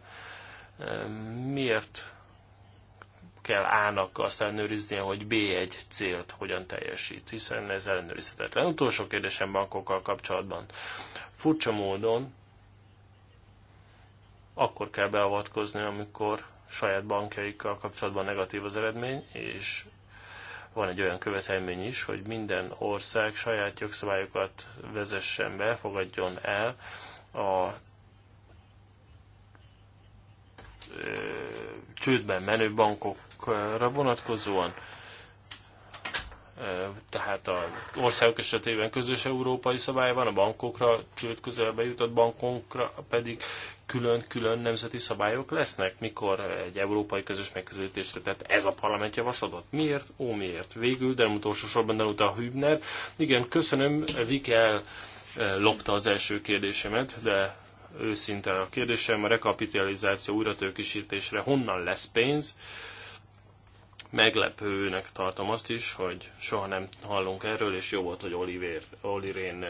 miért kell A-nak azt ellenőriznie, hogy b egy célt hogyan teljesít, hiszen ez ellenőrizhetetlen. Utolsó kérdésem bankokkal kapcsolatban. Furcsa módon akkor kell beavatkozni, amikor saját bankjaikkal kapcsolatban negatív az eredmény, és van egy olyan követelmény is, hogy minden ország saját jogszabályokat vezessen be, fogadjon el a csődben menő bankokra vonatkozóan tehát a országok esetében közös európai szabály van, a bankokra, csőd közelbe jutott bankokra pedig külön-külön nemzeti szabályok lesznek, mikor egy európai közös megközelítésre tett ez a parlament javaslatot. Miért? Ó, miért? Végül, de nem utolsó sorban, de utána Hübner. Igen, köszönöm, Vikel lopta az első kérdésemet, de őszinte a kérdésem, a rekapitalizáció újratőkisítésre honnan lesz pénz? Meglepőnek tartom azt is, hogy soha nem hallunk erről, és jó volt, hogy Oliver, Olirén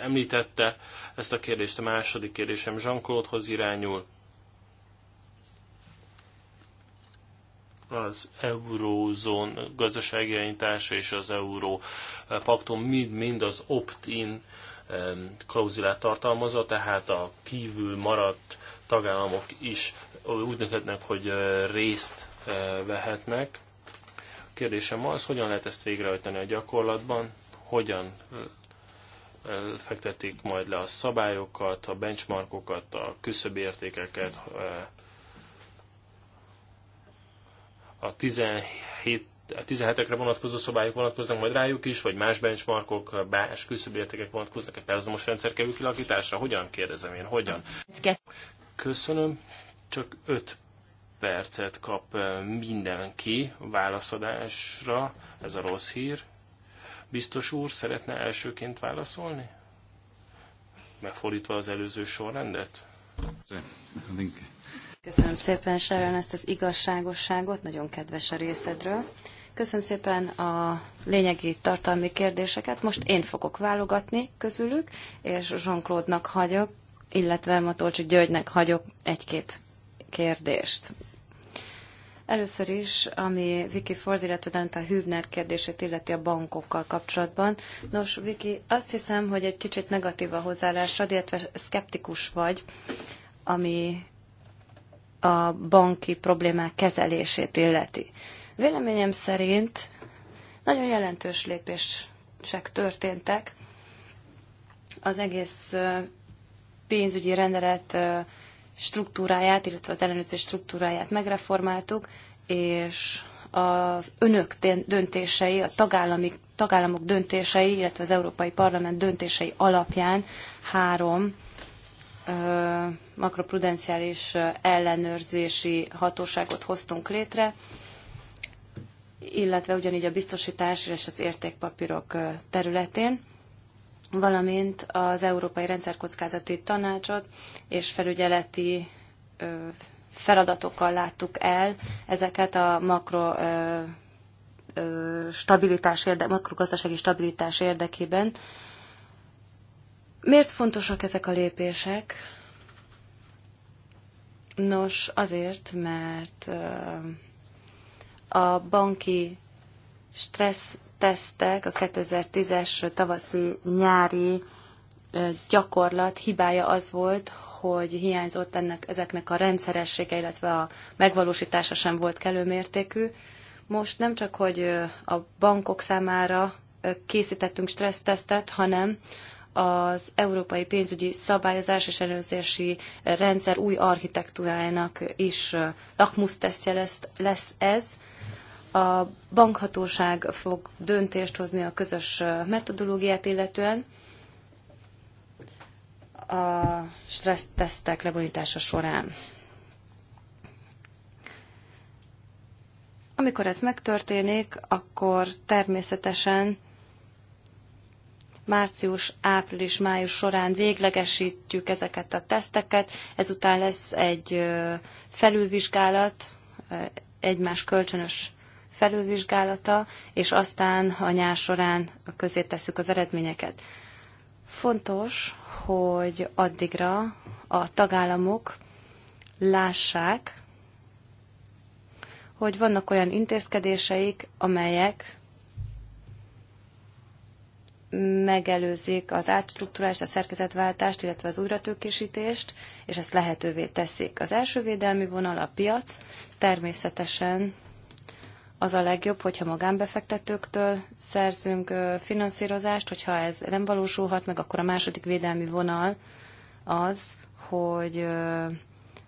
említette ezt a kérdést. A második kérdésem jean irányul. az eurózón gazdasági irányítása és az euró paktum mind-mind az opt-in klauzulát tartalmazza, tehát a kívül maradt tagállamok is úgy dönthetnek, hogy részt Eh, vehetnek. A kérdésem az, hogyan lehet ezt végrehajtani a gyakorlatban, hogyan eh, fektetik majd le a szabályokat, a benchmarkokat, a értékeket, eh, a 17 a 17-ekre vonatkozó szabályok vonatkoznak majd rájuk is, vagy más benchmarkok, más értékek vonatkoznak egy perzomos rendszer kerül kilakításra? Hogyan kérdezem én? Hogyan? Köszönöm. Csak 5 percet kap mindenki válaszadásra, ez a rossz hír. Biztos úr szeretne elsőként válaszolni? Megfordítva az előző sorrendet? Köszönöm szépen, Sharon, ezt az igazságosságot, nagyon kedves a részedről. Köszönöm szépen a lényegi tartalmi kérdéseket. Most én fogok válogatni közülük, és Jean-Claude-nak hagyok, illetve Matolcsik Györgynek hagyok egy-két kérdést. Először is, ami Viki Ford, illetve Danta Hübner kérdését illeti a bankokkal kapcsolatban. Nos, Viki, azt hiszem, hogy egy kicsit negatív a hozzáállásod, illetve szkeptikus vagy, ami a banki problémák kezelését illeti. Véleményem szerint nagyon jelentős lépések történtek az egész pénzügyi rendelet struktúráját, illetve az ellenőrző struktúráját megreformáltuk, és az önök döntései, a tagállami, tagállamok döntései, illetve az Európai Parlament döntései alapján három ö, makroprudenciális ellenőrzési hatóságot hoztunk létre, illetve ugyanígy a biztosítás és az értékpapírok területén valamint az Európai Rendszerkockázati Tanácsot és felügyeleti feladatokkal láttuk el ezeket a makro stabilitás érde, makrogazdasági stabilitás érdekében. Miért fontosak ezek a lépések? Nos, azért, mert a banki stressz tesztek, a 2010-es tavaszi nyári gyakorlat hibája az volt, hogy hiányzott ennek, ezeknek a rendszeressége, illetve a megvalósítása sem volt kellő mértékű. Most nem csak, hogy a bankok számára készítettünk stressztesztet, hanem az európai pénzügyi szabályozás és előzési rendszer új architektúrájának is lakmusztesztje lesz, lesz ez, a bankhatóság fog döntést hozni a közös metodológiát illetően a stressztesztek lebonyítása során. Amikor ez megtörténik, akkor természetesen március, április, május során véglegesítjük ezeket a teszteket, ezután lesz egy felülvizsgálat, egymás kölcsönös felülvizsgálata, és aztán a nyár során közé tesszük az eredményeket. Fontos, hogy addigra a tagállamok lássák, hogy vannak olyan intézkedéseik, amelyek megelőzik az átstruktúrás, a szerkezetváltást, illetve az újratőkésítést, és ezt lehetővé teszik. Az első védelmi vonal a piac, természetesen az a legjobb, hogyha magánbefektetőktől szerzünk finanszírozást, hogyha ez nem valósulhat meg, akkor a második védelmi vonal az, hogy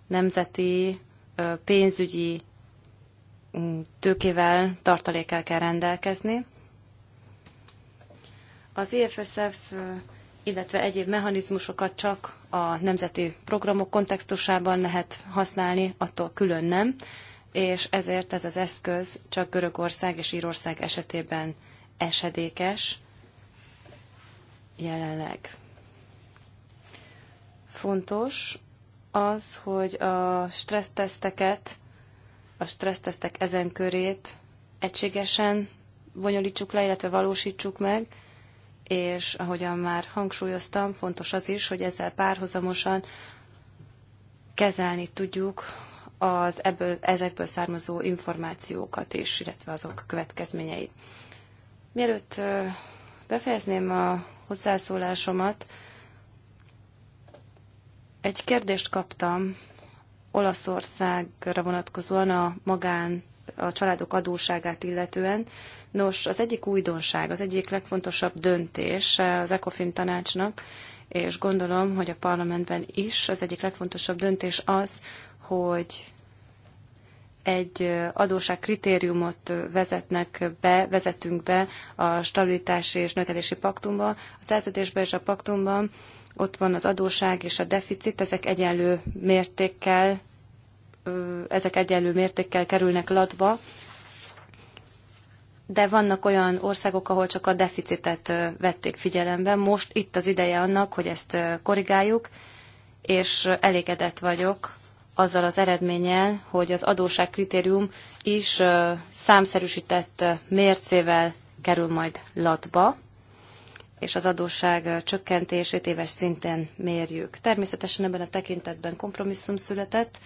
nemzeti pénzügyi mm, tőkével, tartalékkel kell rendelkezni. Az IFSF, illetve egyéb mechanizmusokat csak a nemzeti programok kontextusában lehet használni, attól külön nem és ezért ez az eszköz csak Görögország és Írország esetében esedékes jelenleg. Fontos az, hogy a stresszteszteket, a stressztesztek ezen körét egységesen bonyolítsuk le, illetve valósítsuk meg, és ahogyan már hangsúlyoztam, fontos az is, hogy ezzel párhuzamosan kezelni tudjuk az ebből, ezekből származó információkat is, illetve azok következményeit. Mielőtt befejezném a hozzászólásomat, egy kérdést kaptam Olaszországra vonatkozóan a magán, a családok adóságát illetően. Nos, az egyik újdonság, az egyik legfontosabb döntés az ECOFIM tanácsnak, és gondolom, hogy a parlamentben is az egyik legfontosabb döntés az, hogy egy adóság kritériumot vezetnek be, vezetünk be a stabilitási és növekedési paktumba. A szerződésben és a paktumban ott van az adóság és a deficit, ezek egyenlő mértékkel, ezek egyenlő mértékkel kerülnek latba, de vannak olyan országok, ahol csak a deficitet vették figyelembe. Most itt az ideje annak, hogy ezt korrigáljuk, és elégedett vagyok azzal az eredménnyel, hogy az adóság kritérium is számszerűsített mércével kerül majd latba, és az adósság csökkentését éves szinten mérjük. Természetesen ebben a tekintetben kompromisszum született,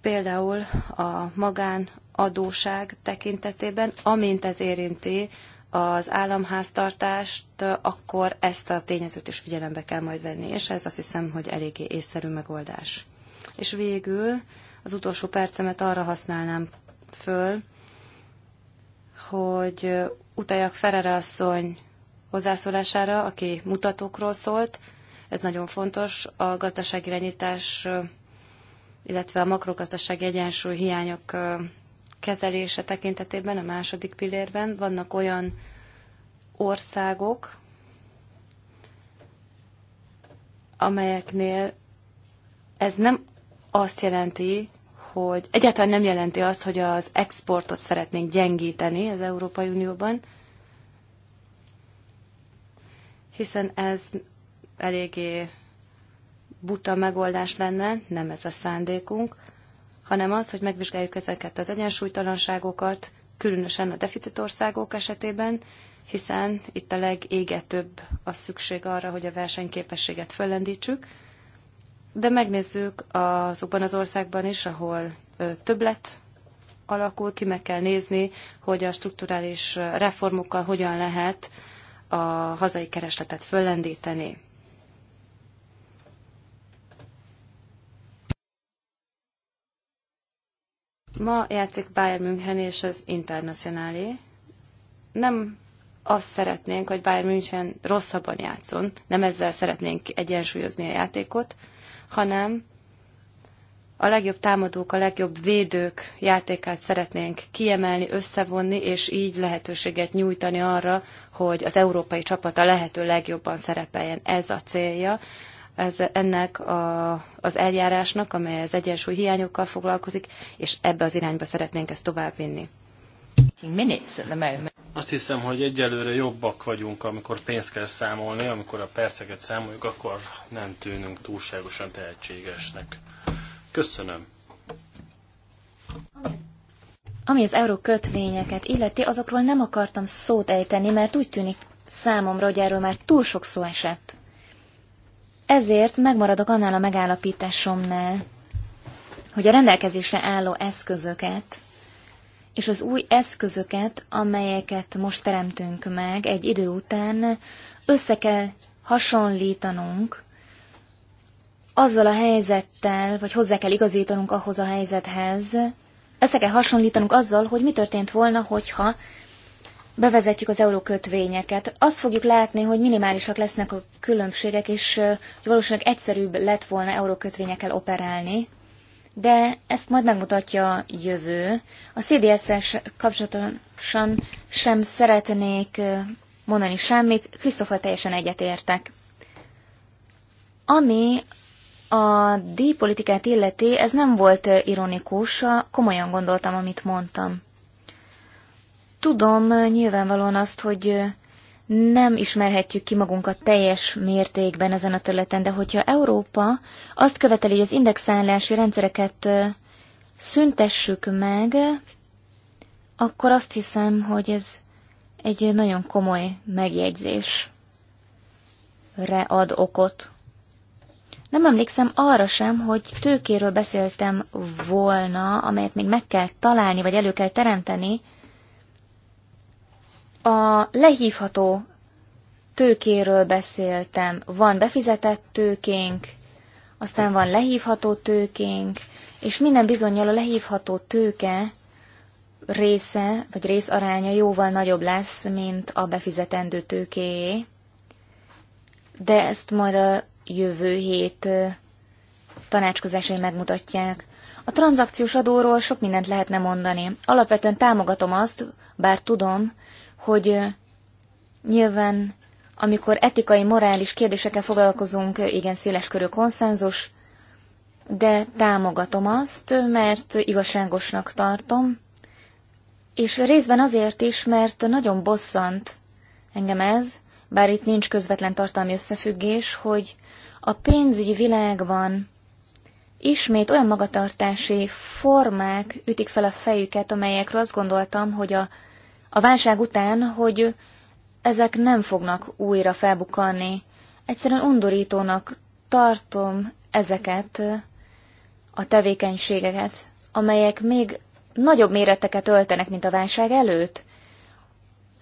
például a magán adóság tekintetében, amint ez érinti az államháztartást, akkor ezt a tényezőt is figyelembe kell majd venni, és ez azt hiszem, hogy eléggé észszerű megoldás. És végül az utolsó percemet arra használnám föl, hogy utaljak Ferere asszony hozzászólására, aki mutatókról szólt. Ez nagyon fontos. A gazdasági gazdaságirányítás, illetve a makrogazdasági egyensúly hiányok kezelése tekintetében, a második pillérben vannak olyan országok, amelyeknél ez nem azt jelenti, hogy egyáltalán nem jelenti azt, hogy az exportot szeretnénk gyengíteni az Európai Unióban, hiszen ez eléggé buta megoldás lenne, nem ez a szándékunk, hanem az, hogy megvizsgáljuk ezeket az egyensúlytalanságokat, különösen a deficitországok esetében, hiszen itt a legégetőbb a szükség arra, hogy a versenyképességet föllendítsük, de megnézzük azokban az országban is, ahol többlet alakul ki, meg kell nézni, hogy a strukturális reformokkal hogyan lehet a hazai keresletet föllendíteni. Ma játszik Bayern München és az Internacionálé. Nem azt szeretnénk, hogy Bayern München rosszabban játszon, nem ezzel szeretnénk egyensúlyozni a játékot, hanem a legjobb támadók, a legjobb védők játékát szeretnénk kiemelni, összevonni, és így lehetőséget nyújtani arra, hogy az európai csapata lehető legjobban szerepeljen. Ez a célja ez, ennek a, az eljárásnak, amely az egyensúly hiányokkal foglalkozik, és ebbe az irányba szeretnénk ezt továbbvinni. Azt hiszem, hogy egyelőre jobbak vagyunk, amikor pénzt kell számolni, amikor a perceket számoljuk, akkor nem tűnünk túlságosan tehetségesnek. Köszönöm. Ami az euró kötvényeket illeti, azokról nem akartam szót ejteni, mert úgy tűnik számomra, hogy erről már túl sok szó esett. Ezért megmaradok annál a megállapításomnál, hogy a rendelkezésre álló eszközöket és az új eszközöket, amelyeket most teremtünk meg egy idő után, össze kell hasonlítanunk azzal a helyzettel, vagy hozzá kell igazítanunk ahhoz a helyzethez, össze kell hasonlítanunk azzal, hogy mi történt volna, hogyha bevezetjük az eurókötvényeket, azt fogjuk látni, hogy minimálisak lesznek a különbségek, és valószínűleg egyszerűbb lett volna eurókötvényekkel operálni, de ezt majd megmutatja a jövő. A CDS-es kapcsolatosan sem szeretnék mondani semmit, Krisztoffal teljesen egyetértek. Ami a díjpolitikát illeti, ez nem volt ironikus, komolyan gondoltam, amit mondtam. Tudom nyilvánvalóan azt, hogy nem ismerhetjük ki magunkat teljes mértékben ezen a területen, de hogyha Európa azt követeli, hogy az indexálási rendszereket szüntessük meg, akkor azt hiszem, hogy ez egy nagyon komoly megjegyzésre ad okot. Nem emlékszem arra sem, hogy tőkéről beszéltem volna, amelyet még meg kell találni, vagy elő kell teremteni, a lehívható tőkéről beszéltem. Van befizetett tőkénk, aztán van lehívható tőkénk, és minden bizonyal a lehívható tőke része, vagy részaránya jóval nagyobb lesz, mint a befizetendő tőkéjé. De ezt majd a jövő hét tanácskozásai megmutatják. A tranzakciós adóról sok mindent lehetne mondani. Alapvetően támogatom azt, bár tudom, hogy nyilván, amikor etikai, morális kérdésekkel foglalkozunk, igen széles körű konszenzus, de támogatom azt, mert igazságosnak tartom, és részben azért is, mert nagyon bosszant engem ez, bár itt nincs közvetlen tartalmi összefüggés, hogy a pénzügyi világban ismét olyan magatartási formák ütik fel a fejüket, amelyekről azt gondoltam, hogy a a válság után, hogy ezek nem fognak újra felbukkanni. Egyszerűen undorítónak tartom ezeket a tevékenységeket, amelyek még nagyobb méreteket öltenek, mint a válság előtt.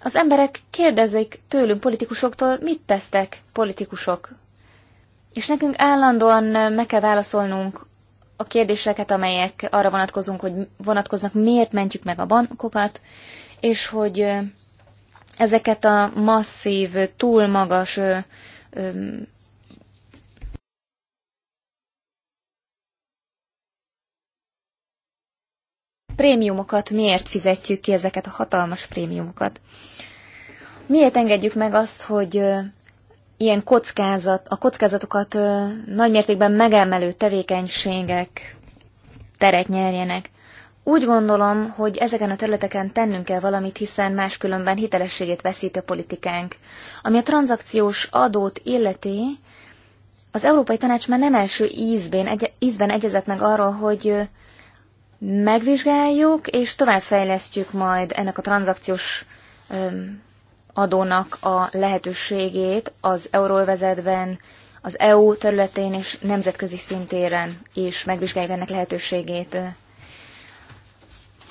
Az emberek kérdezik tőlünk politikusoktól, mit tesztek politikusok. És nekünk állandóan meg kell válaszolnunk a kérdéseket, amelyek arra vonatkozunk, hogy vonatkoznak, miért mentjük meg a bankokat, és hogy ezeket a masszív, túl magas prémiumokat, miért fizetjük ki ezeket a hatalmas prémiumokat. Miért engedjük meg azt, hogy ilyen kockázat, a kockázatokat nagymértékben megemelő tevékenységek teret nyerjenek? Úgy gondolom, hogy ezeken a területeken tennünk kell valamit, hiszen máskülönben hitelességét veszít a politikánk. Ami a tranzakciós adót illeti, az Európai Tanács már nem első ízben, egy, ízben egyezett meg arról, hogy megvizsgáljuk, és továbbfejlesztjük majd ennek a tranzakciós adónak a lehetőségét az euróvezetben, az EU területén és nemzetközi szintéren is megvizsgáljuk ennek lehetőségét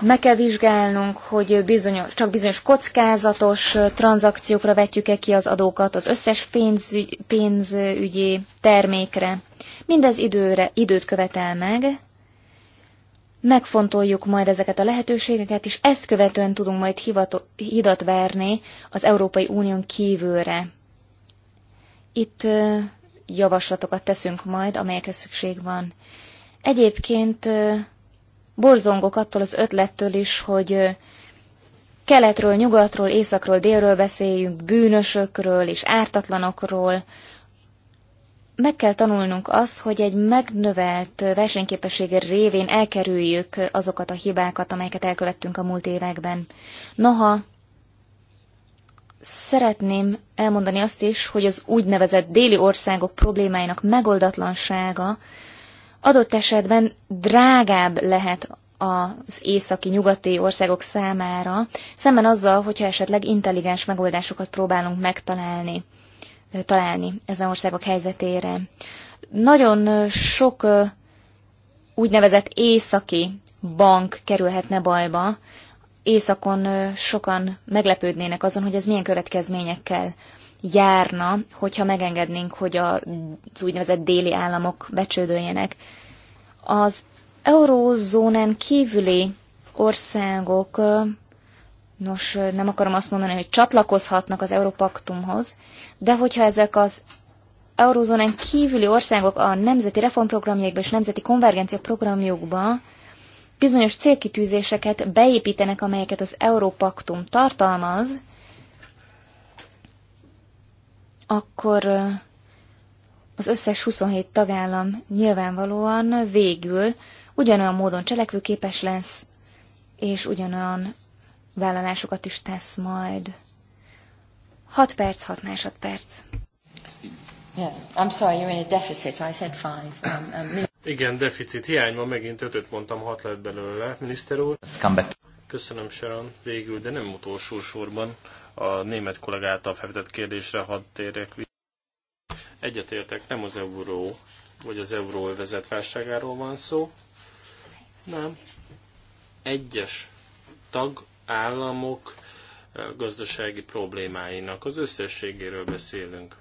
meg kell vizsgálnunk, hogy bizonyos, csak bizonyos kockázatos tranzakciókra vetjük-e ki az adókat, az összes pénzügy, pénzügyi termékre. Mindez időre, időt követel meg, megfontoljuk majd ezeket a lehetőségeket, és ezt követően tudunk majd hivato- hidat verni az Európai Unión kívülre. Itt javaslatokat teszünk majd, amelyekre szükség van. Egyébként borzongok attól az ötlettől is, hogy keletről, nyugatról, északról, délről beszéljünk, bűnösökről és ártatlanokról. Meg kell tanulnunk azt, hogy egy megnövelt versenyképesség révén elkerüljük azokat a hibákat, amelyeket elkövettünk a múlt években. Noha szeretném elmondani azt is, hogy az úgynevezett déli országok problémáinak megoldatlansága Adott esetben drágább lehet az északi, nyugati országok számára, szemben azzal, hogyha esetleg intelligens megoldásokat próbálunk megtalálni találni ezen országok helyzetére. Nagyon sok úgynevezett északi bank kerülhetne bajba. Északon sokan meglepődnének azon, hogy ez milyen következményekkel járna, hogyha megengednénk, hogy az úgynevezett déli államok becsődöljenek. Az eurózónán kívüli országok, nos, nem akarom azt mondani, hogy csatlakozhatnak az Európaktumhoz, de hogyha ezek az eurózónán kívüli országok a nemzeti reformprogramjaikba és nemzeti konvergencia programjukba bizonyos célkitűzéseket beépítenek, amelyeket az Európaktum tartalmaz, akkor az összes 27 tagállam nyilvánvalóan végül ugyanolyan módon cselekvőképes lesz, és ugyanolyan vállalásokat is tesz majd. 6 perc, 6 másodperc. I'm sorry, you're in a deficit. I said five. Um, um, igen, deficit, hiány van, megint ötöt mondtam, hat lett belőle, miniszter úr. Köszönöm, Sharon, végül, de nem utolsó sorban a német kollégáltal felvetett kérdésre hadd térjek Egyetértek, nem az euró vagy az euróövezet válságáról van szó, nem. Egyes tagállamok eh, gazdasági problémáinak az összességéről beszélünk.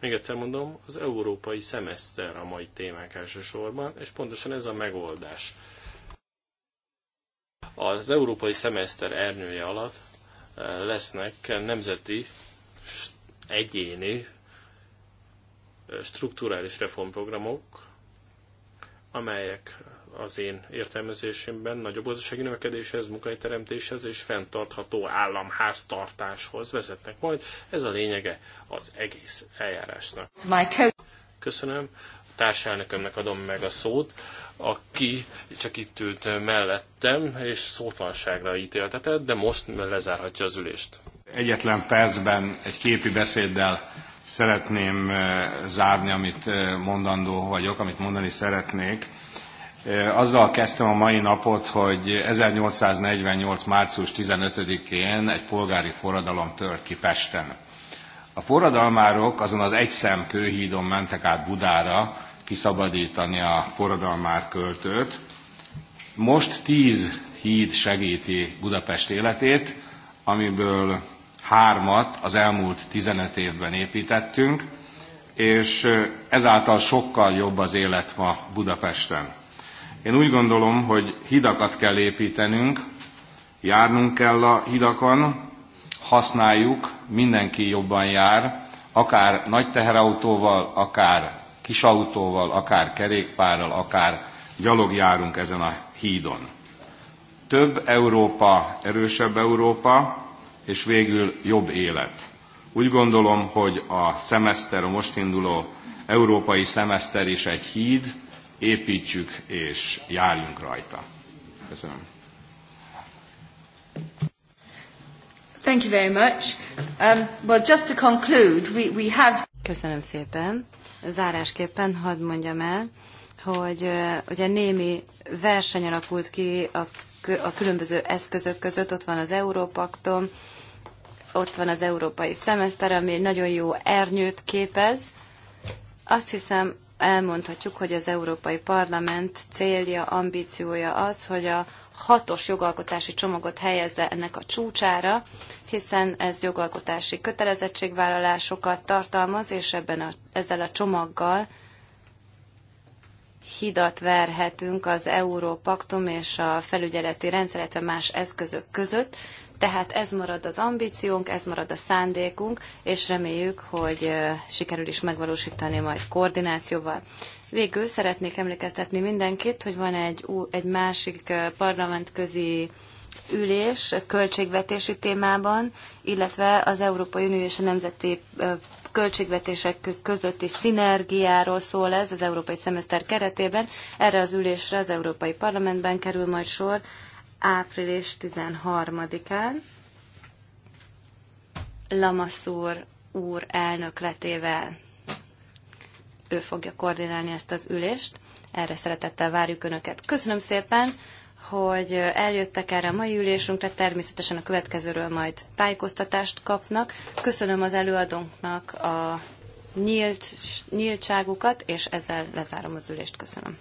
Még egyszer mondom, az európai szemeszter a mai témák elsősorban, és pontosan ez a megoldás. Az európai szemeszter ernyője alatt lesznek nemzeti, egyéni, strukturális reformprogramok, amelyek az én értelmezésemben nagyobb gazdasági növekedéshez, munkahelyteremtéshez és fenntartható államháztartáshoz vezetnek majd. Ez a lényege az egész eljárásnak. Köszönöm. A társelnökömnek adom meg a szót aki csak itt ült mellettem, és szótlanságra ítéltetett, de most lezárhatja az ülést. Egyetlen percben egy képi beszéddel szeretném eh, zárni, amit eh, mondandó vagyok, amit mondani szeretnék. Eh, azzal kezdtem a mai napot, hogy 1848. március 15-én egy polgári forradalom tört ki Pesten. A forradalmárok azon az egyszem kőhídon mentek át Budára, kiszabadítani a forradalmár költőt. Most tíz híd segíti Budapest életét, amiből hármat az elmúlt 15 évben építettünk, és ezáltal sokkal jobb az élet ma Budapesten. Én úgy gondolom, hogy hidakat kell építenünk, járnunk kell a hidakon, használjuk, mindenki jobban jár, akár nagy teherautóval, akár kis autóval, akár kerékpárral, akár gyalog járunk ezen a hídon. Több Európa, erősebb Európa, és végül jobb élet. Úgy gondolom, hogy a szemeszter, a most induló európai szemeszter is egy híd, építsük és járjunk rajta. Köszönöm. Thank you very much. Um, well, just to conclude, we, we have... Köszönöm szépen. Zárásképpen hadd mondjam el, hogy ugye némi verseny alakult ki a, a különböző eszközök között, ott van az Európaktom, ott van az európai szemeszter, ami egy nagyon jó ernyőt képez. Azt hiszem, elmondhatjuk, hogy az Európai Parlament célja, ambíciója az, hogy a hatos jogalkotási csomagot helyezze ennek a csúcsára, hiszen ez jogalkotási kötelezettségvállalásokat tartalmaz, és ebben a, ezzel a csomaggal hidat verhetünk az Európaktum és a felügyeleti rendszer, illetve más eszközök között. Tehát ez marad az ambíciónk, ez marad a szándékunk, és reméljük, hogy sikerül is megvalósítani majd koordinációval. Végül szeretnék emlékeztetni mindenkit, hogy van egy, egy másik parlamentközi ülés költségvetési témában, illetve az Európai Unió és a Nemzeti költségvetések közötti szinergiáról szól ez az európai szemeszter keretében. Erre az ülésre az Európai Parlamentben kerül majd sor április 13-án. Lamassur úr elnökletével ő fogja koordinálni ezt az ülést. Erre szeretettel várjuk Önöket. Köszönöm szépen, hogy eljöttek erre a mai ülésünkre, természetesen a következőről majd tájékoztatást kapnak. Köszönöm az előadónknak a nyílt, nyíltságukat, és ezzel lezárom az ülést. Köszönöm.